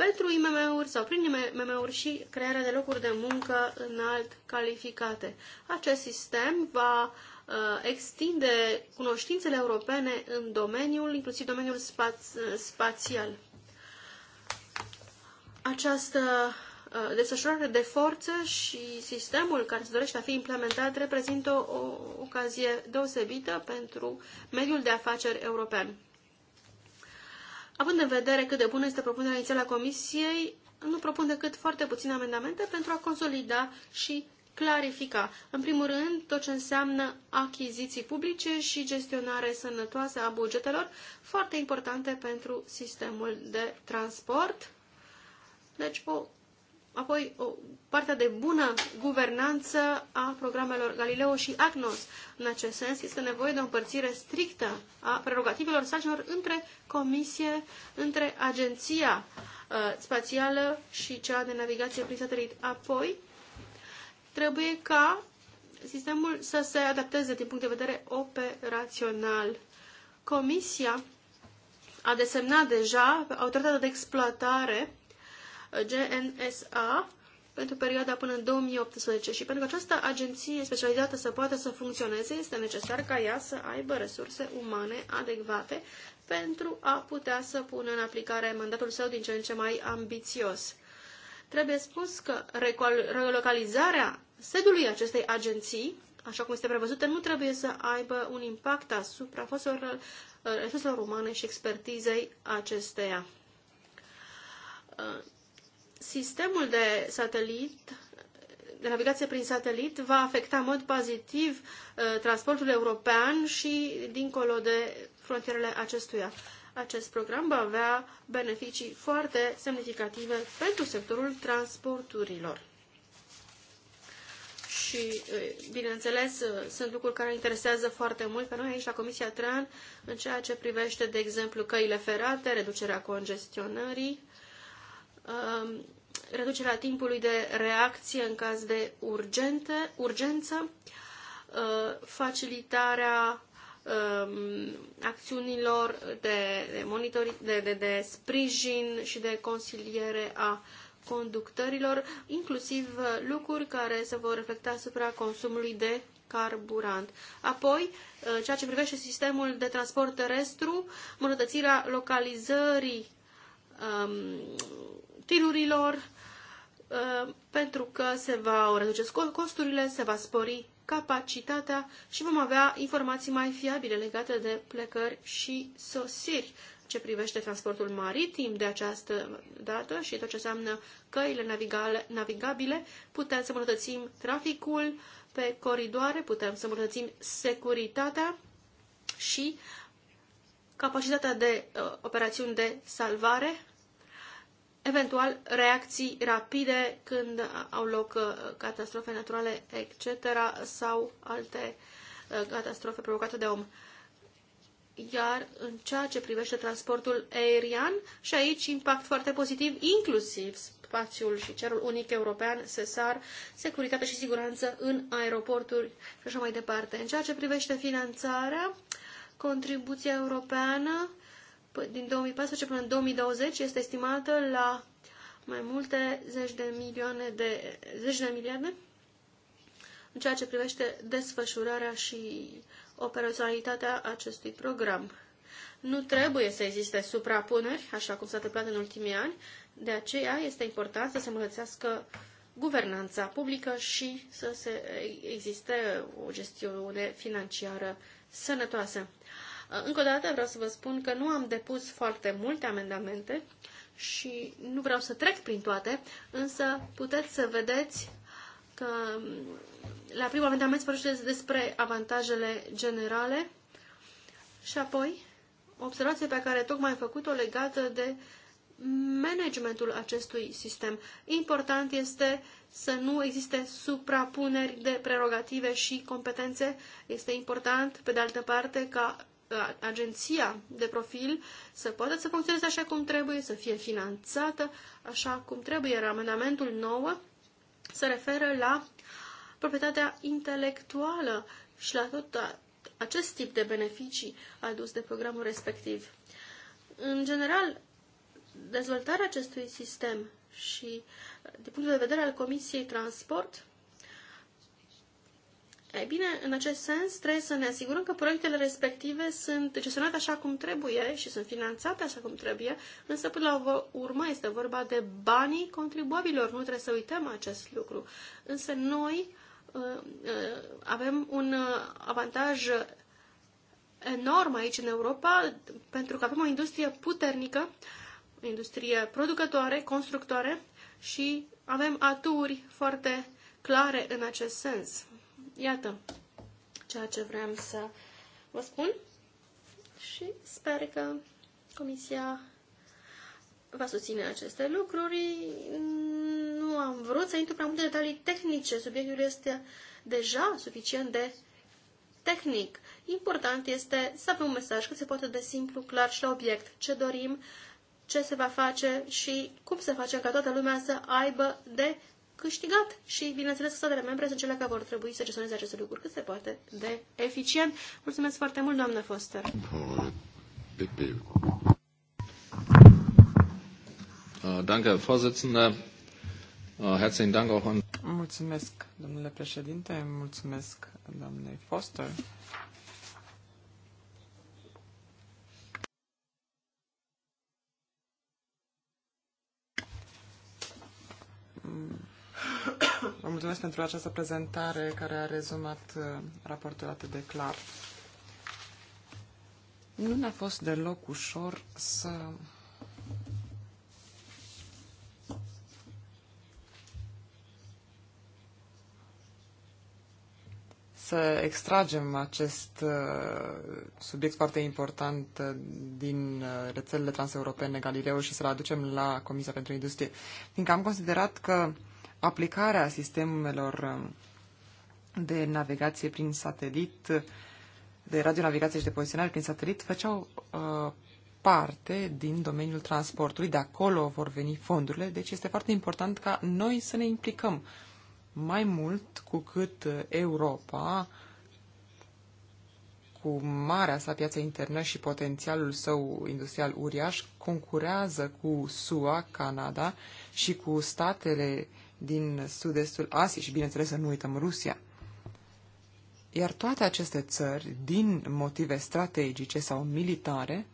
pentru IMM-uri sau prin IMM-uri și crearea de locuri de muncă înalt calificate. Acest sistem va uh, extinde cunoștințele europene în domeniul, inclusiv domeniul spaț- uh, spațial. Această uh, desfășurare de forță și sistemul care se dorește a fi implementat reprezintă o ocazie deosebită pentru mediul de afaceri european. Având în vedere cât de bună este propunerea inițială a Comisiei, nu propun decât foarte puține amendamente pentru a consolida și clarifica, în primul rând, tot ce înseamnă achiziții publice și gestionare sănătoasă a bugetelor, foarte importante pentru sistemul de transport. Deci, o apoi o partea de bună guvernanță a programelor Galileo și Agnos. În acest sens, este nevoie de o împărțire strictă a prerogativelor sarcinilor între comisie, între agenția uh, spațială și cea de navigație prin satelit. Apoi, trebuie ca sistemul să se adapteze din punct de vedere operațional. Comisia a desemnat deja autoritatea de exploatare GNSA pentru perioada până în 2018 și pentru că această agenție specializată să poată să funcționeze, este necesar ca ea să aibă resurse umane adecvate pentru a putea să pună în aplicare mandatul său din ce în ce mai ambițios. Trebuie spus că relocalizarea sedului acestei agenții, așa cum este prevăzută, nu trebuie să aibă un impact asupra fostelor resurselor umane și expertizei acesteia Sistemul de satelit, de navigație prin satelit, va afecta în mod pozitiv uh, transportul european și dincolo de frontierele acestuia. Acest program va avea beneficii foarte semnificative pentru sectorul transporturilor și, uh, bineînțeles, uh, sunt lucruri care interesează foarte mult pe noi aici la Comisia Tran în ceea ce privește, de exemplu, căile ferate, reducerea congestionării Um, reducerea timpului de reacție în caz de urgente, urgență, uh, facilitarea um, acțiunilor de, de, monitori, de, de, de sprijin și de consiliere a conductorilor, inclusiv uh, lucruri care se vor reflecta asupra consumului de carburant. Apoi, uh, ceea ce privește sistemul de transport terestru, îmbunătățirea localizării um, tirurilor, uh, pentru că se va reduce costurile, se va spori capacitatea și vom avea informații mai fiabile legate de plecări și sosiri ce privește transportul maritim de această dată și tot ce înseamnă căile navigale, navigabile, putem să îmbunătățim traficul pe coridoare, putem să îmbunătățim securitatea și capacitatea de uh, operațiuni de salvare eventual reacții rapide când au loc uh, catastrofe naturale, etc., sau alte uh, catastrofe provocate de om. Iar în ceea ce privește transportul aerian, și aici impact foarte pozitiv, inclusiv spațiul și cerul unic european, SESAR, securitate și siguranță în aeroporturi și așa mai departe. În ceea ce privește finanțarea, contribuția europeană din 2014 până în 2020 este estimată la mai multe zeci de milioane de, zeci de miliarde în ceea ce privește desfășurarea și operaționalitatea acestui program. Nu trebuie să existe suprapuneri, așa cum s-a întâmplat în ultimii ani, de aceea este important să se îmbunătățească guvernanța publică și să se existe o gestiune financiară sănătoasă. Uh, încă o dată vreau să vă spun că nu am depus foarte multe amendamente și nu vreau să trec prin toate, însă puteți să vedeți că um, la primul amendament se despre avantajele generale și apoi observație pe care tocmai am făcut-o legată de managementul acestui sistem. Important este să nu existe suprapuneri de prerogative și competențe. Este important, pe de altă parte, ca agenția de profil să poată să funcționeze așa cum trebuie, să fie finanțată așa cum trebuie. Iar amendamentul 9 se referă la proprietatea intelectuală și la tot acest tip de beneficii adus de programul respectiv. În general, dezvoltarea acestui sistem și din punctul de vedere al Comisiei Transport ei bine, în acest sens, trebuie să ne asigurăm că proiectele respective sunt gestionate așa cum trebuie și sunt finanțate așa cum trebuie, însă până la urmă este vorba de banii contribuabilor. Nu trebuie să uităm acest lucru. Însă noi uh, uh, avem un uh, avantaj enorm aici în Europa pentru că avem o industrie puternică, o industrie producătoare, constructoare și avem aturi foarte clare în acest sens. Iată ceea ce vreau să vă spun și sper că Comisia va susține aceste lucruri. Nu am vrut să intru prea multe detalii tehnice. Subiectul este deja suficient de tehnic. Important este să avem un mesaj cât se poate de simplu, clar și la obiect. Ce dorim, ce se va face și cum să facem ca toată lumea să aibă de câștigat și, bineînțeles, statele membre sunt cele care vor trebui să gestioneze aceste lucruri cât se poate de eficient. Mulțumesc foarte mult, doamnă Foster. Äh, danke, äh, Herzlichen Dank auch an... Mulțumesc, domnule președinte, mulțumesc, doamnei Foster. Vă mulțumesc pentru această prezentare care a rezumat uh, raportul atât de clar. Nu ne-a fost deloc ușor să să extragem acest uh, subiect foarte important uh, din rețelele transeuropene Galileo și să-l aducem la Comisia pentru Industrie, fiindcă am considerat că aplicarea sistemelor um, de navigație prin satelit, de radionavigație și de poziționare prin satelit, făceau uh, parte din domeniul transportului, de acolo vor veni fondurile, deci este foarte important ca noi să ne implicăm mai mult cu cât uh, Europa, cu marea sa piață internă și potențialul său industrial uriaș, concurează cu SUA, Canada și cu statele uh, din sud-estul Asiei și, bineînțeles, să nu uităm Rusia. Iar toate aceste țări, din motive strategice sau militare,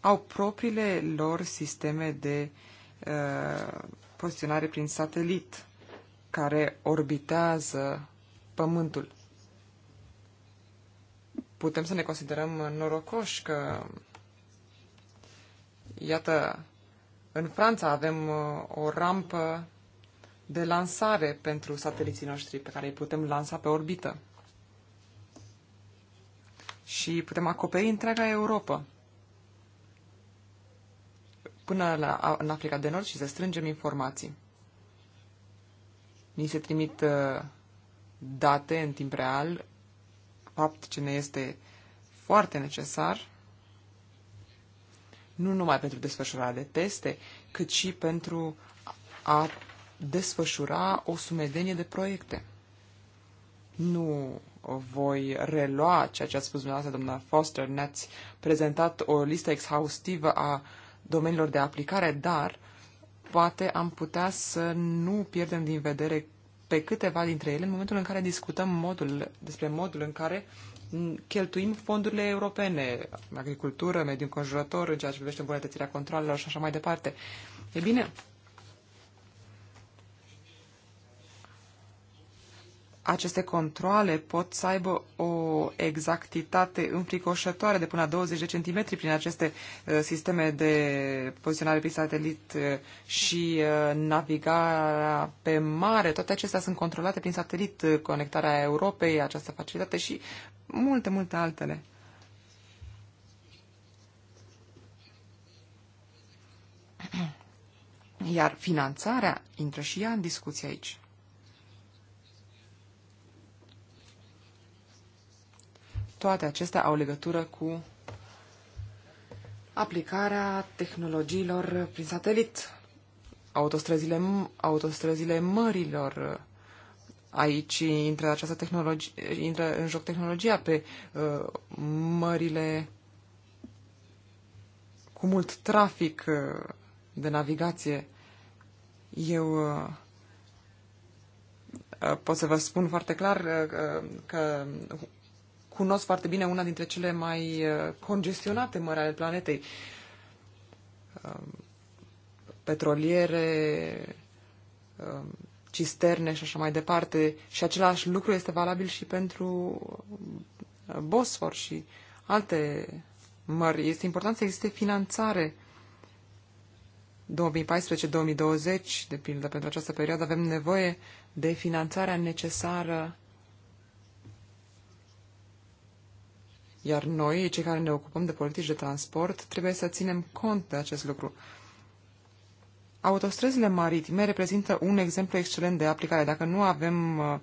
au propriile lor sisteme de uh, poziționare prin satelit care orbitează Pământul. Putem să ne considerăm norocoși că, iată, în Franța avem uh, o rampă de lansare pentru sateliții noștri pe care îi putem lansa pe orbită. Și putem acoperi întreaga Europa până la, în Africa de Nord și să strângem informații. Ni se trimit uh, date în timp real, fapt ce ne este foarte necesar nu numai pentru desfășurarea de teste, cât și pentru a desfășura o sumedenie de proiecte. Nu voi relua ceea ce a spus dumneavoastră, doamna Foster, ne-ați prezentat o listă exhaustivă a domeniilor de aplicare, dar poate am putea să nu pierdem din vedere pe câteva dintre ele în momentul în care discutăm modul, despre modul în care cheltuim fondurile europene, agricultură, mediu înconjurător, în ceea ce privește îmbunătățirea controlelor și așa mai departe. E bine, aceste controle pot să aibă o exactitate înfricoșătoare de până la 20 de centimetri prin aceste uh, sisteme de poziționare prin satelit uh, și uh, navigarea pe mare. Toate acestea sunt controlate prin satelit, uh, conectarea Europei, această facilitate și multe, multe altele. Iar finanțarea intră și ea în discuție aici. toate acestea au legătură cu aplicarea tehnologiilor prin satelit, autostrăzile, autostrăzile mărilor. Aici intră această tehnologie, intră în joc tehnologia pe uh, mările cu mult trafic uh, de navigație. Eu uh, uh pot să vă spun foarte clar uh, uh, că cunosc foarte bine una dintre cele mai uh, congestionate mări ale planetei. Um, petroliere, um, cisterne și așa mai departe. Și același lucru este valabil și pentru uh, Bosfor și alte mări. Este important să existe finanțare 2014-2020, de pildă, pentru această perioadă avem nevoie de finanțarea necesară Iar noi, cei care ne ocupăm de politici de transport, trebuie să ținem cont de acest lucru. Autostrăzile maritime reprezintă un exemplu excelent de aplicare. Dacă nu avem uh,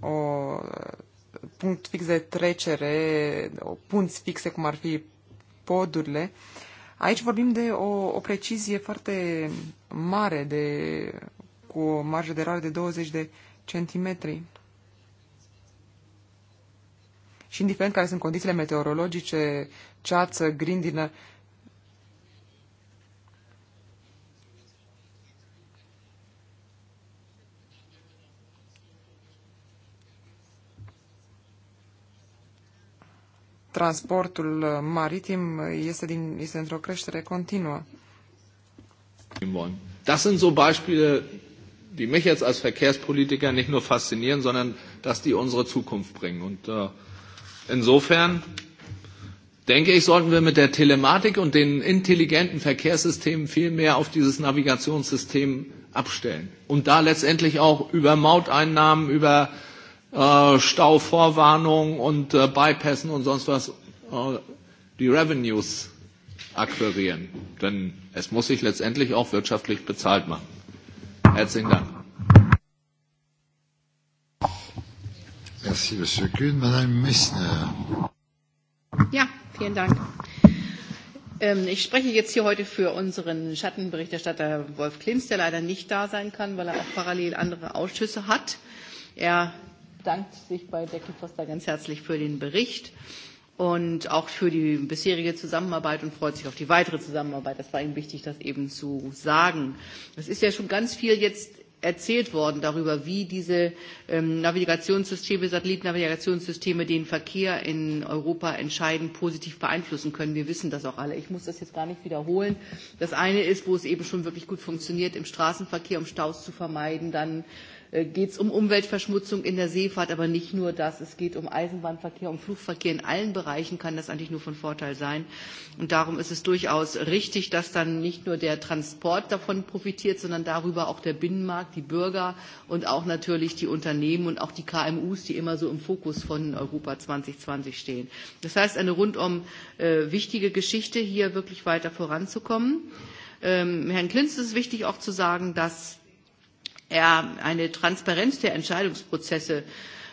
o punct fix de trecere, o punți fixe cum ar fi podurile, aici vorbim de o, o precizie foarte mare, de, cu o marjă de erare de 20 de centimetri și indiferent care sunt condițiile meteorologice, ceață, grindină, transportul maritim este, din, este într-o creștere continuă. Das sind so Beispiele, die mich jetzt als Verkehrspolitiker nicht nur faszinieren, sondern dass die unsere Zukunft bringen. Und uh... Insofern denke ich, sollten wir mit der Telematik und den intelligenten Verkehrssystemen viel mehr auf dieses Navigationssystem abstellen und da letztendlich auch über Mauteinnahmen, über äh, Stauvorwarnungen und äh, Bypassen und sonst was äh, die Revenues akquirieren. Denn es muss sich letztendlich auch wirtschaftlich bezahlt machen. Herzlichen Dank. Merci, Monsieur Kuhn. Madame Messner. Ja, vielen Dank. Ähm, ich spreche jetzt hier heute für unseren Schattenberichterstatter Wolf Klinz, der leider nicht da sein kann, weil er auch parallel andere Ausschüsse hat. Er bedankt sich bei Jackie Foster ganz herzlich für den Bericht und auch für die bisherige Zusammenarbeit und freut sich auf die weitere Zusammenarbeit. Das war ihm wichtig, das eben zu sagen. Es ist ja schon ganz viel jetzt erzählt worden darüber, wie diese ähm, Navigationssysteme, Satellitennavigationssysteme den Verkehr in Europa entscheidend positiv beeinflussen können. Wir wissen das auch alle. Ich muss das jetzt gar nicht wiederholen. Das eine ist, wo es eben schon wirklich gut funktioniert, im Straßenverkehr, um Staus zu vermeiden, dann Äh, geht es um Umweltverschmutzung in der Seefahrt, aber nicht nur das. Es geht um Eisenbahnverkehr, um Flugverkehr. In allen Bereichen kann das eigentlich nur von Vorteil sein. Und darum ist es durchaus richtig, dass dann nicht nur der Transport davon profitiert, sondern darüber auch der Binnenmarkt, die Bürger und auch natürlich die Unternehmen und auch die KMUs, die immer so im Fokus von Europa 2020 stehen. Das heißt, eine rundum äh, wichtige Geschichte, hier wirklich weiter voranzukommen. Ähm, Herrn Klinz ist es wichtig auch zu sagen, dass er eine Transparenz der Entscheidungsprozesse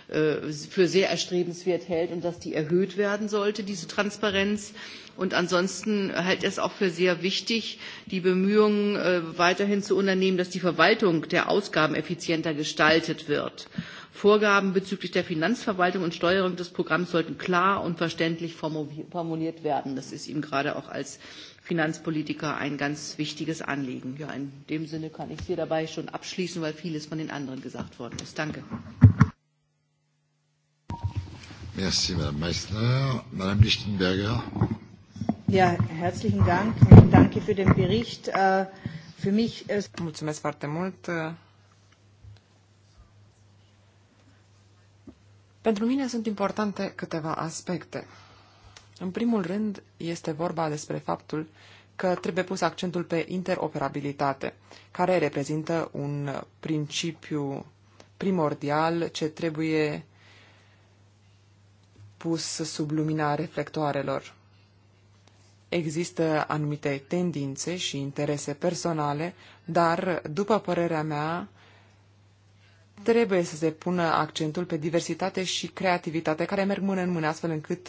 äh, für sehr erstrebenswert hält und dass die erhöht werden sollte, diese Transparenz. Und ansonsten hält er es auch für sehr wichtig, die Bemühungen äh, weiterhin zu unternehmen, dass die Verwaltung der Ausgaben effizienter gestaltet wird Vorgaben bezüglich der Finanzverwaltung und Steuerung des Programms sollten klar und verständlich formuliert werden. Das ist ihm gerade auch als Finanzpolitiker ein ganz wichtiges Anliegen. Ja, in dem Sinne kann ich hier dabei schon abschließen, weil vieles von den anderen gesagt worden ist. Danke. Merci, Madame Meissner. Madame Lichtenberger. Ja, herzlichen Dank. Danke für den Bericht. Äh, für mich Mulțumesc foarte mult. Pentru mine sunt importante câteva aspecte. În primul rând, este vorba despre faptul că trebuie pus accentul pe interoperabilitate, care reprezintă un principiu primordial ce trebuie pus sub lumina reflectoarelor. Există anumite tendințe și interese personale, dar, după părerea mea, trebuie să se pună accentul pe diversitate și creativitate care merg mână în mână astfel încât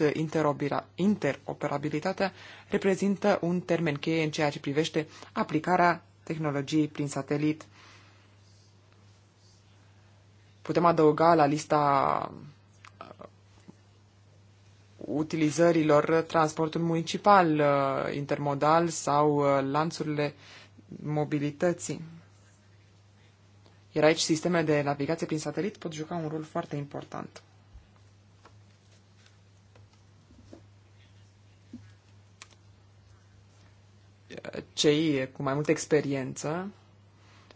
interoperabilitatea reprezintă un termen cheie în ceea ce privește aplicarea tehnologiei prin satelit. Putem adăuga la lista uh, utilizărilor transportul municipal uh, intermodal sau uh, lanțurile mobilității. Iar aici sistemele de navigație prin satelit pot juca un rol foarte important. Cei cu mai multă experiență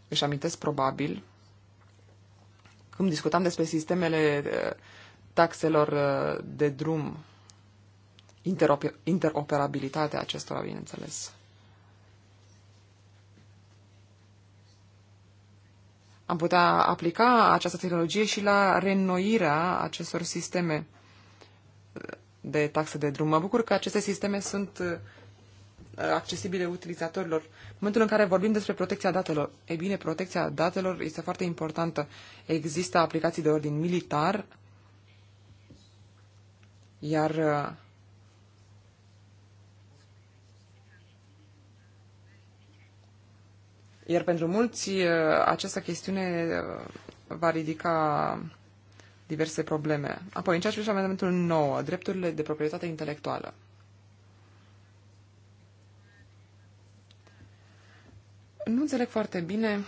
își amintesc probabil când discutam despre sistemele uh, taxelor uh, de drum, interoperabilitatea acestora, bineînțeles. am putea aplica această tehnologie și la reînnoirea acestor sisteme de taxe de drum. Mă bucur că aceste sisteme sunt uh, accesibile utilizatorilor. În momentul în care vorbim despre protecția datelor, e bine, protecția datelor este foarte importantă. Există aplicații de ordin militar, iar uh, Iar pentru mulți, uh, această chestiune uh, va ridica diverse probleme. Apoi, în ceea ce privește amendamentul 9, drepturile de proprietate intelectuală. Nu înțeleg foarte bine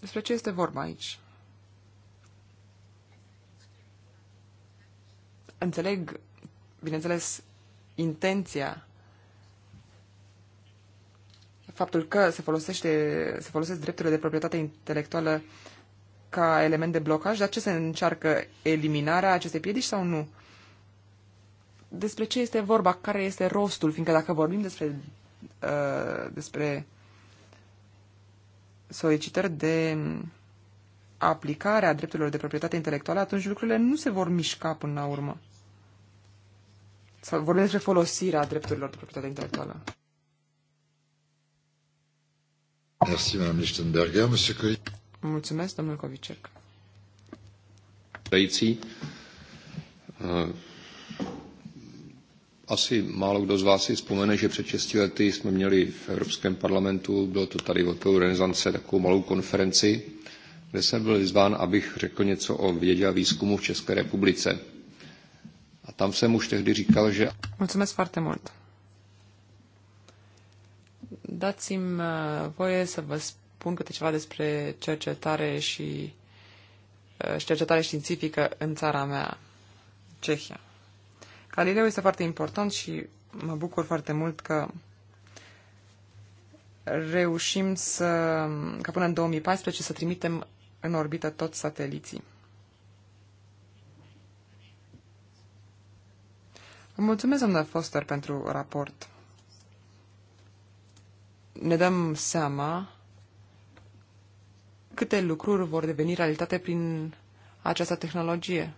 despre ce este vorba aici. Înțeleg, bineînțeles, intenția faptul că se, folosește, se folosesc drepturile de proprietate intelectuală ca element de blocaj, dar ce se încearcă? Eliminarea acestei piedici sau nu? Despre ce este vorba? Care este rostul? Fiindcă dacă vorbim despre, uh, despre solicitări de aplicare a drepturilor de proprietate intelectuală, atunci lucrurile nu se vor mișca până la urmă. Sau vorbim despre folosirea drepturilor de proprietate intelectuală. Merci, Lichtenberger. Monsieur Mulțumesc, domnul Kovicek. Rejcí, eh, asi málo kdo z vás si vzpomene, že před 6 lety jsme měli v Evropském parlamentu, bylo to tady v Renesance, takovou malou konferenci, kde jsem byl vyzván, abych řekl něco o vědě a výzkumu v České republice. A tam jsem už tehdy říkal, že... Mulțumesc foarte mult. Dați-mi uh, voie să vă spun câte ceva despre cercetare uh, și cercetare științifică în țara mea, Cehia. Galileu este foarte important și mă bucur foarte mult că reușim să, ca până în 2014, să trimitem în orbită toți sateliții. Vă mulțumesc, doamna Foster, pentru raport ne dăm seama câte lucruri vor deveni realitate prin această tehnologie.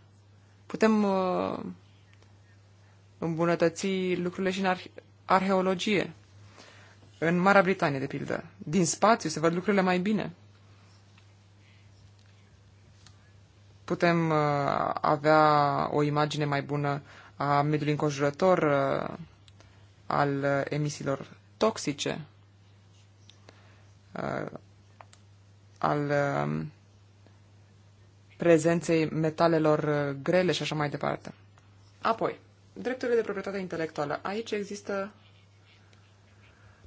Putem uh, îmbunătăți lucrurile și în arhe- arheologie. În Marea Britanie, de pildă. Din spațiu se văd lucrurile mai bine. Putem uh, avea o imagine mai bună a mediului înconjurător, uh, al uh, emisiilor toxice. Uh, al um, prezenței metalelor uh, grele și așa mai departe. Apoi, drepturile de proprietate intelectuală. Aici există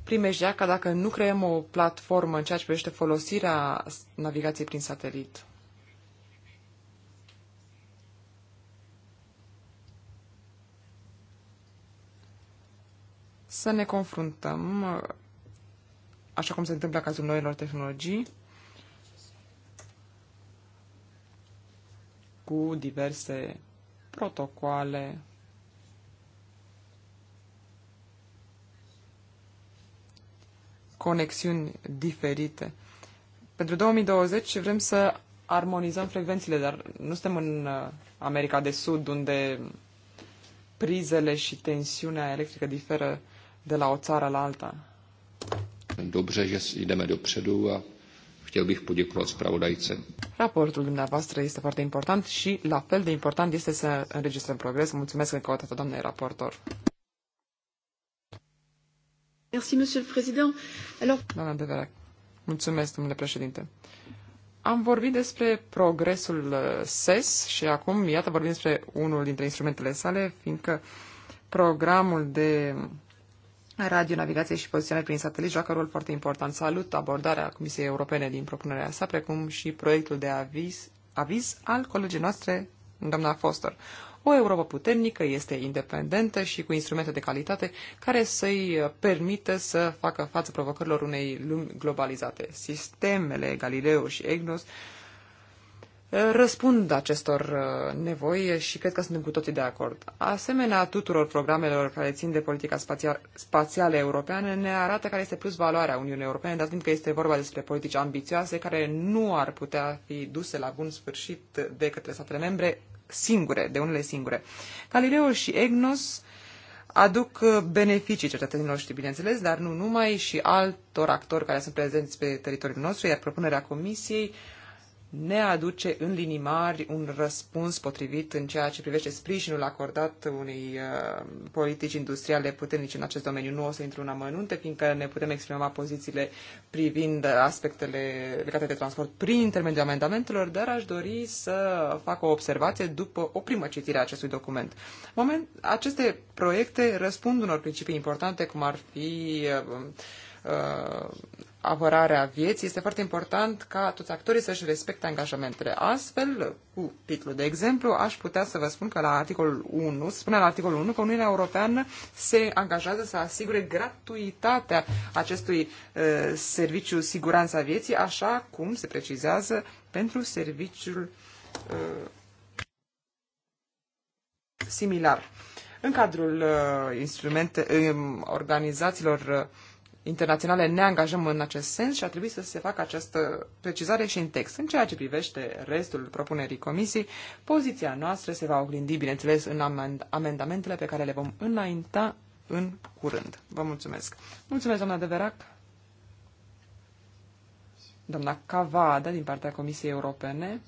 primejdea ca dacă nu creăm o platformă în ceea ce privește folosirea navigației prin satelit. Să ne confruntăm uh, așa cum se întâmplă în cazul noilor tehnologii, cu diverse protocoale conexiuni diferite. Pentru 2020 vrem să armonizăm frecvențele, dar nu suntem în uh, America de Sud, unde prizele și tensiunea electrică diferă de la o țară la alta dobře, že jdeme dopředu a chtěl bych poděkovat zpravodajce. Raportul dumneavoastră este foarte important și la fel de important este să înregistrăm progres. Mulțumesc încă o dată, doamne raportor. Merci, monsieur le président. Alors... Doamna Deverac, mulțumesc, domnule președinte. Am vorbit despre progresul SES uh, și acum, iată, vorbim despre unul dintre instrumentele sale, fiindcă programul de Radionavigație și poziționare prin satelit joacă rol foarte important. Salut abordarea Comisiei Europene din propunerea sa, precum și proiectul de aviz, aviz al colegii noastre, doamna Foster. O Europa puternică este independentă și cu instrumente de calitate care să-i permită să facă față provocărilor unei lumi globalizate. Sistemele Galileo și EGNOS uh, răspund acestor uh, nevoi și cred că suntem cu toții de acord. Asemenea, tuturor programelor care țin de politica spațial, spațială europeană ne arată care este plus valoarea Uniunii Europene, dar fiindcă este vorba despre politici ambițioase care nu ar putea fi duse la bun sfârșit de către statele membre singure, de unele singure. Galileo și EGNOS aduc beneficii cetățenilor noștri, bineînțeles, dar nu numai, și altor actori care sunt prezenți pe teritoriul nostru, iar propunerea Comisiei uh, ne aduce în linii mari un răspuns potrivit în ceea ce privește sprijinul acordat unei uh, politici industriale puternice în acest domeniu. Nu o să intru în amănunte, fiindcă ne putem exprima pozițiile privind aspectele legate de transport prin intermediul amendamentelor, dar aș dori să fac o observație după o primă citire a acestui document. Moment, aceste proiecte răspund unor principii importante, cum ar fi uh, uh, apărarea vieții, este foarte important ca toți actorii să-și respecte angajamentele. Astfel, cu titlul de exemplu, aș putea să vă spun că la articolul 1, spune la articolul 1 că Uniunea Europeană se angajează să asigure gratuitatea acestui uh, serviciu siguranța vieții, așa cum se precizează pentru serviciul uh, similar. În cadrul uh, instrumente, uh, organizațiilor uh, internaționale ne angajăm în acest sens și a trebuit să se facă această precizare și în text. În ceea ce privește restul propunerii comisiei, poziția noastră se va oglindi, bineînțeles, în amend- amendamentele pe care le vom înainta în curând. Vă mulțumesc. Mulțumesc, doamna Deverac. Doamna Cavada, din partea Comisiei Europene,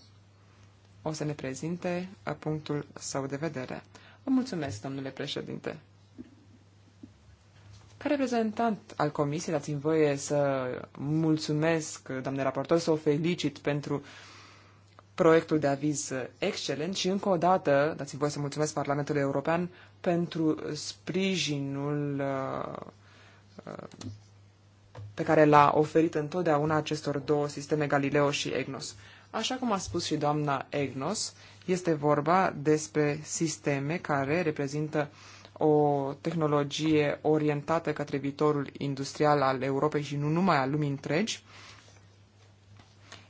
o să ne prezinte punctul său de vedere. Vă mulțumesc, domnule președinte. Ca reprezentant al comisiei, dați-mi voie să mulțumesc, doamne raportor, să o felicit pentru proiectul de aviz excelent și încă o dată dați-mi voie să mulțumesc Parlamentului European pentru sprijinul uh, pe care l-a oferit întotdeauna acestor două sisteme, Galileo și EGNOS. Așa cum a spus și doamna EGNOS, este vorba despre sisteme care reprezintă uh, o tehnologie orientată către viitorul industrial al Europei și nu numai al lumii întregi.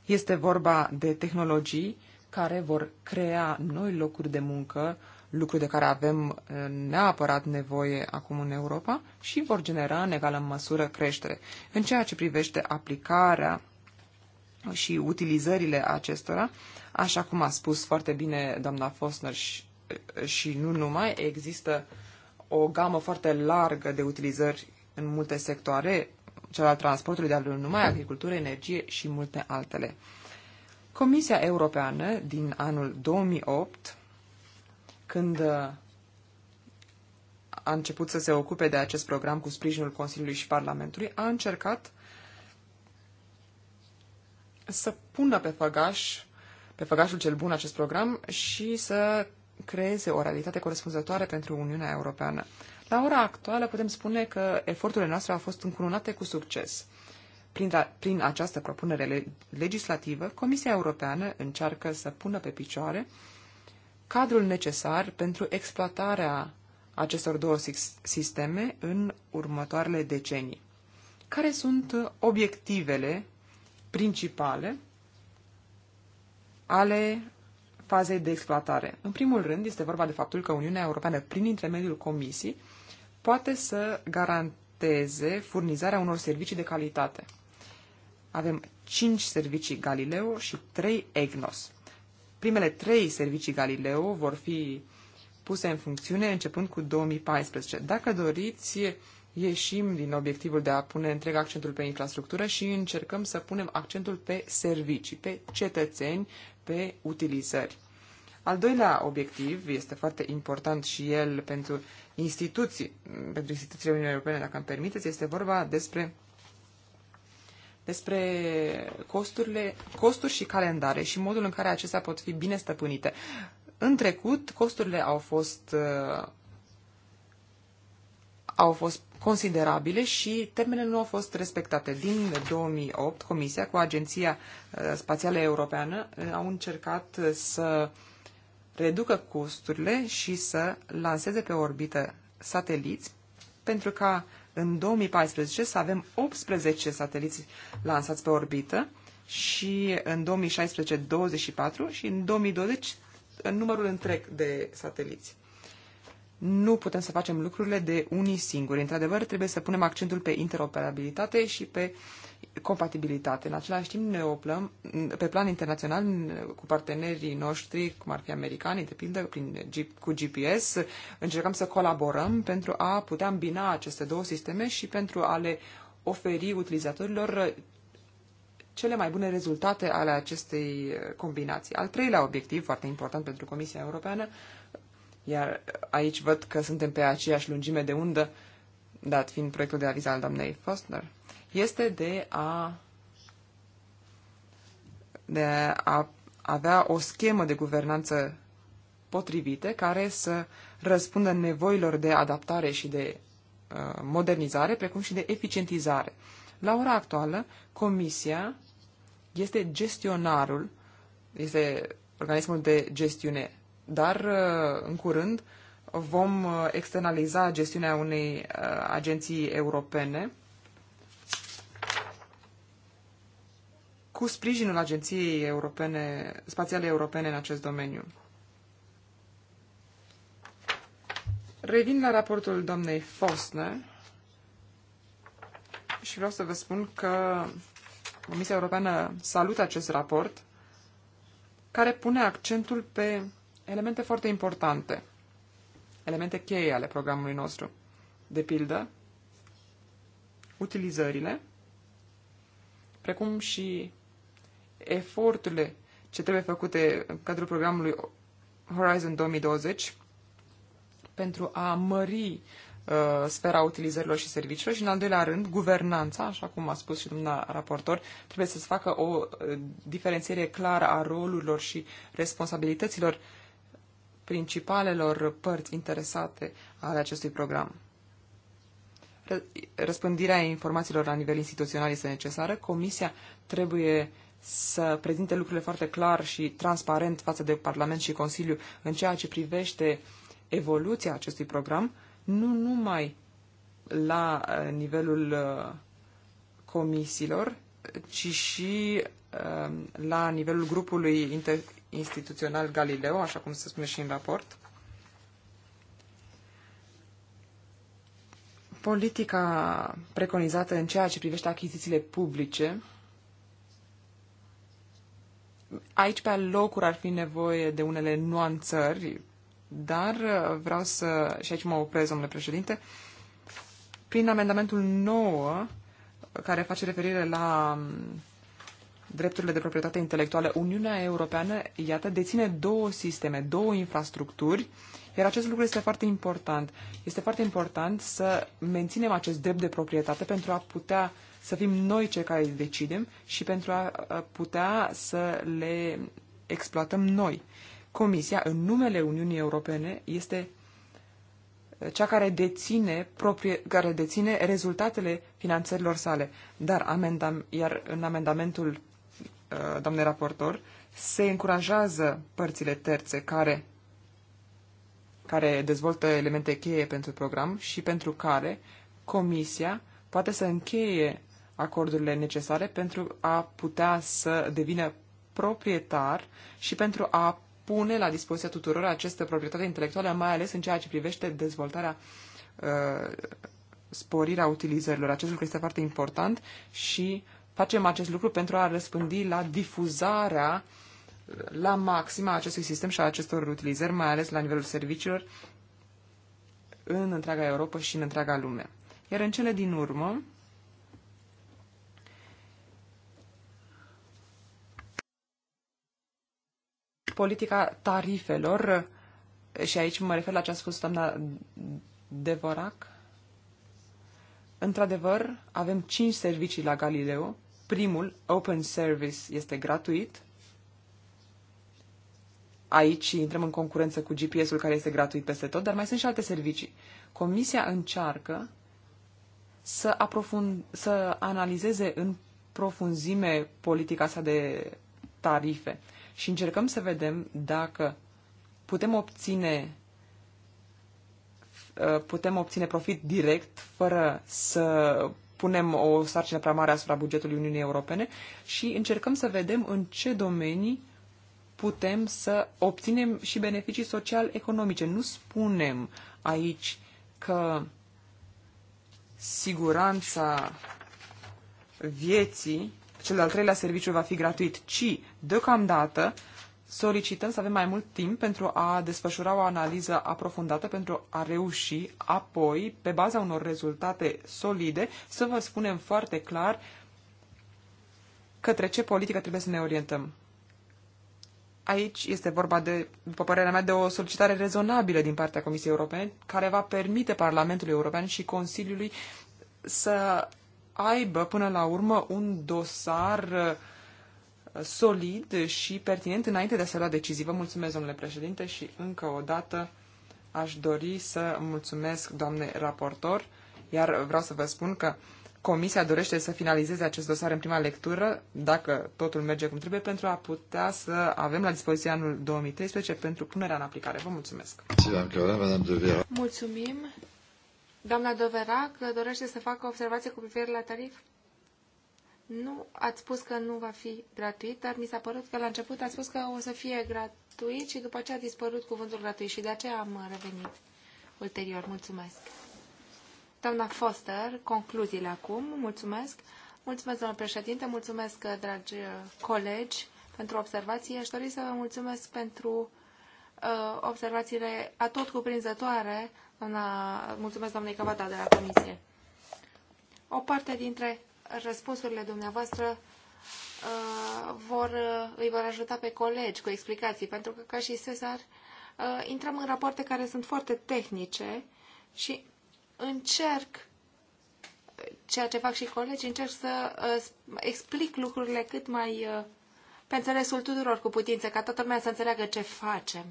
Este vorba de tehnologii care vor crea noi locuri de muncă, lucru de care avem uh, neapărat nevoie acum în Europa și vor genera în egală măsură creștere. În ceea ce privește aplicarea și utilizările acestora, așa cum a spus foarte bine doamna Fosner și, uh, și nu numai, există o gamă foarte largă de utilizări în multe sectoare, cel al transportului, dar numai agricultură, energie și multe altele. Comisia Europeană din anul 2008, când uh, a început să se ocupe de acest program cu sprijinul Consiliului și Parlamentului, a încercat să pună pe făgaș, pe făgașul cel bun acest program și să creeze o realitate corespunzătoare pentru Uniunea Europeană. La ora actuală putem spune că eforturile noastre au fost încununate cu succes. Prin, prin această propunere legislativă, Comisia Europeană încearcă să pună pe picioare cadrul necesar pentru exploatarea acestor două sisteme în următoarele decenii. Care sunt obiectivele principale ale fazei de exploatare. În primul rând, este vorba de faptul că Uniunea Europeană, prin intermediul Comisiei, poate să garanteze furnizarea unor servicii de calitate. Avem 5 servicii Galileo și 3 EGNOS. Primele 3 servicii Galileo vor fi puse în funcțiune începând cu 2014. Dacă doriți ieșim din obiectivul de a pune întreg accentul pe infrastructură și încercăm să punem accentul pe servicii, pe cetățeni, pe utilizări. Al doilea obiectiv este foarte important și el pentru instituții, pentru instituțiile Uniunii Europene, dacă îmi permiteți, este vorba despre despre costurile, costuri și calendare și modul în care acestea pot fi bine stăpânite. În trecut, costurile au fost uh, au fost considerabile și termenele nu au fost respectate. Din 2008, Comisia cu Agenția uh, Spațială Europeană uh, au încercat uh, să reducă costurile și să lanseze pe orbită sateliți pentru ca în 2014 să avem 18 sateliți lansați pe orbită și în 2016 24 și în 2020 în numărul întreg de sateliți nu putem să facem lucrurile de unii singuri. Într-adevăr, trebuie să punem accentul pe interoperabilitate și pe compatibilitate. În același timp, ne oplăm pe plan internațional cu partenerii noștri, cum ar fi americanii, de pildă, prin, cu GPS, încercăm să colaborăm pentru a putea îmbina aceste două sisteme și pentru a le oferi utilizatorilor cele mai bune rezultate ale acestei combinații. Al treilea obiectiv, foarte important pentru Comisia Europeană, iar aici văd că suntem pe aceeași lungime de undă, dat fiind proiectul de aviz al doamnei Foster, este de a, de a avea o schemă de guvernanță potrivite care să răspundă nevoilor de adaptare și de uh, modernizare, precum și de eficientizare. La ora actuală, Comisia este gestionarul, este organismul de gestiune dar uh, în curând vom uh, externaliza gestiunea unei uh, agenții europene cu sprijinul Agenției Europene, Spațiale Europene în acest domeniu. Revin la raportul doamnei Fosne și vreau să vă spun că Comisia Europeană salută acest raport care pune accentul pe elemente foarte importante, elemente cheie ale programului nostru. De pildă, utilizările, precum și eforturile ce trebuie făcute în cadrul programului Horizon 2020 pentru a mări uh, sfera utilizărilor și serviciilor și, în al doilea rând, guvernanța, așa cum a spus și domnul raportor, trebuie să se facă o uh, diferențiere clară a rolurilor și responsabilităților principalelor părți interesate ale acestui program. Răspândirea informațiilor la nivel instituțional este necesară. Comisia trebuie să prezinte lucrurile foarte clar și transparent față de Parlament și Consiliu în ceea ce privește evoluția acestui program, nu numai la uh, nivelul uh, comisiilor, ci și uh, la nivelul grupului inter- instituțional Galileo, așa cum se spune și în raport. Politica preconizată în ceea ce privește achizițiile publice, aici pe locuri ar fi nevoie de unele nuanțări, dar uh, vreau să, și aici mă oprez, domnule președinte, prin amendamentul 9, care face referire la um, drepturile de proprietate intelectuală, Uniunea Europeană, iată, deține două sisteme, două infrastructuri, iar acest lucru este foarte important. Este foarte important să menținem acest drept de proprietate pentru a putea să fim noi cei care decidem și pentru a putea să le exploatăm noi. Comisia, în numele Uniunii Europene, este cea care deține, proprie, care deține rezultatele finanțărilor sale. Dar amendam, iar în amendamentul Uh, doamnei raportor, se încurajează părțile terțe care, care dezvoltă elemente cheie pentru program și pentru care Comisia poate să încheie acordurile necesare pentru a putea să devină proprietar și pentru a pune la dispoziția tuturor aceste proprietate intelectuale mai ales în ceea ce privește dezvoltarea, uh, sporirea utilizărilor. Acest lucru este foarte important și facem acest lucru pentru a răspândi la difuzarea la maxima acestui sistem și a acestor utilizări, mai ales la nivelul serviciilor în întreaga Europa și în întreaga lume. Iar în cele din urmă, politica tarifelor, și aici mă refer la ce a spus doamna Devorac, într-adevăr, avem cinci servicii la Galileo Primul, Open Service, este gratuit. Aici intrăm în concurență cu GPS-ul care este gratuit peste tot, dar mai sunt și alte servicii. Comisia încearcă să, aprofund, să analizeze în profunzime politica sa de tarife și încercăm să vedem dacă putem obține uh, putem obține profit direct fără să punem o sarcină prea mare asupra bugetului Uniunii Europene și încercăm să vedem în ce domenii putem să obținem și beneficii social-economice. Nu spunem aici că siguranța vieții, cel de-al treilea serviciu va fi gratuit, ci, deocamdată, solicităm să avem mai mult timp pentru a desfășura o analiză aprofundată, pentru a reuși apoi, pe baza unor rezultate solide, să vă spunem foarte clar către ce politică trebuie să ne orientăm. Aici este vorba de, după părerea mea, de o solicitare rezonabilă din partea Comisiei Europene, care va permite Parlamentului European și Consiliului să aibă până la urmă un dosar uh, solid și pertinent înainte de a se lua decizii. Vă mulțumesc, domnule președinte, și încă o dată aș dori să mulțumesc, doamne raportor, iar vreau să vă spun că Comisia dorește să finalizeze acest dosar în prima lectură, dacă totul merge cum trebuie, pentru a putea să avem la dispoziție anul 2013 pentru punerea în aplicare. Vă mulțumesc! Mulțumim! Doamna Doverac dorește să facă observație cu privire la tarif? Nu, ați spus că nu va fi gratuit, dar mi s-a părut că la început ați spus că o să fie gratuit și după ce a dispărut cuvântul gratuit și de aceea am revenit ulterior. Mulțumesc. Doamna Foster, concluziile acum. Mulțumesc. Mulțumesc, doamnă președinte, mulțumesc, dragi colegi, pentru observații. Aș dori să vă mulțumesc pentru uh, observațiile atot cuprinzătoare. Doamna, mulțumesc, doamnei Cavada, de la Comisie. O parte dintre răspunsurile dumneavoastră uh, vor, uh, îi vor ajuta pe colegi cu explicații, pentru că, ca și Cezar, uh, intrăm în rapoarte care sunt foarte tehnice și încerc ceea ce fac și colegi, încerc să explic lucrurile cât mai pe înțelesul tuturor cu putință, ca toată lumea să înțeleagă ce facem.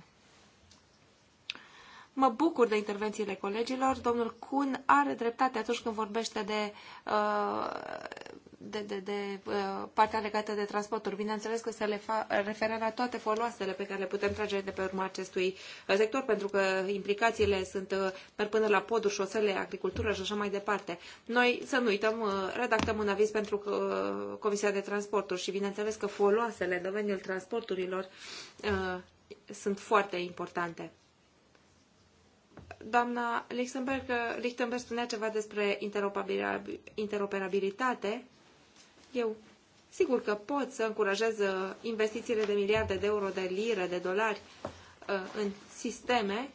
Mă bucur de intervențiile colegilor. Domnul Kun are dreptate atunci când vorbește de, uh, de, de, de uh, partea legată de transporturi. Bineînțeles că se le referă la toate foloasele pe care le putem trage de pe urma acestui uh, sector, pentru că implicațiile sunt merg până la poduri, șosele, agricultură și așa mai departe. Noi, să nu uităm, redactăm un aviz pentru Comisia de Transporturi și bineînțeles că foloasele în domeniul transporturilor sunt foarte importante. Doamna Lichtenberg, Lichtenberg spunea ceva despre interoperabilitate. Eu sigur că pot să încurajez uh, investițiile de miliarde de euro, de lire, de dolari uh, în sisteme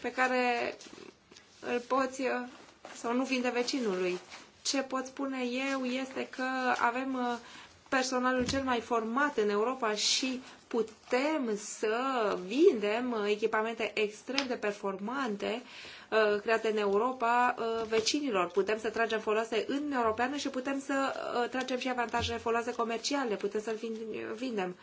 pe care îl poți uh, sau nu vinde vecinului. Ce pot spune eu este că avem personalul cel mai format în Europa și putem să vindem uh, echipamente extrem de performante uh, create în Europa uh, vecinilor. Putem să tragem folose în Europeană și putem să tragem și avantaje folose comerciale, putem să vindem.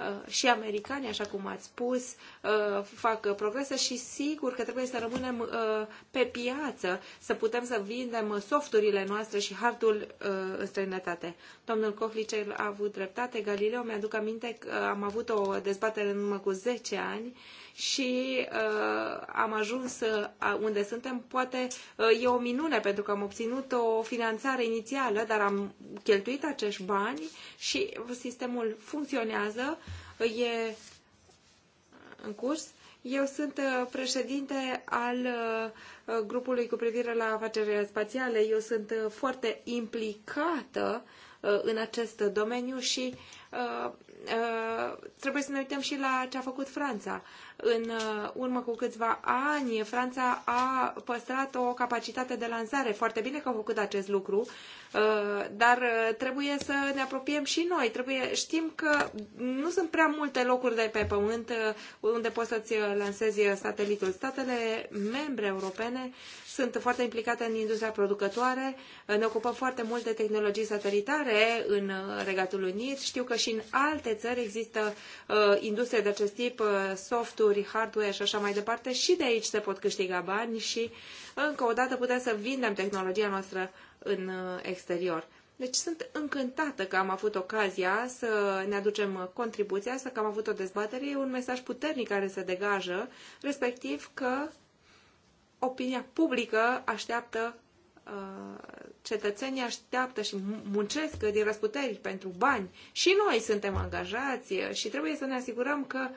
Uh, și americani, așa cum ați spus, uh, fac progrese și sigur că trebuie să rămânem uh, pe piață, să putem să vindem softurile noastre și hardul în străinătate. Domnul Cohlicel a avut dreptate, Galileo, mi-aduc aminte că am avut o dezbatere în urmă cu 10 ani și uh, am ajuns uh, unde suntem. Poate uh, e o minune pentru că am obținut o finanțare inițială, dar am cheltuit acești bani și sistemul funcționează, e în curs. Eu sunt uh, președinte al uh, grupului cu privire la afacerile spațiale. Eu sunt foarte implicată în acest domeniu și trebuie să ne uităm și la ce a făcut Franța. În uh, urmă cu câțiva ani, Franța a păstrat o capacitate de lansare. Foarte bine că au făcut acest lucru, uh, dar uh, trebuie să ne apropiem și noi. Trebuie, știm că nu sunt prea multe locuri de pe pământ unde poți să-ți lansezi satelitul. Statele membre europene sunt foarte implicate în industria producătoare, ne ocupăm foarte mult de tehnologii satelitare în Regatul Unit. Știu că și în alte țări există industrie de acest tip, softuri softuri, hardware și așa mai departe, și de aici se pot câștiga bani și încă o dată putem să vindem tehnologia noastră în uh, exterior. Deci sunt încântată că am avut ocazia să ne aducem contribuția, să că am avut o dezbatere. E un mesaj puternic care se degajă, respectiv că opinia publică așteaptă uh, cetățenii așteaptă și muncesc din răsputeri pentru bani. Și noi suntem angajați și trebuie să ne asigurăm că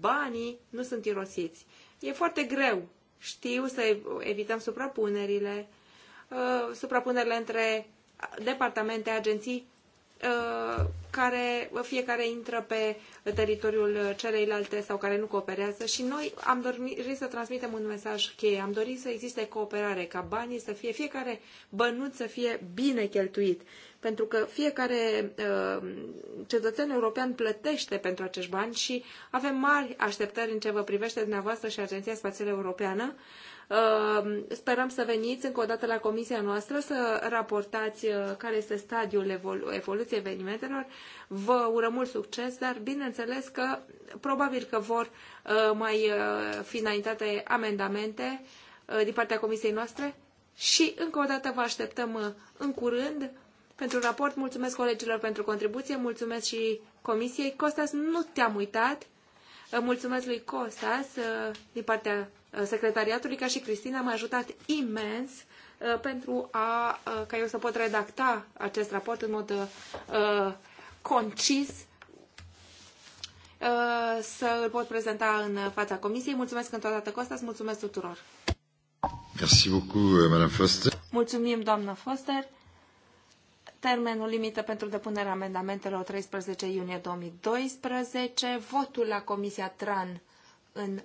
banii nu sunt irosiți. E foarte greu. Știu să evităm suprapunerile, uh, suprapunerile între departamente, agenții, uh, care fiecare intră pe teritoriul celeilalte sau care nu cooperează și noi am dorit să transmitem un mesaj cheie, am dorit să existe cooperare, ca banii să fie, fiecare bănuț să fie bine cheltuit pentru că fiecare uh, cetățean european plătește pentru acești bani și avem mari așteptări în ce vă privește dumneavoastră și Agenția Spațială Europeană. Uh, sperăm să veniți încă o dată la comisia noastră să raportați uh, care este stadiul evolu- evoluției evenimentelor. Vă urăm mult succes, dar bineînțeles că probabil că vor mai fi înaintate amendamente din partea comisiei noastre și încă o dată vă așteptăm în curând pentru raport, mulțumesc colegilor pentru contribuție, mulțumesc și comisiei. Costas, nu te-am uitat. Mulțumesc lui Costas uh, din partea uh, secretariatului, ca și Cristina, m-a ajutat imens uh, pentru a, ca eu să pot redacta acest raport în mod concis, să îl pot prezenta în fața comisiei. Mulțumesc încă o dată, Costas, mulțumesc tuturor! Mulțumim, doamnă Foster. Termenul limită pentru depunerea amendamentelor 13 iunie 2012, votul la Comisia TRAN în,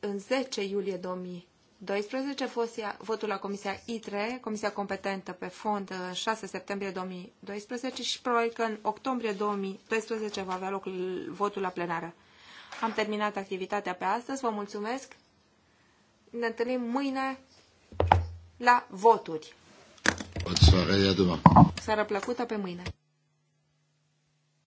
în 10 iulie 2012, votul la Comisia ITRE, Comisia competentă pe fond 6 septembrie 2012 și probabil că în octombrie 2012 va avea loc votul la plenară. Am terminat activitatea pe astăzi, vă mulțumesc. Ne întâlnim mâine la voturi. Seară plăcută pe mâine!